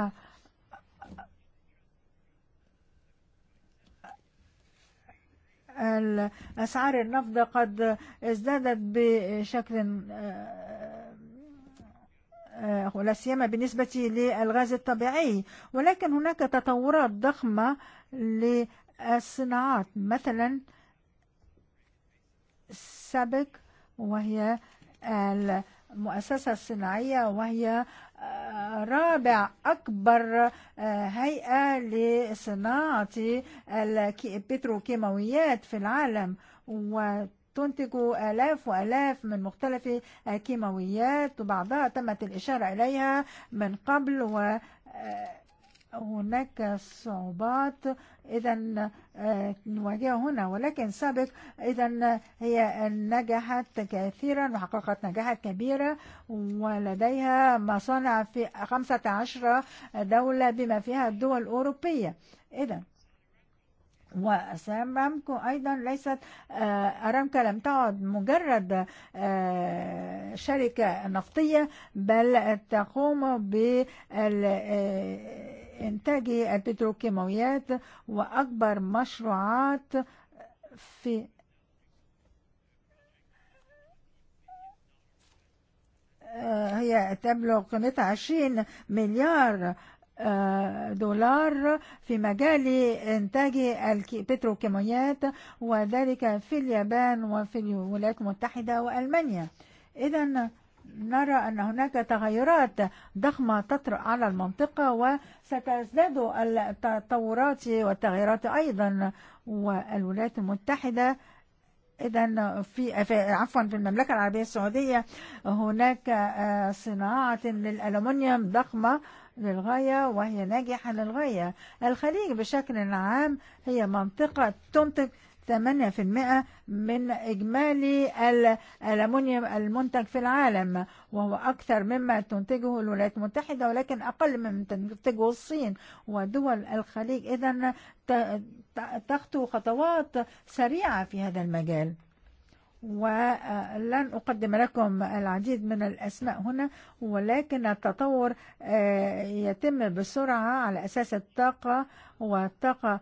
الأسعار النفط قد ازدادت بشكل ولا سيما بالنسبة للغاز الطبيعي ولكن هناك تطورات ضخمة للصناعات مثلا سابك وهي المؤسسة الصناعية وهي رابع أكبر هيئة لصناعة البتروكيماويات في العالم وتنتج تنتج آلاف وآلاف من مختلف الكيماويات وبعضها تمت الإشارة إليها من قبل و هناك صعوبات اذا نواجهها هنا ولكن سابق اذا هي نجحت كثيرا وحققت نجاحات كبيرة ولديها مصانع في 15 دولة بما فيها الدول الأوروبية إذا وسامرامكو أيضا ليست أرامكا لم تعد مجرد شركة نفطية بل تقوم بال إنتاج البتروكيماويات وأكبر مشروعات في هي تبلغ قيمتها 20 مليار دولار في مجال إنتاج البتروكيماويات وذلك في اليابان وفي الولايات المتحدة وألمانيا إذا نرى أن هناك تغيرات ضخمة تطرأ على المنطقة وستزداد التطورات والتغيرات أيضا والولايات المتحدة إذا في, عفوا في المملكة العربية السعودية هناك صناعة للألمنيوم ضخمة للغاية وهي ناجحة للغاية الخليج بشكل عام هي منطقة تنتج 8% من إجمالي الألمونيوم المنتج في العالم وهو أكثر مما تنتجه الولايات المتحدة ولكن أقل مما تنتجه الصين ودول الخليج إذا تخطو خطوات سريعة في هذا المجال ولن أقدم لكم العديد من الأسماء هنا ولكن التطور يتم بسرعة على أساس الطاقة والطاقة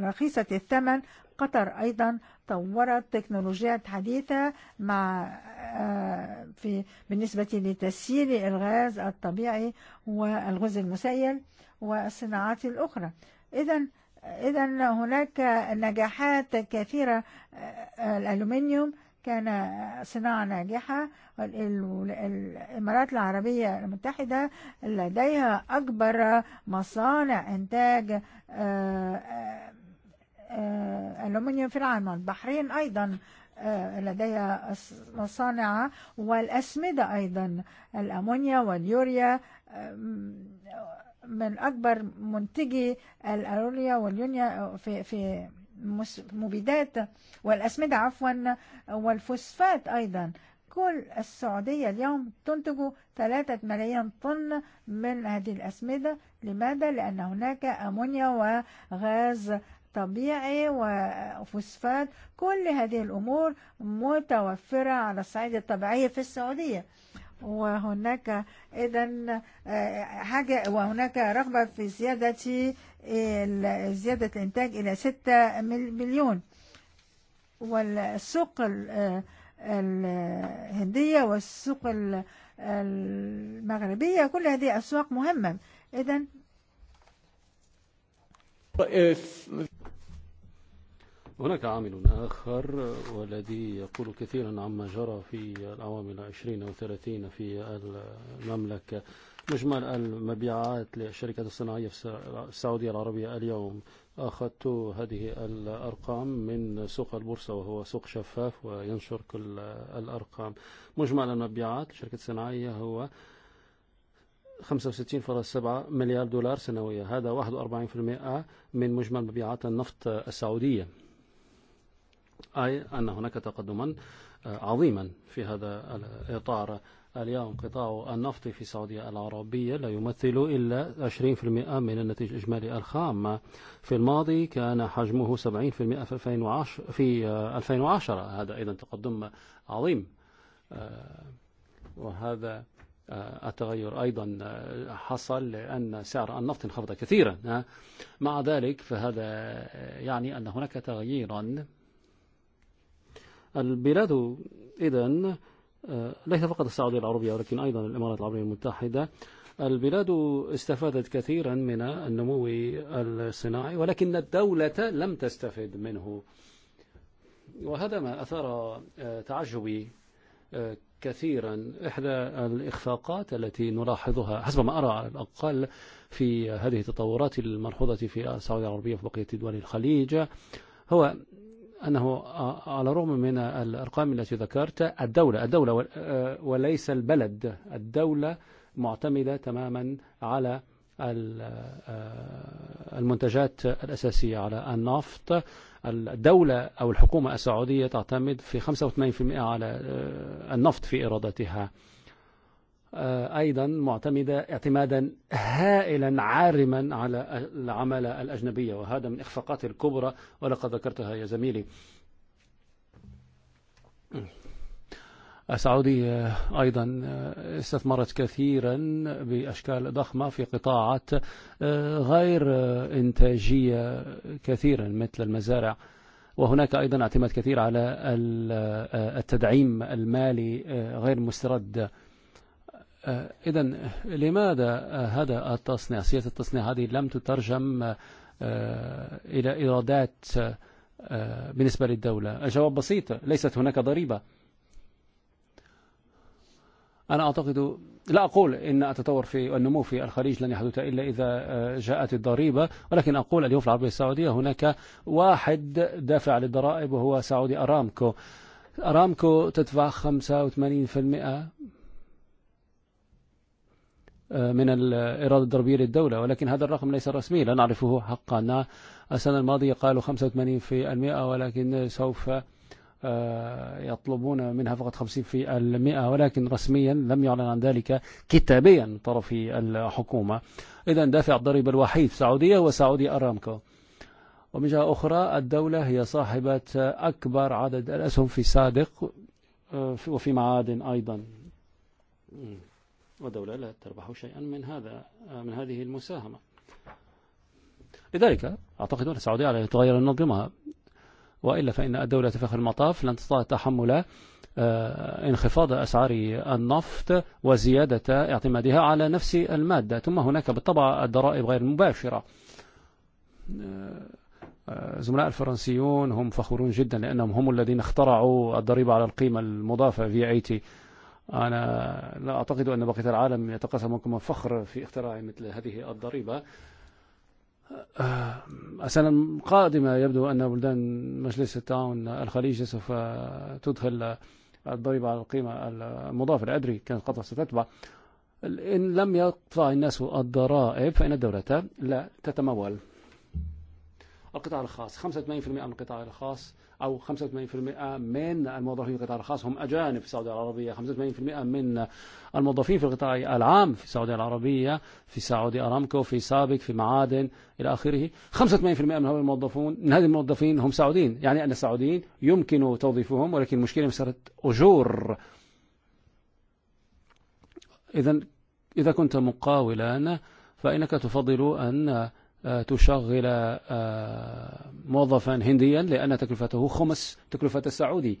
رخيصة الثمن قطر أيضا طورت تكنولوجيات حديثة مع في بالنسبة لتسييل الغاز الطبيعي والغاز المسيل والصناعات الأخرى إذا إذا هناك نجاحات كثيرة الألومنيوم كان صناعة ناجحة الإمارات العربية المتحدة لديها أكبر مصانع إنتاج ألومنيوم في العالم البحرين أيضا لديها مصانع والأسمدة أيضا الأمونيا واليوريا من أكبر منتجي الأروليا واليونيا في في المبيدات والأسمدة عفوا والفوسفات أيضا كل السعودية اليوم تنتج ثلاثة ملايين طن من هذه الأسمدة لماذا؟ لأن هناك أمونيا وغاز طبيعي وفوسفات كل هذه الأمور متوفرة على الصعيد الطبيعي في السعودية وهناك اذا حاجه وهناك رغبه في زياده زياده الانتاج الى 6 مليون والسوق الهندية والسوق المغربية كل هذه أسواق مهمة إذا هناك عامل آخر والذي يقول كثيرا عما جرى في العوامل العشرين أو ثلاثين في المملكة مجمل المبيعات للشركة الصناعية في السعودية العربية اليوم أخذت هذه الأرقام من سوق البورصة وهو سوق شفاف وينشر كل الأرقام مجمل المبيعات للشركة الصناعية هو 65.7 مليار دولار سنوية هذا 41% من مجمل مبيعات النفط السعودية أي أن هناك تقدما عظيما في هذا الإطار اليوم قطاع النفط في السعودية العربية لا يمثل إلا 20% من النتيج الإجمالي الخام في الماضي كان حجمه 70% في 2010, في 2010 هذا أيضا تقدم عظيم وهذا التغير أيضا حصل لأن سعر النفط انخفض كثيرا مع ذلك فهذا يعني أن هناك تغييرا البلاد إذا ليس فقط السعودية العربية ولكن أيضا الإمارات العربية المتحدة البلاد استفادت كثيرا من النمو الصناعي ولكن الدولة لم تستفد منه وهذا ما أثار تعجبي كثيرا إحدى الإخفاقات التي نلاحظها حسب ما أرى على الأقل في هذه التطورات الملحوظة في السعودية العربية في بقية دول الخليج هو أنه على الرغم من الأرقام التي ذكرت الدولة الدولة وليس البلد الدولة معتمدة تماما على المنتجات الأساسية على النفط الدولة أو الحكومة السعودية تعتمد في 85% على النفط في إرادتها أيضا معتمدة اعتمادا هائلا عارما على العمالة الأجنبية وهذا من الإخفاقات الكبرى ولقد ذكرتها يا زميلي السعودية أيضا استثمرت كثيرا بأشكال ضخمة في قطاعات غير إنتاجية كثيرا مثل المزارع وهناك أيضا اعتماد كثير على التدعيم المالي غير مسترد إذا لماذا هذا التصنيع سياسة التصنيع هذه لم تترجم إلى إيرادات بالنسبة للدولة الجواب بسيط ليست هناك ضريبة أنا أعتقد لا أقول إن التطور في النمو في الخليج لن يحدث إلا إذا جاءت الضريبة ولكن أقول اليوم في العربية السعودية هناك واحد دافع للضرائب وهو سعودي أرامكو أرامكو تدفع 85% من الإرادة الضريبية للدولة ولكن هذا الرقم ليس رسمي لا نعرفه حقا السنة الماضية قالوا 85% في المئة ولكن سوف يطلبون منها فقط 50% في المئة ولكن رسميا لم يعلن عن ذلك كتابيا طرف الحكومة إذا دافع الضريبة الوحيد سعودية السعودية هو سعودي أرامكو ومن جهة أخرى الدولة هي صاحبة أكبر عدد الأسهم في سادق وفي معادن أيضا ودولة لا تربح شيئا من هذا من هذه المساهمة لذلك أعتقد أن السعودية عليها تغير النظمة وإلا فإن الدولة في آخر المطاف لن تستطيع تحمل انخفاض أسعار النفط وزيادة اعتمادها على نفس المادة ثم هناك بالطبع الضرائب غير المباشرة زملاء الفرنسيون هم فخورون جدا لأنهم هم الذين اخترعوا الضريبة على القيمة المضافة VAT أنا لا أعتقد أن بقية العالم يتقاسم كما فخر في اختراع مثل هذه الضريبة السنة القادمة يبدو أن بلدان مجلس التعاون الخليجي سوف تدخل الضريبة على القيمة المضافة الأدري كانت قطر ستتبع إن لم يدفع الناس الضرائب فإن الدولة لا تتمول القطاع الخاص 85% من القطاع الخاص أو 85% من الموظفين في القطاع الخاص هم أجانب في السعودية العربية 85% من الموظفين في القطاع العام في السعودية العربية في سعودي أرامكو في سابق في معادن إلى آخره 85% من هؤلاء الموظفون من هذه الموظفين هم سعوديين يعني أن السعوديين يمكن توظيفهم ولكن المشكلة مسألة أجور إذا إذا كنت مقاولا فإنك تفضل أن تشغل موظفا هنديا لأن تكلفته خمس تكلفة السعودي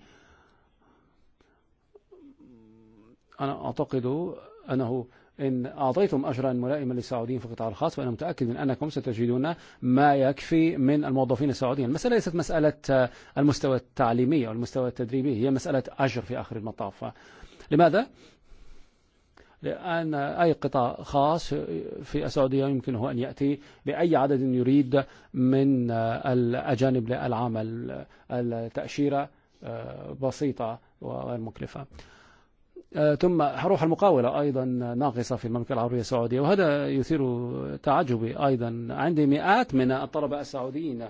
أنا أعتقد أنه إن أعطيتم أجرا ملائما للسعوديين في القطاع الخاص فأنا متأكد من أنكم ستجدون ما يكفي من الموظفين السعوديين المسألة ليست مسألة المستوى التعليمي أو المستوى التدريبي هي مسألة أجر في آخر المطاف لماذا؟ لأن أي قطاع خاص في السعودية يمكنه أن يأتي بأي عدد يريد من الأجانب للعمل التأشيرة بسيطة وغير مكلفة ثم حروح المقاولة أيضا ناقصة في المملكة العربية السعودية وهذا يثير تعجبي أيضا عندي مئات من الطلبة السعوديين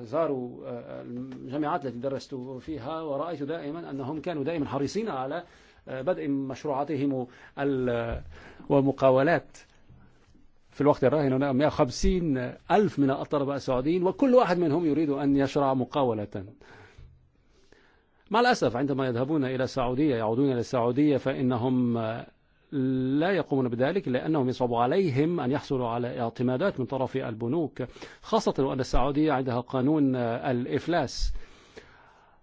زاروا الجامعات التي درست فيها ورأيت دائما أنهم كانوا دائما حريصين على بدء مشروعاتهم ومقاولات في الوقت الراهن هناك 150 ألف من الطلبة السعوديين وكل واحد منهم يريد أن يشرع مقاولة مع الأسف عندما يذهبون إلى السعودية يعودون إلى السعودية فإنهم لا يقومون بذلك لأنهم يصعب عليهم أن يحصلوا على اعتمادات من طرف البنوك خاصة أن السعودية عندها قانون الإفلاس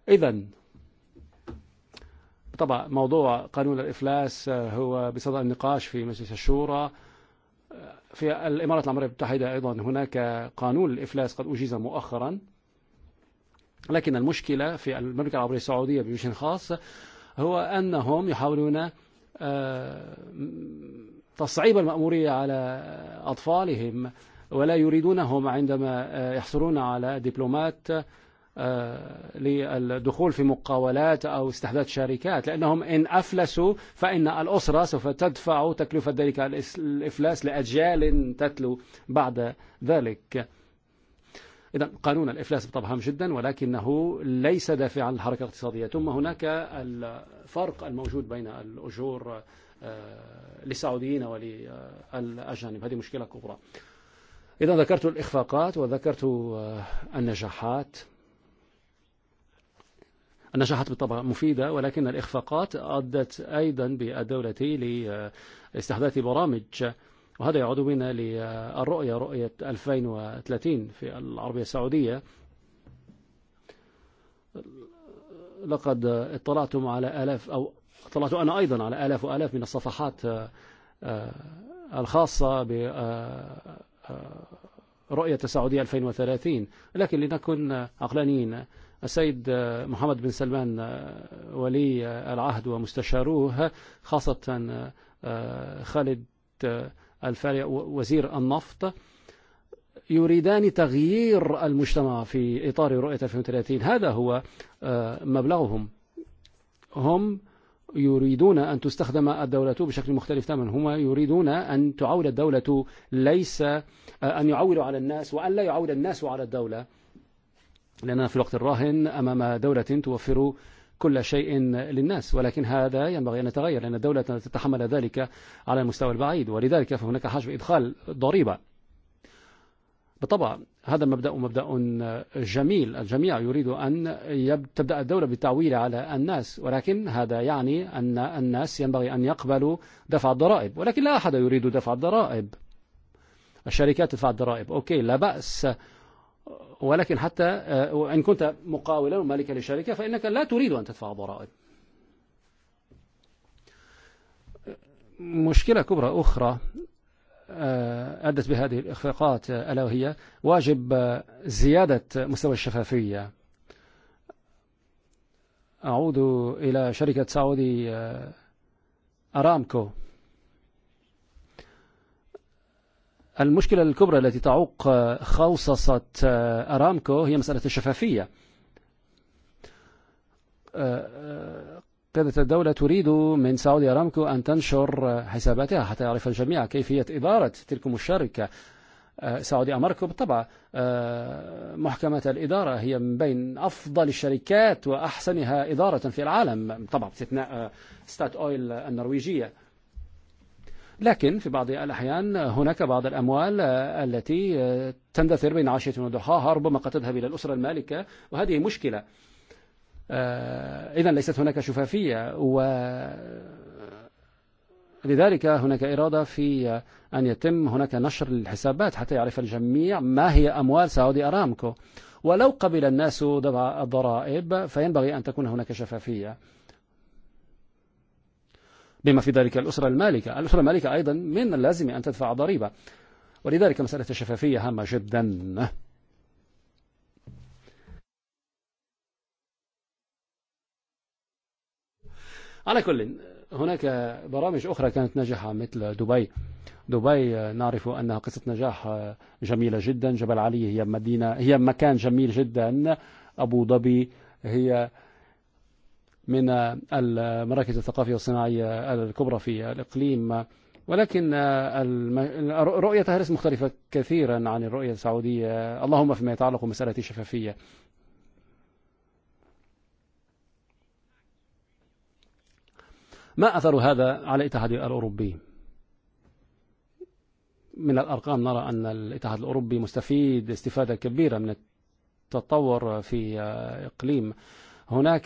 إذا طبعا موضوع قانون الإفلاس هو بصدد النقاش في مجلس الشورى في الإمارات العربية المتحدة أيضا هناك قانون الإفلاس قد أجيز مؤخرا لكن المشكلة في المملكة العربية السعودية بشكل خاص هو أنهم يحاولون تصعيب المأمورية على أطفالهم ولا يريدونهم عندما يحصلون على دبلومات للدخول في مقاولات أو استحداث شركات لأنهم إن أفلسوا فإن الأسرة سوف تدفع تكلفة ذلك الإفلاس لأجيال تتلو بعد ذلك إذا قانون الإفلاس بالطبع هام جدا ولكنه ليس دافعا الحركة الاقتصادية ثم هناك الفرق الموجود بين الأجور للسعوديين وللأجانب هذه مشكلة كبرى إذا ذكرت الإخفاقات وذكرت النجاحات نجحت بالطبع مفيدة ولكن الإخفاقات أدت أيضا بالدولة لاستحداث برامج وهذا يعود بنا للرؤية رؤية 2030 في العربية السعودية لقد اطلعتم على آلاف أو اطلعت أنا أيضا على آلاف وآلاف من الصفحات الخاصة ب رؤية السعودية 2030 لكن لنكن عقلانيين السيد محمد بن سلمان ولي العهد ومستشاروه خاصة خالد الفاري وزير النفط يريدان تغيير المجتمع في إطار رؤية 2030 هذا هو مبلغهم هم يريدون أن تستخدم الدولة بشكل مختلف تماما هم يريدون أن تعول الدولة ليس أن يعولوا على الناس وأن لا يعول الناس على الدولة لأننا في الوقت الراهن أمام دولة توفر كل شيء للناس ولكن هذا ينبغي أن نتغير لأن الدولة تتحمل ذلك على المستوى البعيد ولذلك فهناك حاجة إدخال ضريبة بالطبع هذا مبدأ مبدأ جميل الجميع يريد أن يب... تبدأ الدولة بالتعويل على الناس ولكن هذا يعني أن الناس ينبغي أن يقبلوا دفع الضرائب ولكن لا أحد يريد دفع الضرائب الشركات تدفع الضرائب أوكي لا بأس ولكن حتى إن كنت مقاولا ومالكا لشركة فإنك لا تريد أن تدفع ضرائب مشكلة كبرى أخرى أدت بهذه الإخفاقات ألا وهي واجب زيادة مستوى الشفافية أعود إلى شركة سعودي أرامكو المشكلة الكبرى التي تعوق خوصصة أرامكو هي مسألة الشفافية كانت الدولة تريد من سعودي أرامكو أن تنشر حساباتها حتى يعرف الجميع كيفية إدارة تلك الشركة سعودي أماركو بالطبع محكمة الإدارة هي من بين أفضل الشركات وأحسنها إدارة في العالم طبعا باستثناء ستات أويل النرويجية لكن في بعض الأحيان هناك بعض الأموال التي تندثر بين عشية وضحاها ربما قد تذهب إلى الأسرة المالكة وهذه مشكلة إذن ليست هناك شفافية ولذلك هناك إرادة في أن يتم هناك نشر الحسابات حتى يعرف الجميع ما هي أموال سعودي أرامكو ولو قبل الناس دفع الضرائب فينبغي أن تكون هناك شفافية بما في ذلك الأسرة المالكة الأسرة المالكة أيضا من اللازم أن تدفع ضريبة ولذلك مسألة الشفافية هامة جدا على كل هناك برامج أخرى كانت ناجحة مثل دبي دبي نعرف أنها قصة نجاح جميلة جدا جبل علي هي مدينة هي مكان جميل جدا أبو ظبي هي من المراكز الثقافية والصناعية الكبرى في الإقليم ولكن رؤية هرس مختلفة كثيرا عن الرؤية السعودية اللهم فيما يتعلق بمسألة الشفافية ما أثر هذا على الاتحاد الأوروبي من الأرقام نرى أن الاتحاد الأوروبي مستفيد استفادة كبيرة من التطور في إقليم هناك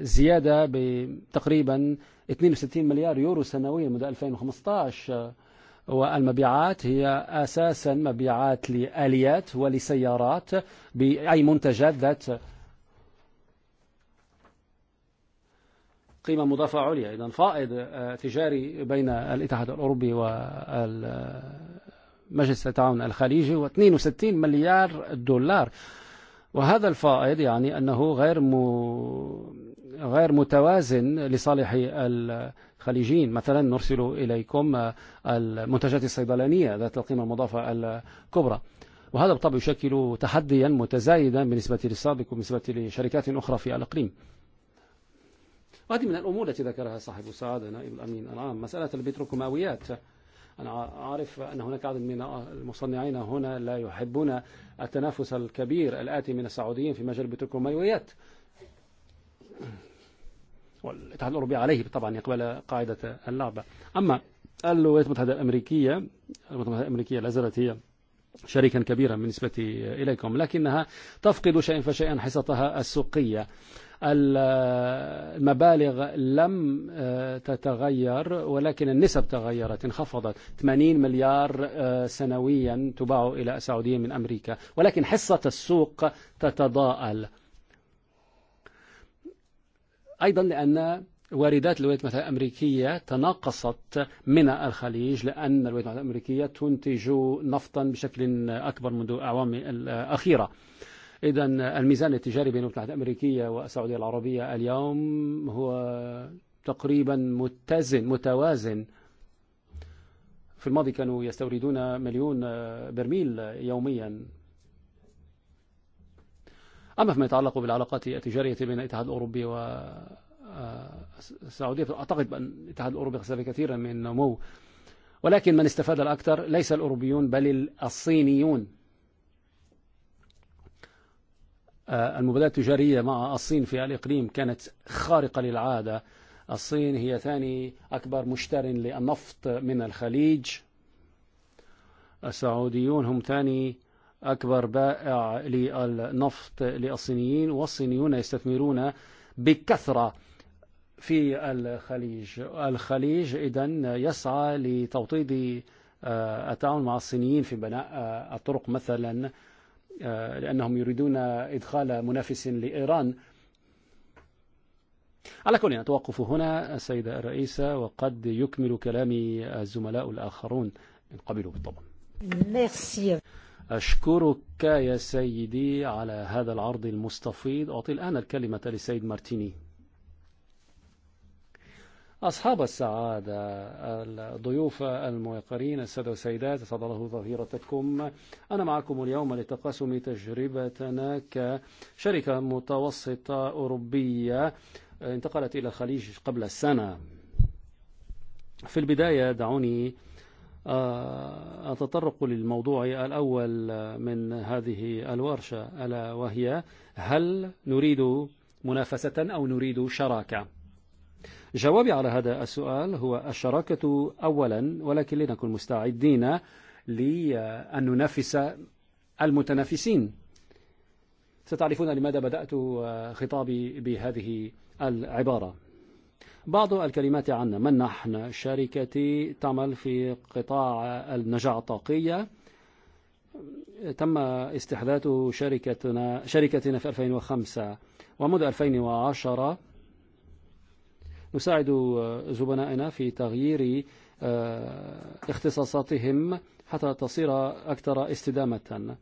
زيادة بتقريبا 62 مليار يورو سنويا منذ 2015 والمبيعات هي أساسا مبيعات لآليات ولسيارات بأي منتجات ذات قيمة مضافة عليا إذا فائض تجاري بين الاتحاد الأوروبي ومجلس التعاون الخليجي هو 62 مليار دولار وهذا الفائض يعني أنه غير م... غير متوازن لصالح الخليجيين مثلا نرسل إليكم المنتجات الصيدلانية ذات القيمة المضافة الكبرى وهذا بالطبع يشكل تحديا متزايدا بالنسبة للسابق وبالنسبة لشركات أخرى في الإقليم وهذه من الأمور التي ذكرها صاحب سعادة نائب الأمين العام مسألة البتروكيماويات أنا عارف أن هناك عدد من المصنعين هنا لا يحبون التنافس الكبير الآتي من السعوديين في مجال البتروكيماويات والاتحاد الأوروبي عليه طبعا يقبل قاعدة اللعبة أما الولايات المتحدة الأمريكية الولايات المتحدة الأمريكية لا هي شريكا كبيرا بالنسبة إليكم لكنها تفقد شيئا فشيئا حصتها السوقية المبالغ لم تتغير ولكن النسب تغيرت انخفضت 80 مليار سنويا تباع إلى سعودية من أمريكا ولكن حصة السوق تتضاءل أيضا لأن واردات الولايات المتحدة الأمريكية تناقصت من الخليج لأن الولايات المتحدة الأمريكية تنتج نفطا بشكل أكبر منذ الأعوام الأخيرة. إذا الميزان التجاري بين المملكة الأمريكية والسعودية العربية اليوم هو تقريبا متزن متوازن في الماضي كانوا يستوردون مليون برميل يوميا أما فيما يتعلق بالعلاقات التجارية بين الاتحاد الأوروبي والسعودية أعتقد أن الاتحاد الأوروبي خسر كثيرا من النمو ولكن من استفاد الأكثر ليس الأوروبيون بل الصينيون المبادلات التجارية مع الصين في الإقليم كانت خارقة للعادة الصين هي ثاني أكبر مشتر للنفط من الخليج السعوديون هم ثاني أكبر بائع للنفط للصينيين والصينيون يستثمرون بكثرة في الخليج الخليج إذن يسعى لتوطيد التعاون مع الصينيين في بناء الطرق مثلاً لأنهم يريدون إدخال منافس لإيران على كل أتوقف هنا السيدة الرئيسة وقد يكمل كلامي الزملاء الآخرون إن قبلوا بالطبع أشكرك يا سيدي على هذا العرض المستفيض أعطي الآن الكلمة لسيد مارتيني أصحاب السعادة الضيوف الموقرين السادة والسيدات أسعد الله ظهيرتكم أنا معكم اليوم لتقاسم تجربتنا كشركة متوسطة أوروبية انتقلت إلى الخليج قبل سنة في البداية دعوني أتطرق للموضوع الأول من هذه الورشة ألا وهي هل نريد منافسة أو نريد شراكة جوابي على هذا السؤال هو الشراكة أولا ولكن لنكون مستعدين لأن ننافس المتنافسين ستعرفون لماذا بدأت خطابي بهذه العبارة بعض الكلمات عنا من نحن شركتي تعمل في قطاع النجاعة الطاقية تم استحداث شركتنا شركتنا في 2005 ومنذ 2010 نساعد زبنائنا في تغيير اختصاصاتهم حتى تصير أكثر استدامة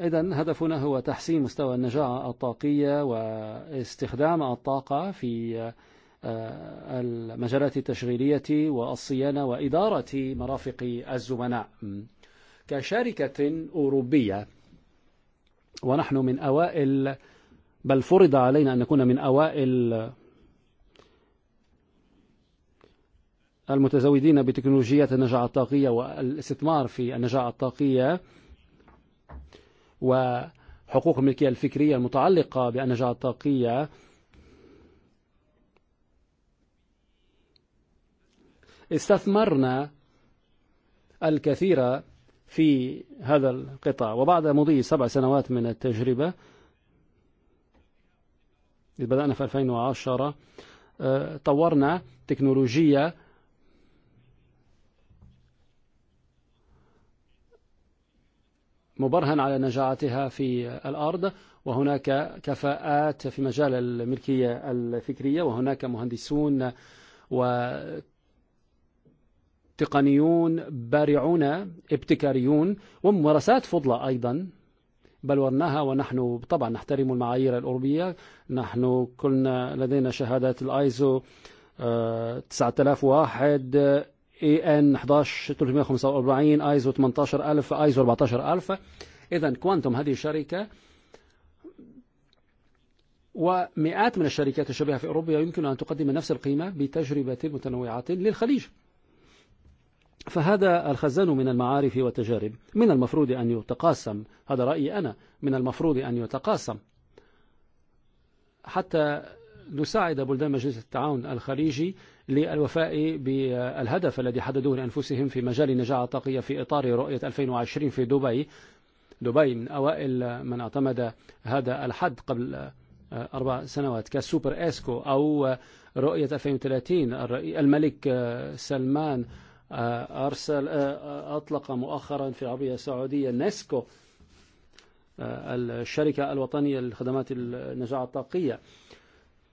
إذن هدفنا هو تحسين مستوى النجاعة الطاقية واستخدام الطاقة في المجالات التشغيلية والصيانة وإدارة مرافق الزبناء كشركة أوروبية ونحن من أوائل بل فرض علينا أن نكون من أوائل المتزودين بتكنولوجيات النجاعة الطاقية والاستثمار في النجاعة الطاقية وحقوق الملكية الفكرية المتعلقة بالنجاعة الطاقية استثمرنا الكثير في هذا القطاع وبعد مضي سبع سنوات من التجربة بدأنا في 2010 طورنا تكنولوجيا مبرهن على نجاعتها في الأرض وهناك كفاءات في مجال الملكية الفكرية وهناك مهندسون وتقنيون بارعون ابتكاريون وممارسات فضلة أيضا بل ورناها ونحن طبعا نحترم المعايير الأوروبية نحن كلنا لدينا شهادات الآيزو 9001 EN 11345 ISO 18000 ISO 14000 إذن كوانتم هذه الشركة ومئات من الشركات الشبيهة في أوروبا يمكن أن تقدم نفس القيمة بتجربة متنوعه للخليج فهذا الخزان من المعارف والتجارب من المفروض أن يتقاسم هذا رأيي أنا من المفروض أن يتقاسم حتى نساعد بلدان مجلس التعاون الخليجي للوفاء بالهدف الذي حددوه لأنفسهم في مجال النجاعة الطاقية في إطار رؤية 2020 في دبي دبي من أوائل من اعتمد هذا الحد قبل أربع سنوات كسوبر إسكو أو رؤية 2030 الملك سلمان أرسل أطلق مؤخرا في العربية السعودية نسكو الشركة الوطنية للخدمات النجاعة الطاقية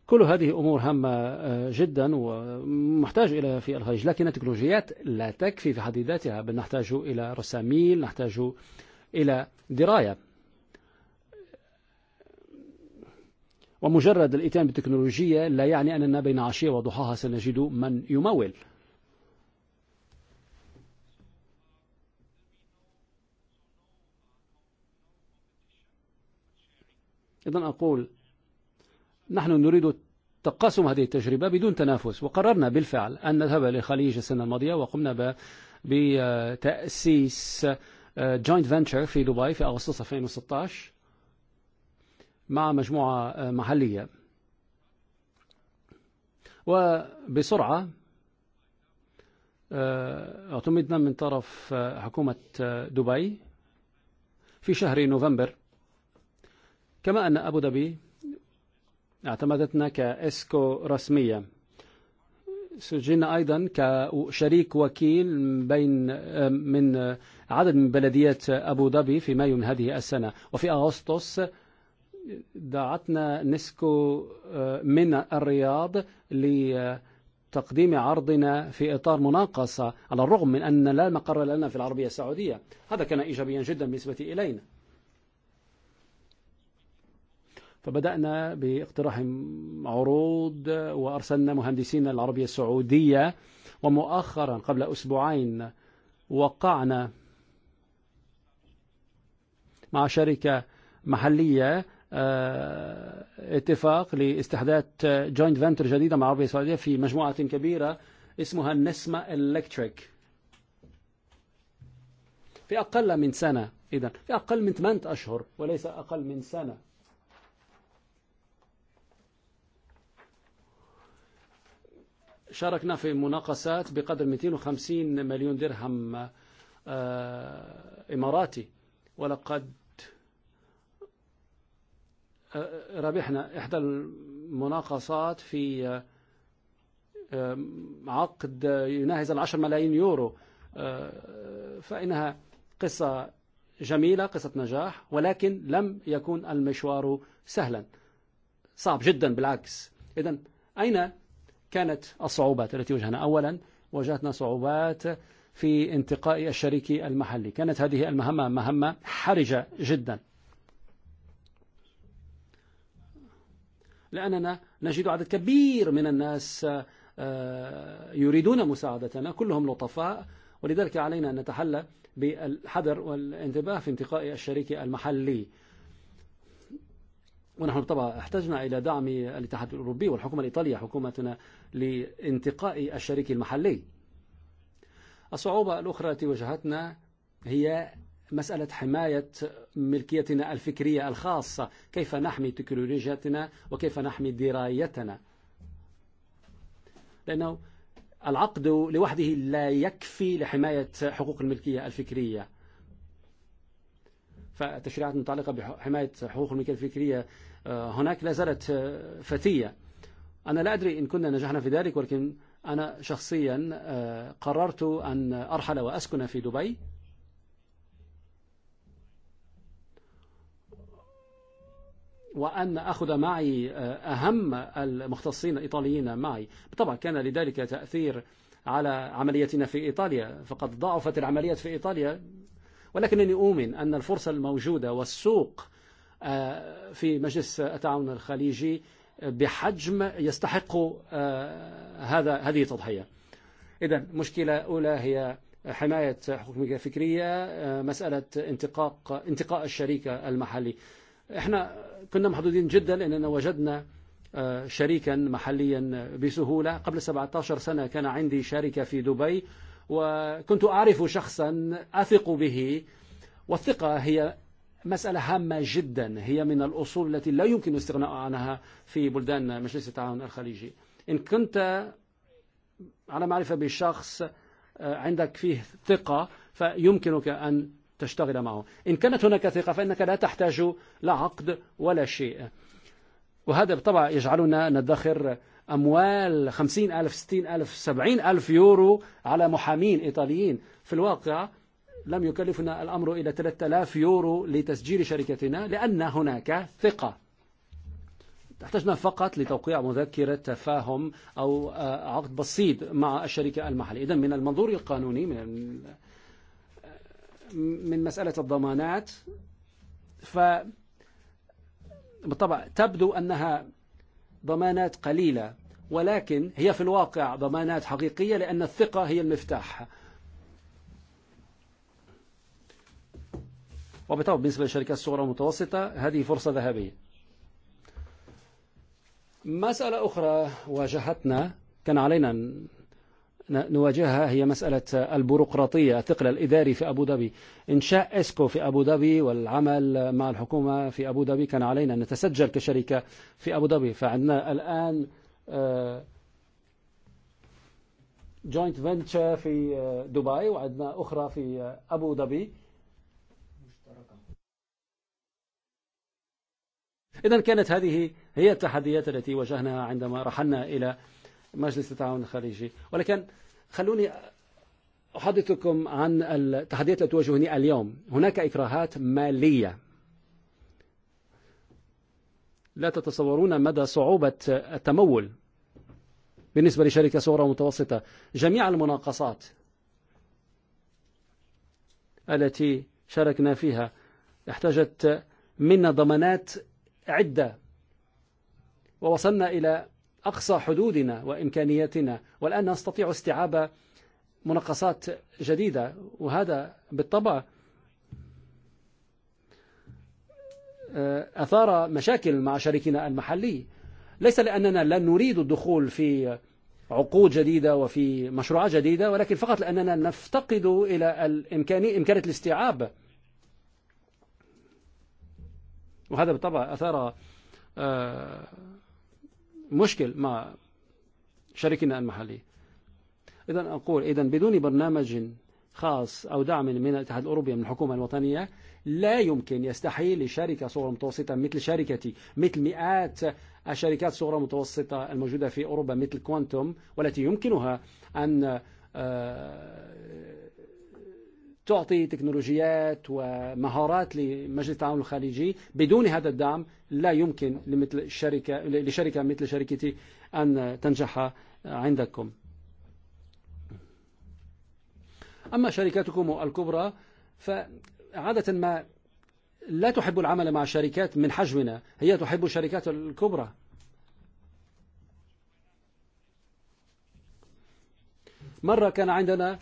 كل هذه أمور هامة جدا ومحتاج إلى في الخليج لكن التكنولوجيات لا تكفي في حد ذاتها بل نحتاج إلى رساميل نحتاج إلى دراية ومجرد الإتيان بالتكنولوجيا لا يعني أننا بين عشية وضحاها سنجد من يمول إذن أقول نحن نريد تقاسم هذه التجربة بدون تنافس وقررنا بالفعل أن نذهب لخليج السنة الماضية وقمنا بتأسيس جوينت فنتشر في دبي في أغسطس 2016 مع مجموعة محلية وبسرعة اعتمدنا من طرف حكومة دبي في شهر نوفمبر كما أن أبو دبي اعتمدتنا كاسكو رسمية سجلنا ايضا كشريك وكيل بين من عدد من بلديات ابو ظبي في مايو من هذه السنة وفي اغسطس دعتنا نسكو من الرياض لتقديم عرضنا في إطار مناقصة على الرغم من أن لا مقر لنا في العربية السعودية هذا كان إيجابيا جدا بالنسبة إلينا فبدأنا باقتراح عروض وأرسلنا مهندسين العربية السعودية ومؤخرا قبل أسبوعين وقعنا مع شركة محلية اتفاق لاستحداث جوينت فنتر جديدة مع العربية السعودية في مجموعة كبيرة اسمها نسمة إلكتريك في أقل من سنة إذا في أقل من 8 أشهر وليس أقل من سنة شاركنا في مناقصات بقدر 250 مليون درهم إماراتي ولقد ربحنا إحدى المناقصات في عقد يناهز العشر ملايين يورو فإنها قصة جميلة قصة نجاح ولكن لم يكون المشوار سهلا صعب جدا بالعكس إذن أين كانت الصعوبات التي واجهنا أولا واجهتنا صعوبات في انتقاء الشريك المحلي كانت هذه المهمة مهمة حرجة جدا لأننا نجد عدد كبير من الناس يريدون مساعدتنا كلهم لطفاء ولذلك علينا أن نتحلى بالحذر والانتباه في انتقاء الشريك المحلي ونحن طبعا احتجنا إلى دعم الاتحاد الأوروبي والحكومة الإيطالية حكومتنا لانتقاء الشريك المحلي الصعوبة الأخرى التي واجهتنا هي مسألة حماية ملكيتنا الفكرية الخاصة كيف نحمي تكنولوجياتنا وكيف نحمي درايتنا لأنه العقد لوحده لا يكفي لحماية حقوق الملكية الفكرية فالتشريعات المتعلقة بحماية حقوق الملكية الفكرية هناك لا زالت فتية أنا لا أدري إن كنا نجحنا في ذلك ولكن أنا شخصيا قررت أن أرحل وأسكن في دبي وأن أخذ معي أهم المختصين الإيطاليين معي بالطبع كان لذلك تأثير على عمليتنا في إيطاليا فقد ضعفت العمليات في إيطاليا ولكنني أؤمن أن الفرصة الموجودة والسوق في مجلس التعاون الخليجي بحجم يستحق هذا هذه التضحية إذا مشكلة أولى هي حماية حقوق فكرية مسألة انتقاق انتقاء الشريك المحلي احنا كنا محدودين جدا لأننا وجدنا شريكا محليا بسهولة قبل 17 سنة كان عندي شركة في دبي وكنت أعرف شخصا أثق به والثقة هي مسألة هامة جدا هي من الأصول التي لا يمكن الاستغناء عنها في بلدان مجلس التعاون الخليجي إن كنت على معرفة بشخص عندك فيه ثقة فيمكنك أن تشتغل معه إن كانت هناك ثقة فإنك لا تحتاج لا عقد ولا شيء وهذا بطبع يجعلنا ندخر أموال خمسين ألف ستين ألف سبعين ألف يورو على محامين إيطاليين في الواقع لم يكلفنا الأمر إلى 3000 يورو لتسجيل شركتنا لأن هناك ثقة احتجنا فقط لتوقيع مذكرة تفاهم أو عقد بسيط مع الشركة المحلية إذا من المنظور القانوني من من مسألة الضمانات ف بالطبع تبدو أنها ضمانات قليلة ولكن هي في الواقع ضمانات حقيقية لأن الثقة هي المفتاح وبالطبع بالنسبة للشركات الصغرى المتوسطة هذه فرصة ذهبية مسألة أخرى واجهتنا كان علينا نواجهها هي مسألة البيروقراطية الثقل الإداري في أبو ظبي إنشاء إسكو في أبو ظبي والعمل مع الحكومة في أبو ظبي كان علينا أن نتسجل كشركة في أبو ظبي فعندنا الآن جوينت فينتشر في دبي وعندنا أخرى في أبو ظبي إذن كانت هذه هي التحديات التي واجهناها عندما رحلنا إلى مجلس التعاون الخليجي ولكن خلوني أحدثكم عن التحديات التي تواجهني اليوم هناك إكراهات مالية لا تتصورون مدى صعوبة التمول بالنسبة لشركة صورة متوسطة جميع المناقصات التي شاركنا فيها احتاجت منا ضمانات عدة ووصلنا إلى أقصى حدودنا وإمكانياتنا والآن نستطيع استيعاب منقصات جديدة وهذا بالطبع أثار مشاكل مع شريكنا المحلي ليس لأننا لا نريد الدخول في عقود جديدة وفي مشروعات جديدة ولكن فقط لأننا نفتقد إلى الإمكانية إمكانية الاستيعاب وهذا بالطبع أثار مشكل مع شركنا المحلي إذا أقول إذا بدون برنامج خاص أو دعم من الاتحاد الأوروبي من الحكومة الوطنية لا يمكن يستحيل لشركة صغرى متوسطة مثل شركتي مثل مئات الشركات الصغرى المتوسطة الموجودة في أوروبا مثل كوانتوم والتي يمكنها أن تعطي تكنولوجيات ومهارات لمجلس التعاون الخليجي بدون هذا الدعم لا يمكن لمثل الشركة لشركة مثل شركتي أن تنجح عندكم أما شركاتكم الكبرى فعادة ما لا تحب العمل مع شركات من حجمنا هي تحب الشركات الكبرى مرة كان عندنا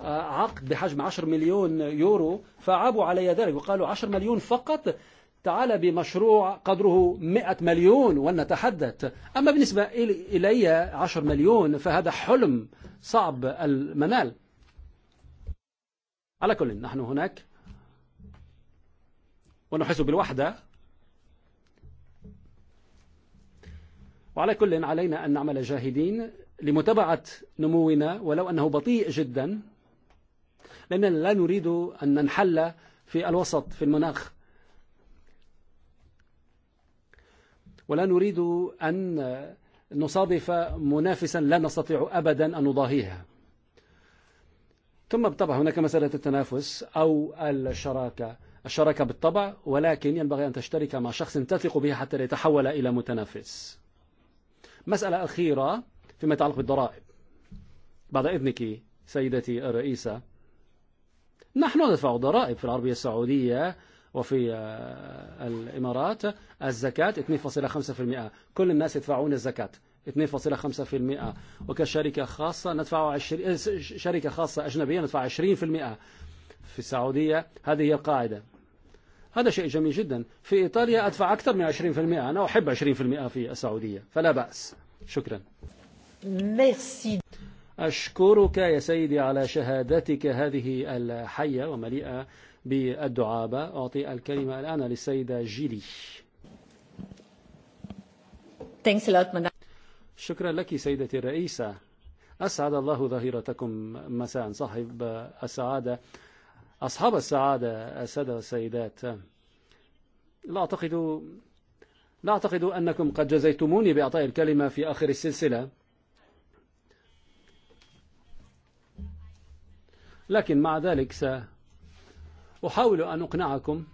عقد بحجم 10 مليون يورو فعابوا علي ذلك وقالوا 10 مليون فقط تعال بمشروع قدره 100 مليون ولنتحدث أما بالنسبة إلي 10 مليون فهذا حلم صعب المنال على كل نحن هناك ونحس بالوحدة وعلى كل علينا أن نعمل جاهدين لمتابعة نمونا ولو أنه بطيء جداً لأننا لا نريد أن ننحل في الوسط في المناخ ولا نريد أن نصادف منافسا لا نستطيع أبدا أن نضاهيها ثم بالطبع هناك مسألة التنافس أو الشراكة الشراكة بالطبع ولكن ينبغي أن تشترك مع شخص تثق به حتى يتحول إلى متنافس مسألة أخيرة فيما يتعلق بالضرائب بعد إذنك سيدتي الرئيسة نحن ندفع ضرائب في العربية السعودية وفي الإمارات الزكاة 2.5% كل الناس يدفعون الزكاة 2.5% وكشركة خاصة ندفع 20 شركة خاصة أجنبية ندفع 20% في السعودية هذه هي القاعدة هذا شيء جميل جدا في إيطاليا أدفع أكثر من 20% أنا أحب 20% في السعودية فلا بأس شكرا Merci. أشكرك يا سيدي على شهادتك هذه الحية ومليئة بالدعابة أعطي الكلمة الآن للسيدة جيلي شكرا لك سيدتي الرئيسة أسعد الله ظهيرتكم مساء صاحب السعادة أصحاب السعادة السادة والسيدات لا أعتقد لا أعتقد أنكم قد جزيتموني بإعطاء الكلمة في آخر السلسلة لكن مع ذلك سأحاول أن أقنعكم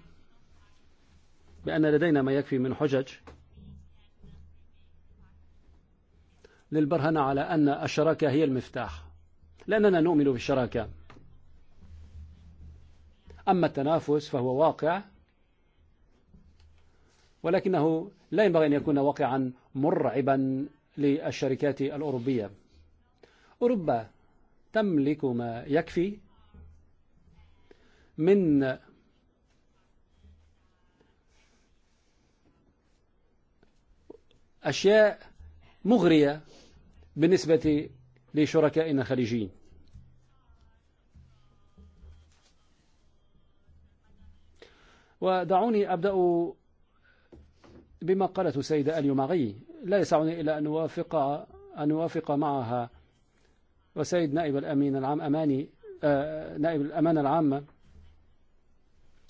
بأن لدينا ما يكفي من حجج للبرهنة على أن الشراكة هي المفتاح لأننا نؤمن بالشراكة أما التنافس فهو واقع ولكنه لا ينبغي أن يكون واقعا مرعبا للشركات الأوروبية أوروبا تملك ما يكفي من أشياء مغرية بالنسبة لشركائنا الخليجيين ودعوني أبدأ بما قالته سيدة اليوماغي لا يسعني إلا أن أوافق, أن أوافق معها وسيد نائب الأمين العام أماني نائب الأمانة العامة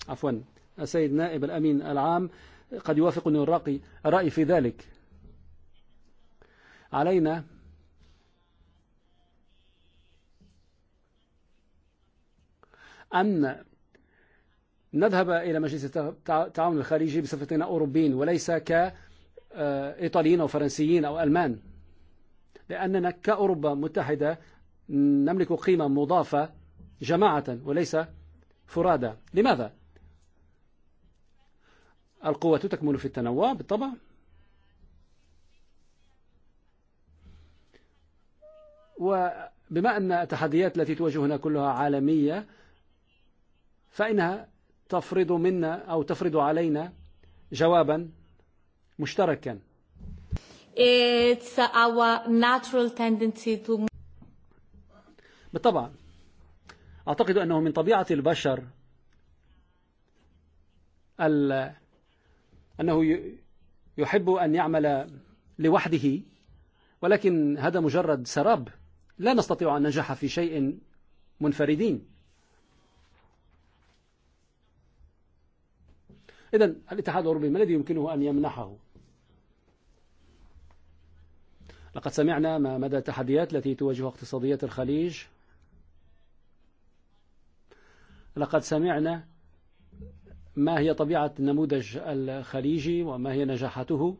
عفوا السيد نائب الأمين العام قد يوافقني الرأي, رأي في ذلك علينا أن نذهب إلى مجلس التعاون الخارجي بصفتنا أوروبيين وليس كإيطاليين أو فرنسيين أو ألمان لأننا كأوروبا متحدة نملك قيمة مضافة جماعة وليس فرادة لماذا؟ القوة تكمن في التنوع بالطبع وبما أن التحديات التي تواجهنا كلها عالمية فإنها تفرض منا أو تفرض علينا جوابا مشتركا It's our natural tendency to بالطبع أعتقد أنه من طبيعة البشر أنه يحب أن يعمل لوحده ولكن هذا مجرد سراب لا نستطيع أن ننجح في شيء منفردين إذا الاتحاد الأوروبي ما الذي يمكنه أن يمنحه لقد سمعنا ما مدى التحديات التي تواجه اقتصادية الخليج لقد سمعنا ما هي طبيعة النموذج الخليجي وما هي نجاحته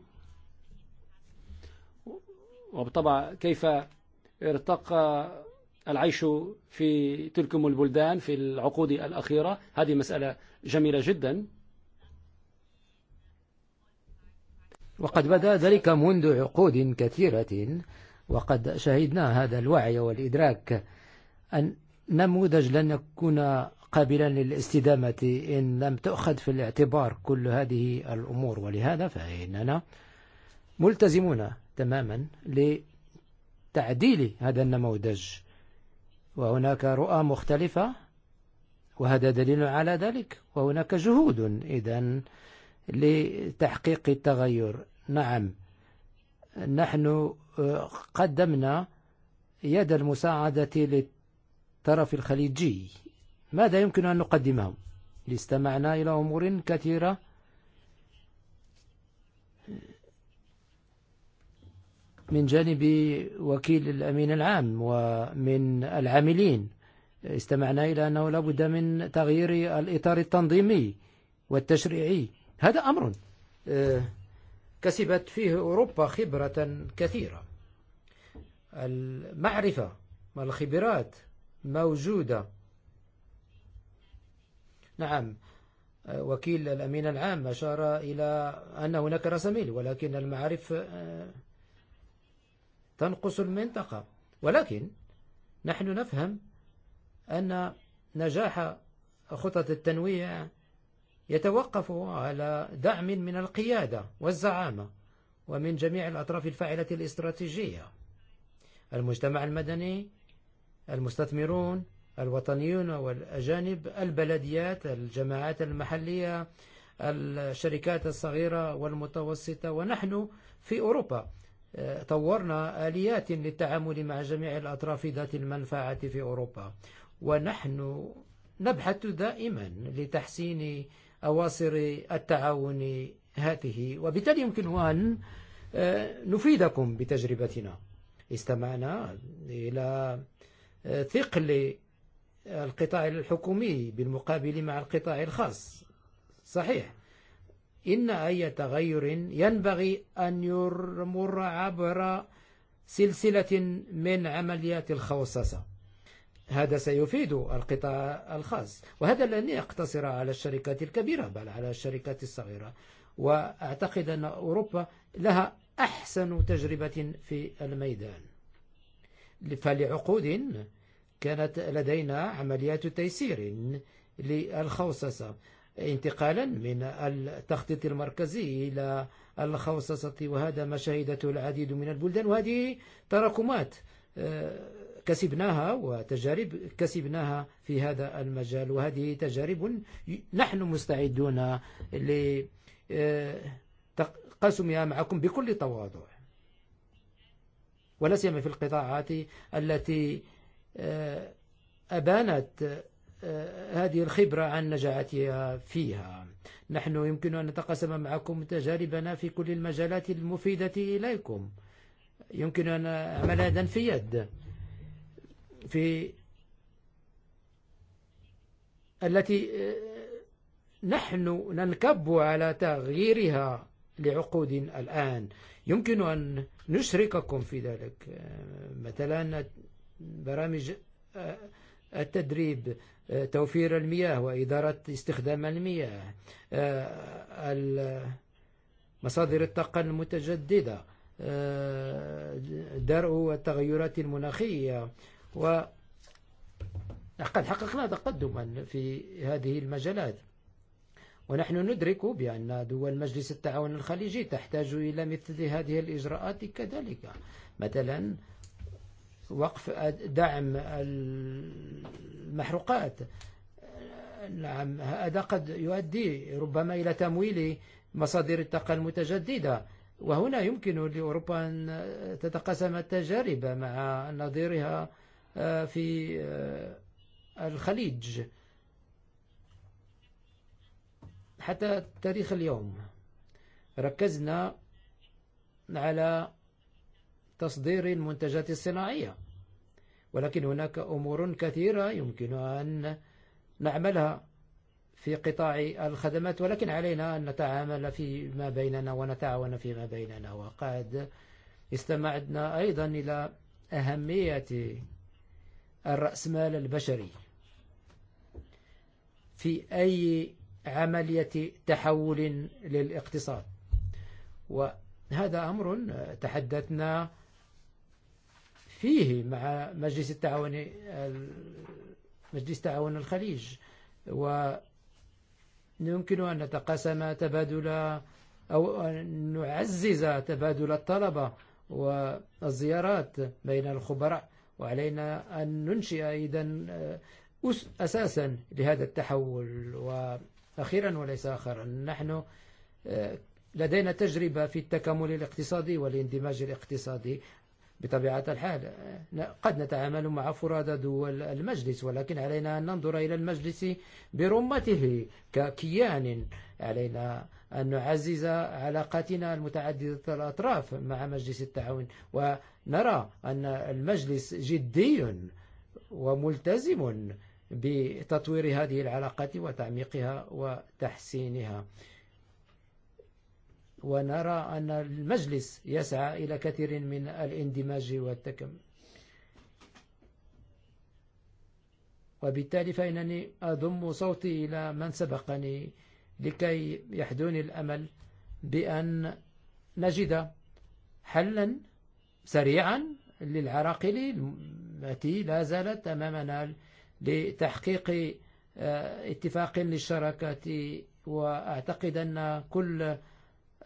وبطبع كيف ارتقى العيش في تلكم البلدان في العقود الأخيرة هذه مسألة جميلة جدا وقد بدا ذلك منذ عقود كثيرة وقد شهدنا هذا الوعي والإدراك أن نموذج لن يكون قابلا للاستدامة إن لم تؤخذ في الاعتبار كل هذه الأمور ولهذا فإننا ملتزمون تماما لتعديل هذا النموذج وهناك رؤى مختلفة وهذا دليل على ذلك وهناك جهود إذن لتحقيق التغير نعم نحن قدمنا يد المساعدة للطرف الخليجي ماذا يمكن أن نقدمه لاستمعنا إلى أمور كثيرة من جانب وكيل الأمين العام ومن العاملين استمعنا إلى أنه لابد من تغيير الإطار التنظيمي والتشريعي هذا أمر كسبت فيه أوروبا خبرة كثيرة المعرفة والخبرات موجودة نعم وكيل الأمين العام أشار إلى أن هناك رسميل ولكن المعرف تنقص المنطقة ولكن نحن نفهم أن نجاح خطط التنويع يتوقف على دعم من القيادة والزعامة ومن جميع الأطراف الفاعلة الاستراتيجية المجتمع المدني المستثمرون الوطنيون والأجانب البلديات الجماعات المحلية الشركات الصغيرة والمتوسطة ونحن في أوروبا طورنا آليات للتعامل مع جميع الأطراف ذات المنفعة في أوروبا ونحن نبحث دائما لتحسين أواصر التعاون هذه وبالتالي يمكن أن نفيدكم بتجربتنا استمعنا إلى ثقل القطاع الحكومي بالمقابل مع القطاع الخاص صحيح إن أي تغير ينبغي أن يمر عبر سلسلة من عمليات الخوصصة هذا سيفيد القطاع الخاص وهذا لن يقتصر على الشركات الكبيرة بل على الشركات الصغيرة وأعتقد أن أوروبا لها أحسن تجربة في الميدان فلعقود كانت لدينا عمليات تيسير للخوصصة انتقالا من التخطيط المركزي إلى الخوصصة وهذا ما شهدته العديد من البلدان وهذه تراكمات كسبناها وتجارب كسبناها في هذا المجال وهذه تجارب نحن مستعدون لتقاسمها معكم بكل تواضع ولا سيما في القطاعات التي أبانت هذه الخبرة عن نجاعتها فيها نحن يمكن أن نتقاسم معكم تجاربنا في كل المجالات المفيدة إليكم يمكن أن أعمل يدا في يد في التي نحن ننكب على تغييرها لعقود الآن يمكن أن نشرككم في ذلك مثلا برامج التدريب توفير المياه وإدارة استخدام المياه مصادر الطاقة المتجددة درء التغيرات المناخية وقد حققنا تقدما في هذه المجالات ونحن ندرك بأن دول مجلس التعاون الخليجي تحتاج إلى مثل هذه الإجراءات كذلك مثلا وقف دعم المحروقات نعم هذا قد يؤدي ربما إلى تمويل مصادر الطاقة المتجددة وهنا يمكن لأوروبا أن تتقسم التجارب مع نظيرها في الخليج حتى تاريخ اليوم ركزنا على تصدير المنتجات الصناعية ولكن هناك أمور كثيرة يمكن أن نعملها في قطاع الخدمات ولكن علينا أن نتعامل فيما بيننا ونتعاون فيما بيننا وقد استمعنا أيضا إلى أهمية الرأسمال البشري في أي عملية تحول للاقتصاد وهذا أمر تحدثنا فيه مع مجلس التعاون مجلس تعاون الخليج ويمكن أن نتقاسم تبادل أو أن نعزز تبادل الطلبة والزيارات بين الخبراء وعلينا أن ننشئ أيضا أساسا لهذا التحول وأخيرا وليس آخرا نحن لدينا تجربة في التكامل الاقتصادي والاندماج الاقتصادي بطبيعة الحال قد نتعامل مع فرادى دول المجلس ولكن علينا أن ننظر إلى المجلس برمته ككيان علينا أن نعزز علاقاتنا المتعددة الأطراف مع مجلس التعاون نرى أن المجلس جدي وملتزم بتطوير هذه العلاقات وتعميقها وتحسينها ونرى أن المجلس يسعى إلى كثير من الاندماج والتكامل وبالتالي فإنني أضم صوتي إلى من سبقني لكي يحدوني الأمل بأن نجد حلا سريعا للعراقل التي لا زالت أمامنا لتحقيق اتفاق للشراكة وأعتقد أن كل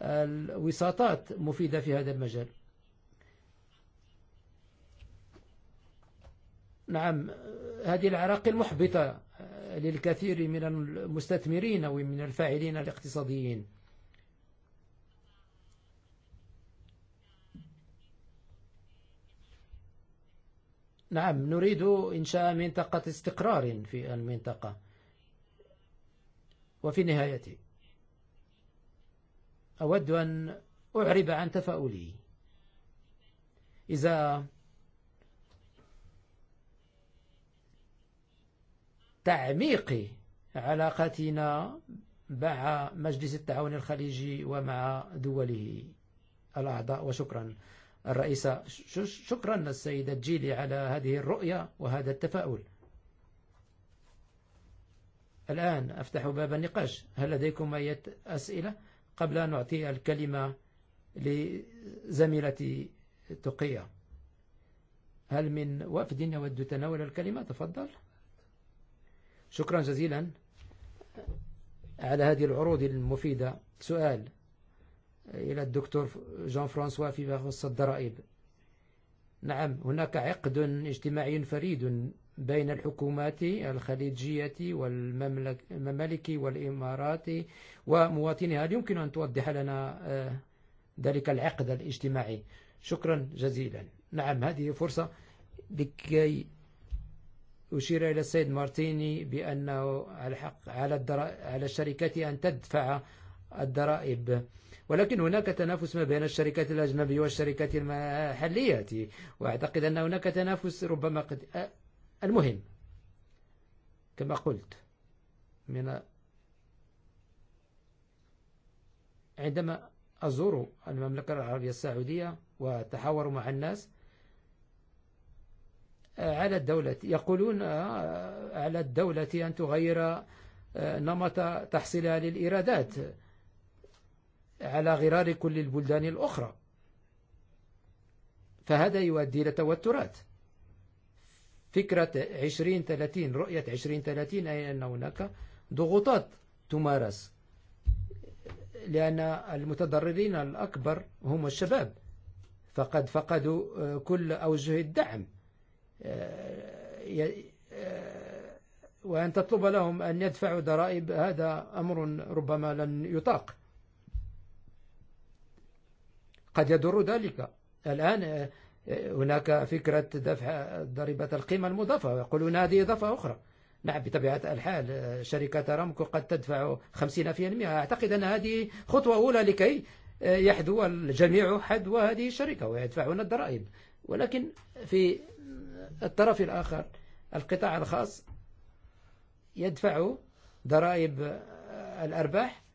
الوساطات مفيدة في هذا المجال نعم هذه العراق المحبطة للكثير من المستثمرين ومن الفاعلين الاقتصاديين نعم نريد إنشاء منطقة استقرار في المنطقة وفي نهايتي أود أن أعرب عن تفاؤلي إذا تعميق علاقتنا مع مجلس التعاون الخليجي ومع دوله الأعضاء وشكراً الرئيسة شكرا للسيدة جيلي على هذه الرؤية وهذا التفاؤل الآن أفتح باب النقاش هل لديكم أي أسئلة قبل أن أعطي الكلمة لزميلتي تقية هل من وفد يود تناول الكلمة تفضل شكرا جزيلا على هذه العروض المفيدة سؤال إلى الدكتور جان فرانسوا في يخص الضرائب نعم هناك عقد اجتماعي فريد بين الحكومات الخليجية والممالك والإمارات ومواطنها هل يمكن أن توضح لنا ذلك العقد الاجتماعي شكرا جزيلا نعم هذه فرصة لكي أشير إلى السيد مارتيني بأنه الحق على, على الشركات أن تدفع الضرائب ولكن هناك تنافس ما بين الشركات الأجنبية والشركات المحلية وأعتقد أن هناك تنافس ربما قد المهم كما قلت من عندما أزور المملكة العربية السعودية وتحاور مع الناس على الدولة يقولون على الدولة أن تغير نمط تحصيلها للإيرادات على غرار كل البلدان الأخرى فهذا يؤدي إلى توترات فكرة 2030 رؤية 2030 أي أن هناك ضغوطات تمارس لأن المتضررين الأكبر هم الشباب فقد فقدوا كل أوجه الدعم وأن تطلب لهم أن يدفعوا ضرائب هذا أمر ربما لن يطاق قد يضر ذلك الآن هناك فكرة دفع ضريبة القيمة المضافة يقولون هذه إضافة أخرى نعم بطبيعة الحال شركة رامكو قد تدفع 50% أعتقد أن هذه خطوة أولى لكي يحدو الجميع حذو هذه الشركة ويدفعون الضرائب ولكن في الطرف الآخر القطاع الخاص يدفع ضرائب الأرباح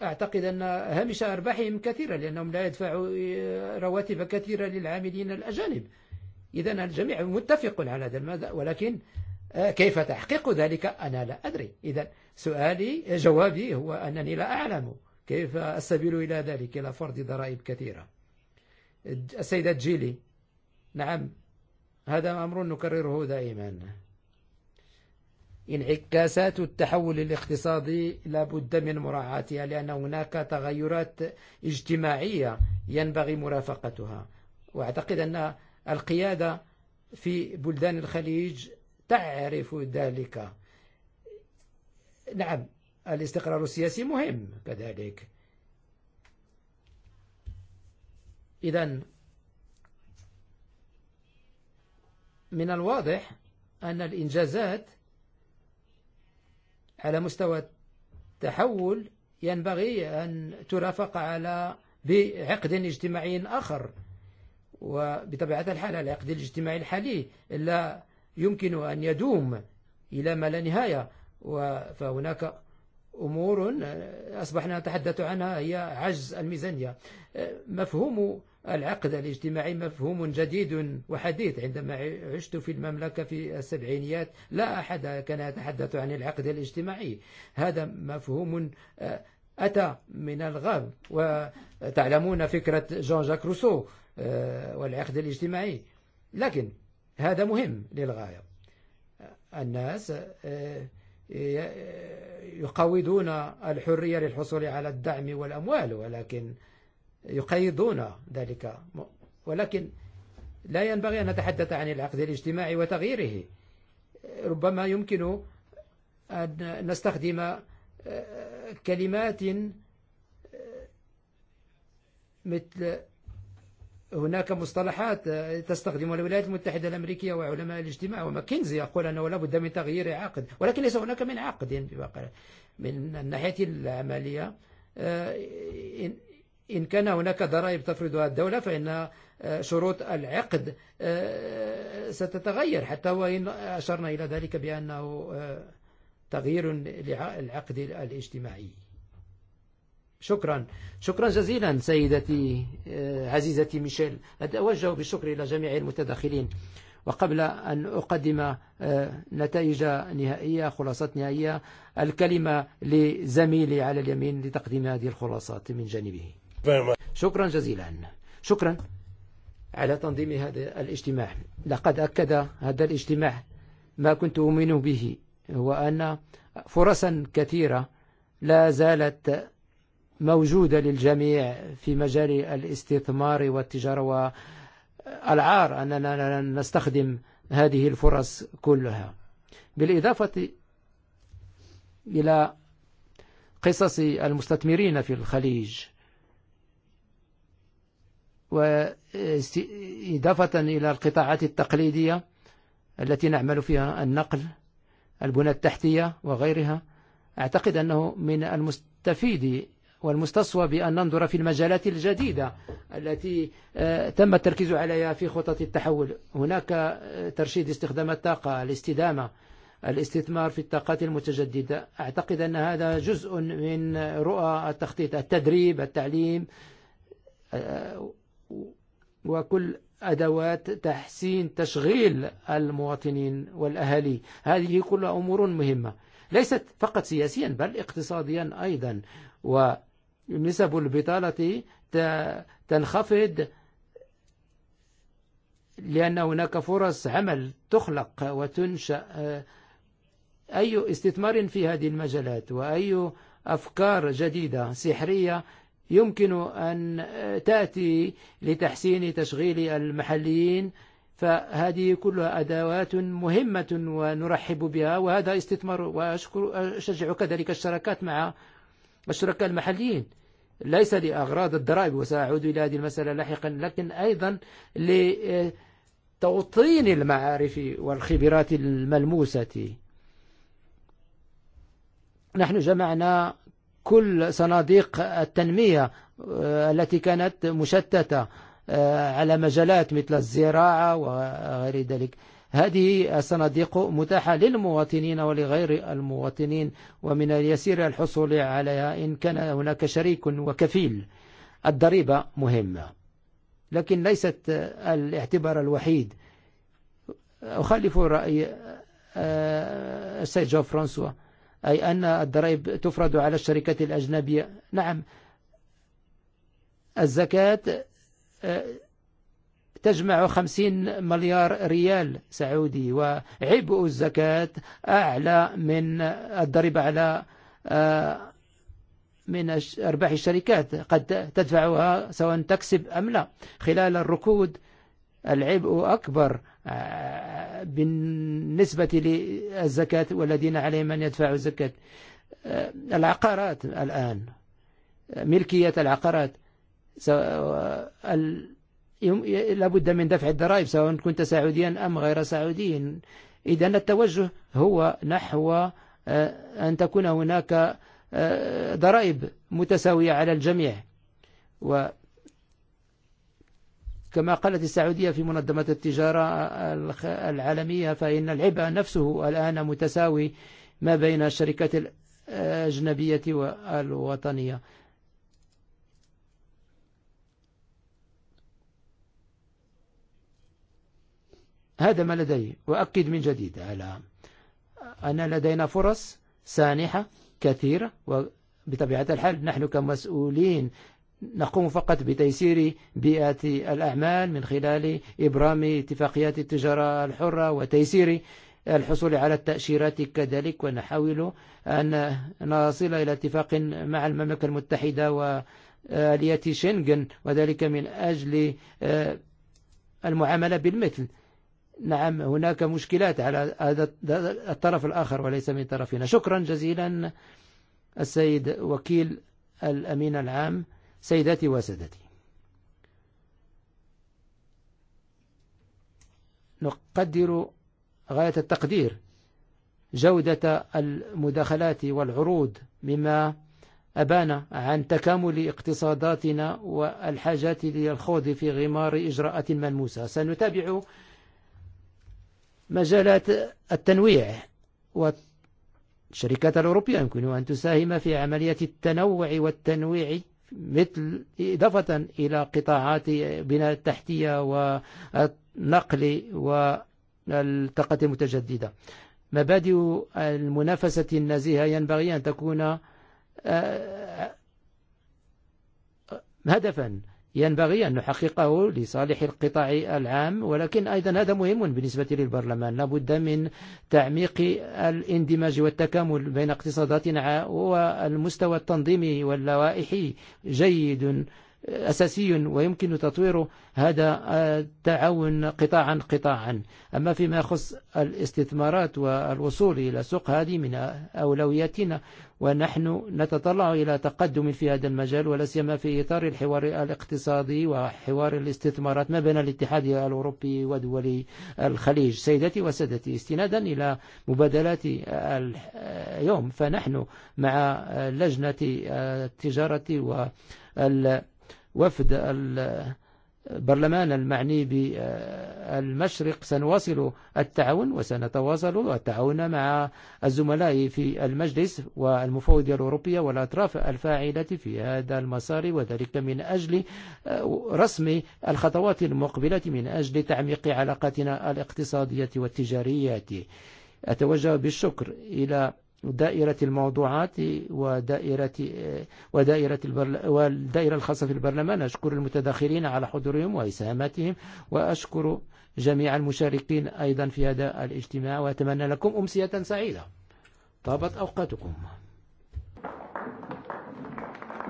وأعتقد أن هامش أرباحهم كثيرة لأنهم لا يدفعوا رواتب كثيرة للعاملين الأجانب إذا الجميع متفق على هذا الماذا ولكن كيف تحقيق ذلك أنا لا أدري إذا سؤالي جوابي هو أنني لا أعلم كيف السبيل إلى ذلك إلى فرض ضرائب كثيرة السيدة جيلي نعم هذا أمر نكرره دائما انعكاسات التحول الاقتصادي لا بد من مراعاتها لأن هناك تغيرات اجتماعية ينبغي مرافقتها وأعتقد أن القيادة في بلدان الخليج تعرف ذلك نعم الاستقرار السياسي مهم كذلك إذا من الواضح أن الإنجازات على مستوى التحول ينبغي أن ترافق على بعقد اجتماعي آخر وبطبيعة الحال العقد الاجتماعي الحالي لا يمكن أن يدوم إلى ما لا نهاية فهناك أمور أصبحنا نتحدث عنها هي عجز الميزانية مفهوم العقد الاجتماعي مفهوم جديد وحديث عندما عشت في المملكة في السبعينيات لا أحد كان يتحدث عن العقد الاجتماعي هذا مفهوم أتى من الغرب وتعلمون فكرة جون جاك روسو والعقد الاجتماعي لكن هذا مهم للغاية الناس يقاودون الحرية للحصول على الدعم والأموال ولكن يقيدون ذلك ولكن لا ينبغي أن نتحدث عن العقد الاجتماعي وتغييره ربما يمكن أن نستخدم كلمات مثل هناك مصطلحات تستخدمها الولايات المتحدة الأمريكية وعلماء الاجتماع وماكنزي يقول أنه لا بد من تغيير عقد ولكن ليس هناك من عقد من الناحية العملية إن كان هناك ضرائب تفرضها الدولة فإن شروط العقد ستتغير حتى وإن أشرنا إلى ذلك بأنه تغيير للعقد الاجتماعي شكرا شكرا جزيلا سيدتي عزيزتي ميشيل أتوجه بالشكر إلى جميع المتداخلين وقبل أن أقدم نتائج نهائية خلاصات نهائية الكلمة لزميلي على اليمين لتقديم هذه الخلاصات من جانبه شكرا جزيلا شكرا على تنظيم هذا الاجتماع لقد أكد هذا الاجتماع ما كنت أؤمن به هو أن فرصا كثيرة لا زالت موجودة للجميع في مجال الاستثمار والتجارة والعار أننا نستخدم هذه الفرص كلها بالإضافة إلى قصص المستثمرين في الخليج وإضافة إلى القطاعات التقليدية التي نعمل فيها النقل البنى التحتية وغيرها أعتقد أنه من المستفيد والمستصوى بأن ننظر في المجالات الجديدة التي تم التركيز عليها في خطط التحول هناك ترشيد استخدام الطاقة الاستدامة الاستثمار في الطاقات المتجددة أعتقد أن هذا جزء من رؤى التخطيط التدريب التعليم وكل أدوات تحسين تشغيل المواطنين والأهالي هذه كلها أمور مهمة ليست فقط سياسيا بل اقتصاديا أيضا ونسب البطالة تنخفض لأن هناك فرص عمل تخلق وتنشأ أي استثمار في هذه المجالات وأي أفكار جديدة سحرية يمكن أن تأتي لتحسين تشغيل المحليين فهذه كلها أدوات مهمة ونرحب بها وهذا استثمار وأشكر أشجع كذلك الشركات مع الشركاء المحليين ليس لأغراض الضرائب وسأعود إلى هذه المسألة لاحقا لكن أيضا لتوطين المعارف والخبرات الملموسة نحن جمعنا كل صناديق التنمية التي كانت مشتتة على مجالات مثل الزراعة وغير ذلك هذه الصناديق متاحة للمواطنين ولغير المواطنين ومن اليسير الحصول عليها إن كان هناك شريك وكفيل الضريبة مهمة لكن ليست الاعتبار الوحيد أخالف رأي السيد جو فرانسوا أي أن الضرائب تفرض على الشركات الأجنبية نعم الزكاة تجمع خمسين مليار ريال سعودي وعبء الزكاة أعلى من الضريبة على من أرباح الشركات قد تدفعها سواء تكسب أم لا خلال الركود العبء أكبر بالنسبة للزكاة والذين عليهم أن يدفعوا الزكاة العقارات الآن ملكية العقارات لابد من دفع الضرائب سواء كنت سعوديا أم غير سعودي إذا التوجه هو نحو أن تكون هناك ضرائب متساوية على الجميع كما قالت السعودية في منظمة التجارة العالمية فإن العبء نفسه الآن متساوي ما بين الشركات الأجنبية والوطنية هذا ما لدي وأكد من جديد على أن لدينا فرص سانحة كثيرة وبطبيعة الحال نحن كمسؤولين نقوم فقط بتيسير بيئة الأعمال من خلال إبرام اتفاقيات التجارة الحرة وتيسير الحصول على التأشيرات كذلك ونحاول أن نصل إلى اتفاق مع المملكة المتحدة وآلية شنغن وذلك من أجل المعاملة بالمثل نعم هناك مشكلات على الطرف الآخر وليس من طرفنا شكرا جزيلا السيد وكيل الأمين العام سيدتي وسادتي نقدر غاية التقدير جودة المداخلات والعروض مما أبان عن تكامل اقتصاداتنا والحاجات للخوض في غمار إجراءات ملموسة سنتابع مجالات التنويع والشركات الأوروبية يمكن أن تساهم في عملية التنوع والتنويع مثل إضافة إلى قطاعات بناء التحتية والنقل والطاقة المتجددة مبادئ المنافسة النزيهة ينبغي أن تكون هدفا ينبغي أن نحققه لصالح القطاع العام ولكن أيضا هذا مهم بالنسبة للبرلمان لابد من تعميق الاندماج والتكامل بين اقتصاداتنا والمستوى التنظيمي واللوائحي جيد أساسي ويمكن تطوير هذا التعاون قطاعا قطاعا أما فيما يخص الاستثمارات والوصول إلى سوق هذه من أولوياتنا ونحن نتطلع إلى تقدم في هذا المجال ولا سيما في إطار الحوار الاقتصادي وحوار الاستثمارات ما بين الاتحاد الأوروبي ودول الخليج سيدتي وسادتي استنادا إلى مبادلات اليوم فنحن مع لجنة التجارة وال وفد برلمان المعني بالمشرق سنواصل التعاون وسنتواصل التعاون مع الزملاء في المجلس والمفوضية الأوروبية والأطراف الفاعلة في هذا المسار وذلك من أجل رسم الخطوات المقبلة من أجل تعميق علاقاتنا الاقتصادية والتجارية أتوجه بالشكر إلى دائرة الموضوعات ودائرة ودائرة البرل... والدائرة الخاصة في البرلمان أشكر المتداخلين على حضورهم وإسهاماتهم وأشكر جميع المشاركين أيضا في هذا الاجتماع وأتمنى لكم أمسية سعيدة طابت أوقاتكم